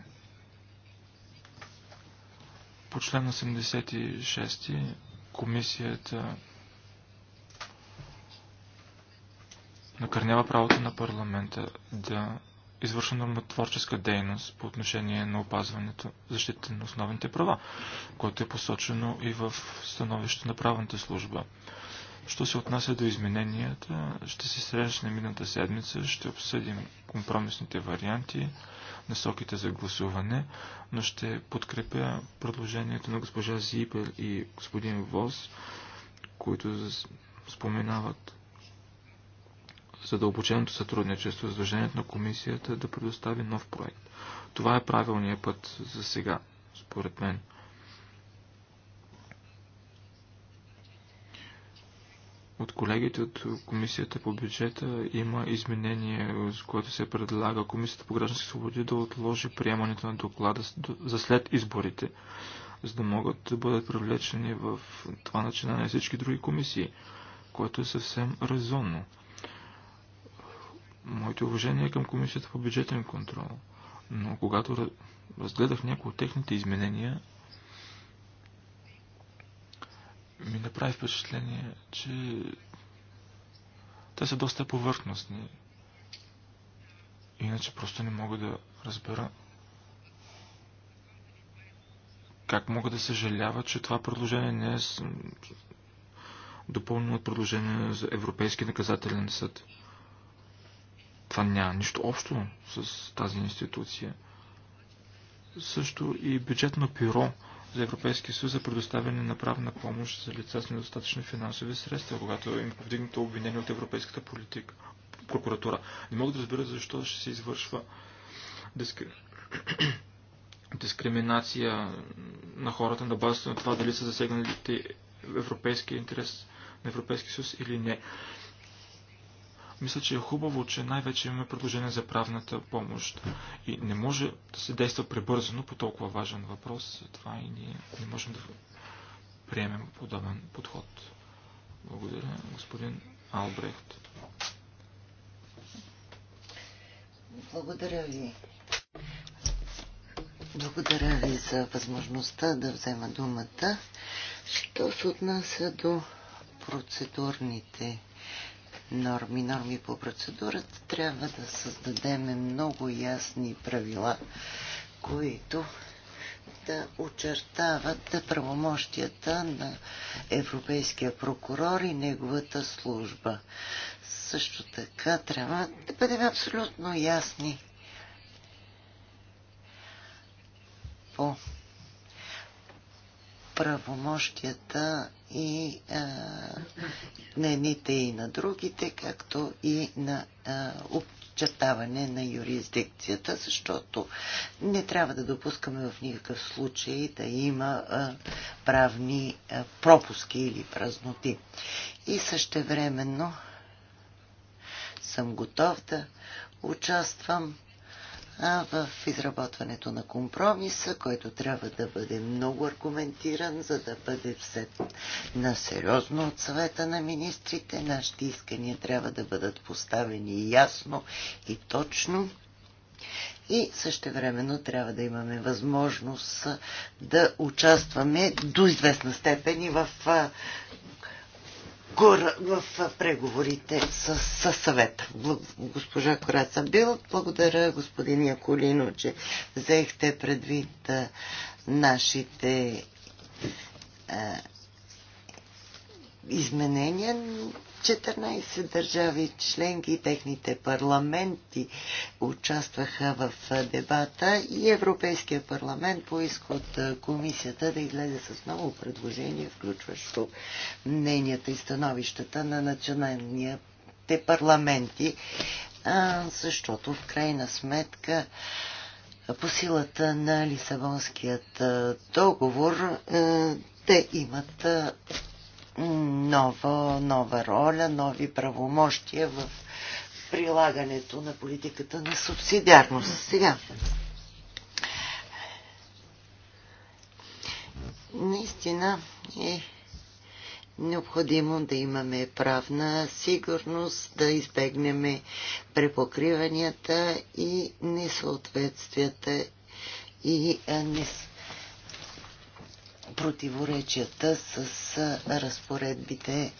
По член 86 комисията накърнява правото на парламента да извършва нормотворческа дейност по отношение на опазването, защита на основните права, което е посочено и в становище на правната служба. Що се отнася до измененията, ще се срещнем мината седмица, ще обсъдим компромисните варианти, насоките за гласуване, но ще подкрепя предложението на госпожа Зипел и господин Воз, които споменават задълбоченото сътрудничество с Движението на комисията да предостави нов проект. Това е правилният път за сега, според мен. От колегите от Комисията по бюджета има изменение, с което се предлага Комисията по граждански свободи да отложи приемането на доклада за след изборите, за да могат да бъдат привлечени в това начинание всички други комисии, което е съвсем резонно. Моите уважения към Комисията по бюджетен контрол. Но когато разгледах някои от техните изменения, ми направи впечатление, че те са доста повърхностни. Иначе просто не мога да разбера как мога да съжалява, че това предложение не е допълнено от предложение за Европейски наказателен съд. Това няма нищо общо с тази институция. Също и бюджетно пиро за Европейския съюз за предоставяне на правна помощ за лица с недостатъчни финансови средства, когато им повдигнато обвинение от Европейската политика, прокуратура. Не мога да разбера защо ще се извършва дискриминация на хората на базата на това дали са засегнали европейския интерес на Европейския съюз или не. Мисля, че е хубаво, че най-вече имаме предложение за правната помощ. И не може да се действа пребързано по толкова важен въпрос. Това и ние не можем да приемем подобен подход. Благодаря, господин Албрехт. Благодаря ви. Благодаря ви за възможността да взема думата. Що се отнася до процедурните норми, норми по процедурата, трябва да създадем много ясни правила, които да очертават правомощията на европейския прокурор и неговата служба. Също така трябва да бъдем абсолютно ясни по правомощията и а, е, на едните и на другите, както и на е, а, на юрисдикцията, защото не трябва да допускаме в никакъв случай да има е, правни пропуски или празноти. И същевременно съм готов да участвам в изработването на компромиса, който трябва да бъде много аргументиран, за да бъде взет на сериозно от съвета на министрите. Нашите искания трябва да бъдат поставени ясно и точно. И същевременно трябва да имаме възможност да участваме до известна степен и в в преговорите с, с съвета. Госпожа Кораца Бил, благодаря господин Яколино, че взехте предвид нашите изменения 14 държави членки и техните парламенти участваха в дебата и Европейския парламент поиска от комисията да излезе с ново предложение, включващо мненията и становищата на националните парламенти, защото в крайна сметка по силата на Лисабонският договор те имат нова, нова роля, нови правомощия в прилагането на политиката на субсидиарност. Сега. Наистина е необходимо да имаме правна сигурност, да избегнем препокриванията и несъответствията и несъответствията противоречията с разпоредбите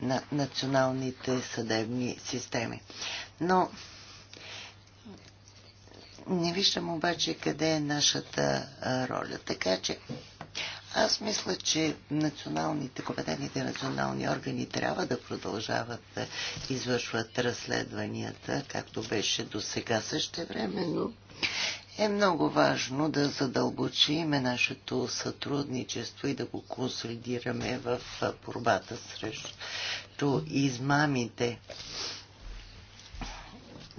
на националните съдебни системи. Но не виждам обаче къде е нашата роля. Така че аз мисля, че националните, компетентните национални органи трябва да продължават да извършват разследванията, както беше до сега също време, но е много важно да задълбочиме нашето сътрудничество и да го консолидираме в борбата срещу измамите.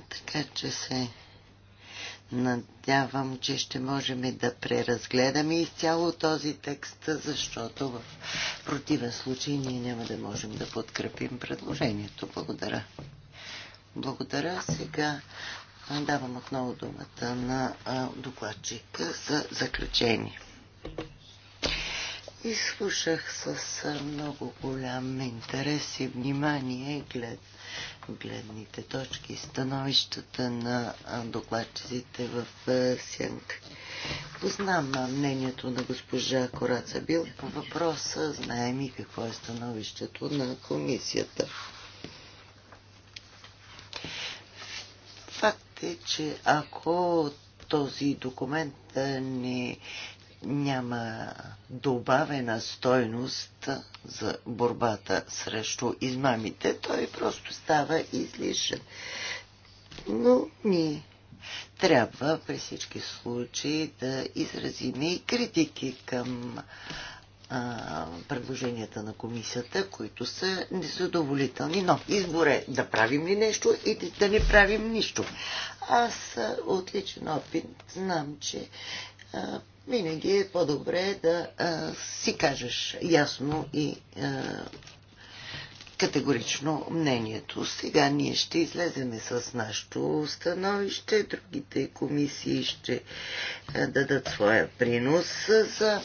Така че се надявам, че ще можем да преразгледаме изцяло този текст, защото в противен случай ние няма да можем да подкрепим предложението. Благодаря. Благодаря. Сега Давам отново думата на докладчика за заключение. Изслушах с много голям интерес и внимание глед, гледните точки и становищата на докладчиците в Сянка. Познам мнението на госпожа Кораца Бил по въпроса, знаем и какво е становището на комисията. знаете, че ако този документ не няма добавена стойност за борбата срещу измамите, той просто става излишен. Но ние трябва при всички случаи да изразиме и критики към предложенията на комисията, които са незадоволителни. Но избор е да правим ли нещо и да не правим нищо. Аз от личен опит знам, че а, винаги е по-добре да а, си кажеш ясно и а, категорично мнението. Сега ние ще излеземе с нашото становище, другите комисии ще дадат своя принос за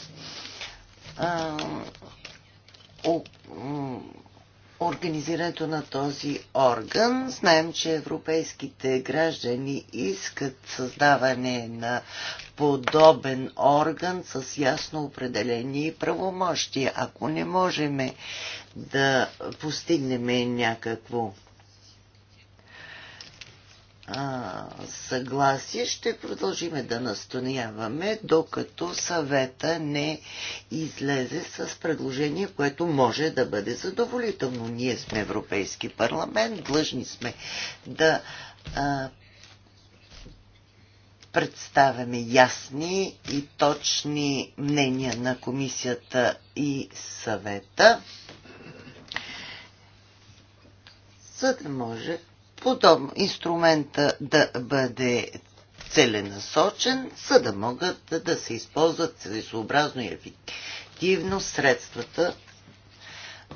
организирането на този орган. Знаем, че европейските граждани искат създаване на подобен орган с ясно определени правомощия. Ако не можем да постигнем някакво съгласие, ще продължиме да настояваме, докато съвета не излезе с предложение, което може да бъде задоволително. Ние сме Европейски парламент, длъжни сме да а, представяме ясни и точни мнения на комисията и съвета, за да може подобно инструмента да бъде целенасочен, за да могат да се използват целесообразно и ефективно средствата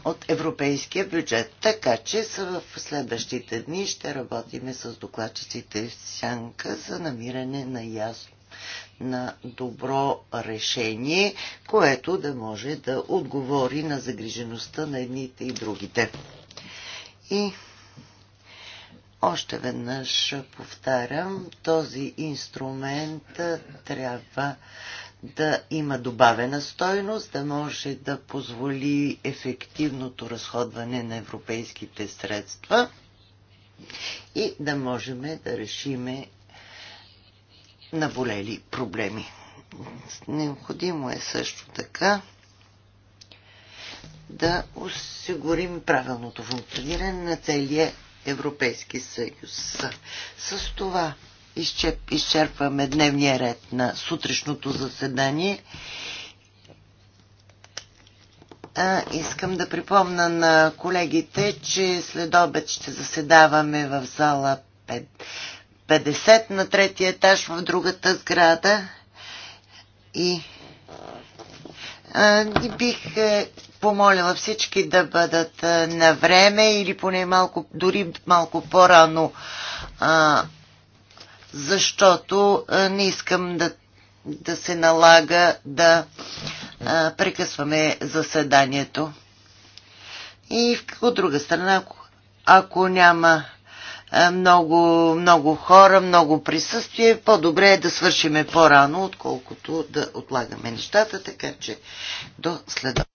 от европейския бюджет. Така че в следващите дни ще работиме с докладчиците в сянка за намиране на ясно на добро решение, което да може да отговори на загрижеността на едните и другите. И още веднъж повтарям, този инструмент трябва да има добавена стойност, да може да позволи ефективното разходване на европейските средства и да можем да решиме наболели проблеми. Необходимо е също така да осигурим правилното функциониране на целия Европейски съюз. С това изчерпваме дневния ред на сутрешното заседание. А, искам да припомна на колегите, че след обед ще заседаваме в зала 50 на третия етаж в другата сграда и и бих е, помолила всички да бъдат е, на време или поне малко, дори малко по-рано, защото е, не искам да, да се налага да прекъсваме заседанието. И от друга страна, ако, ако няма е, много, много хора, много присъствие. По-добре е да свършиме по-рано, отколкото да отлагаме нещата, така че до следа.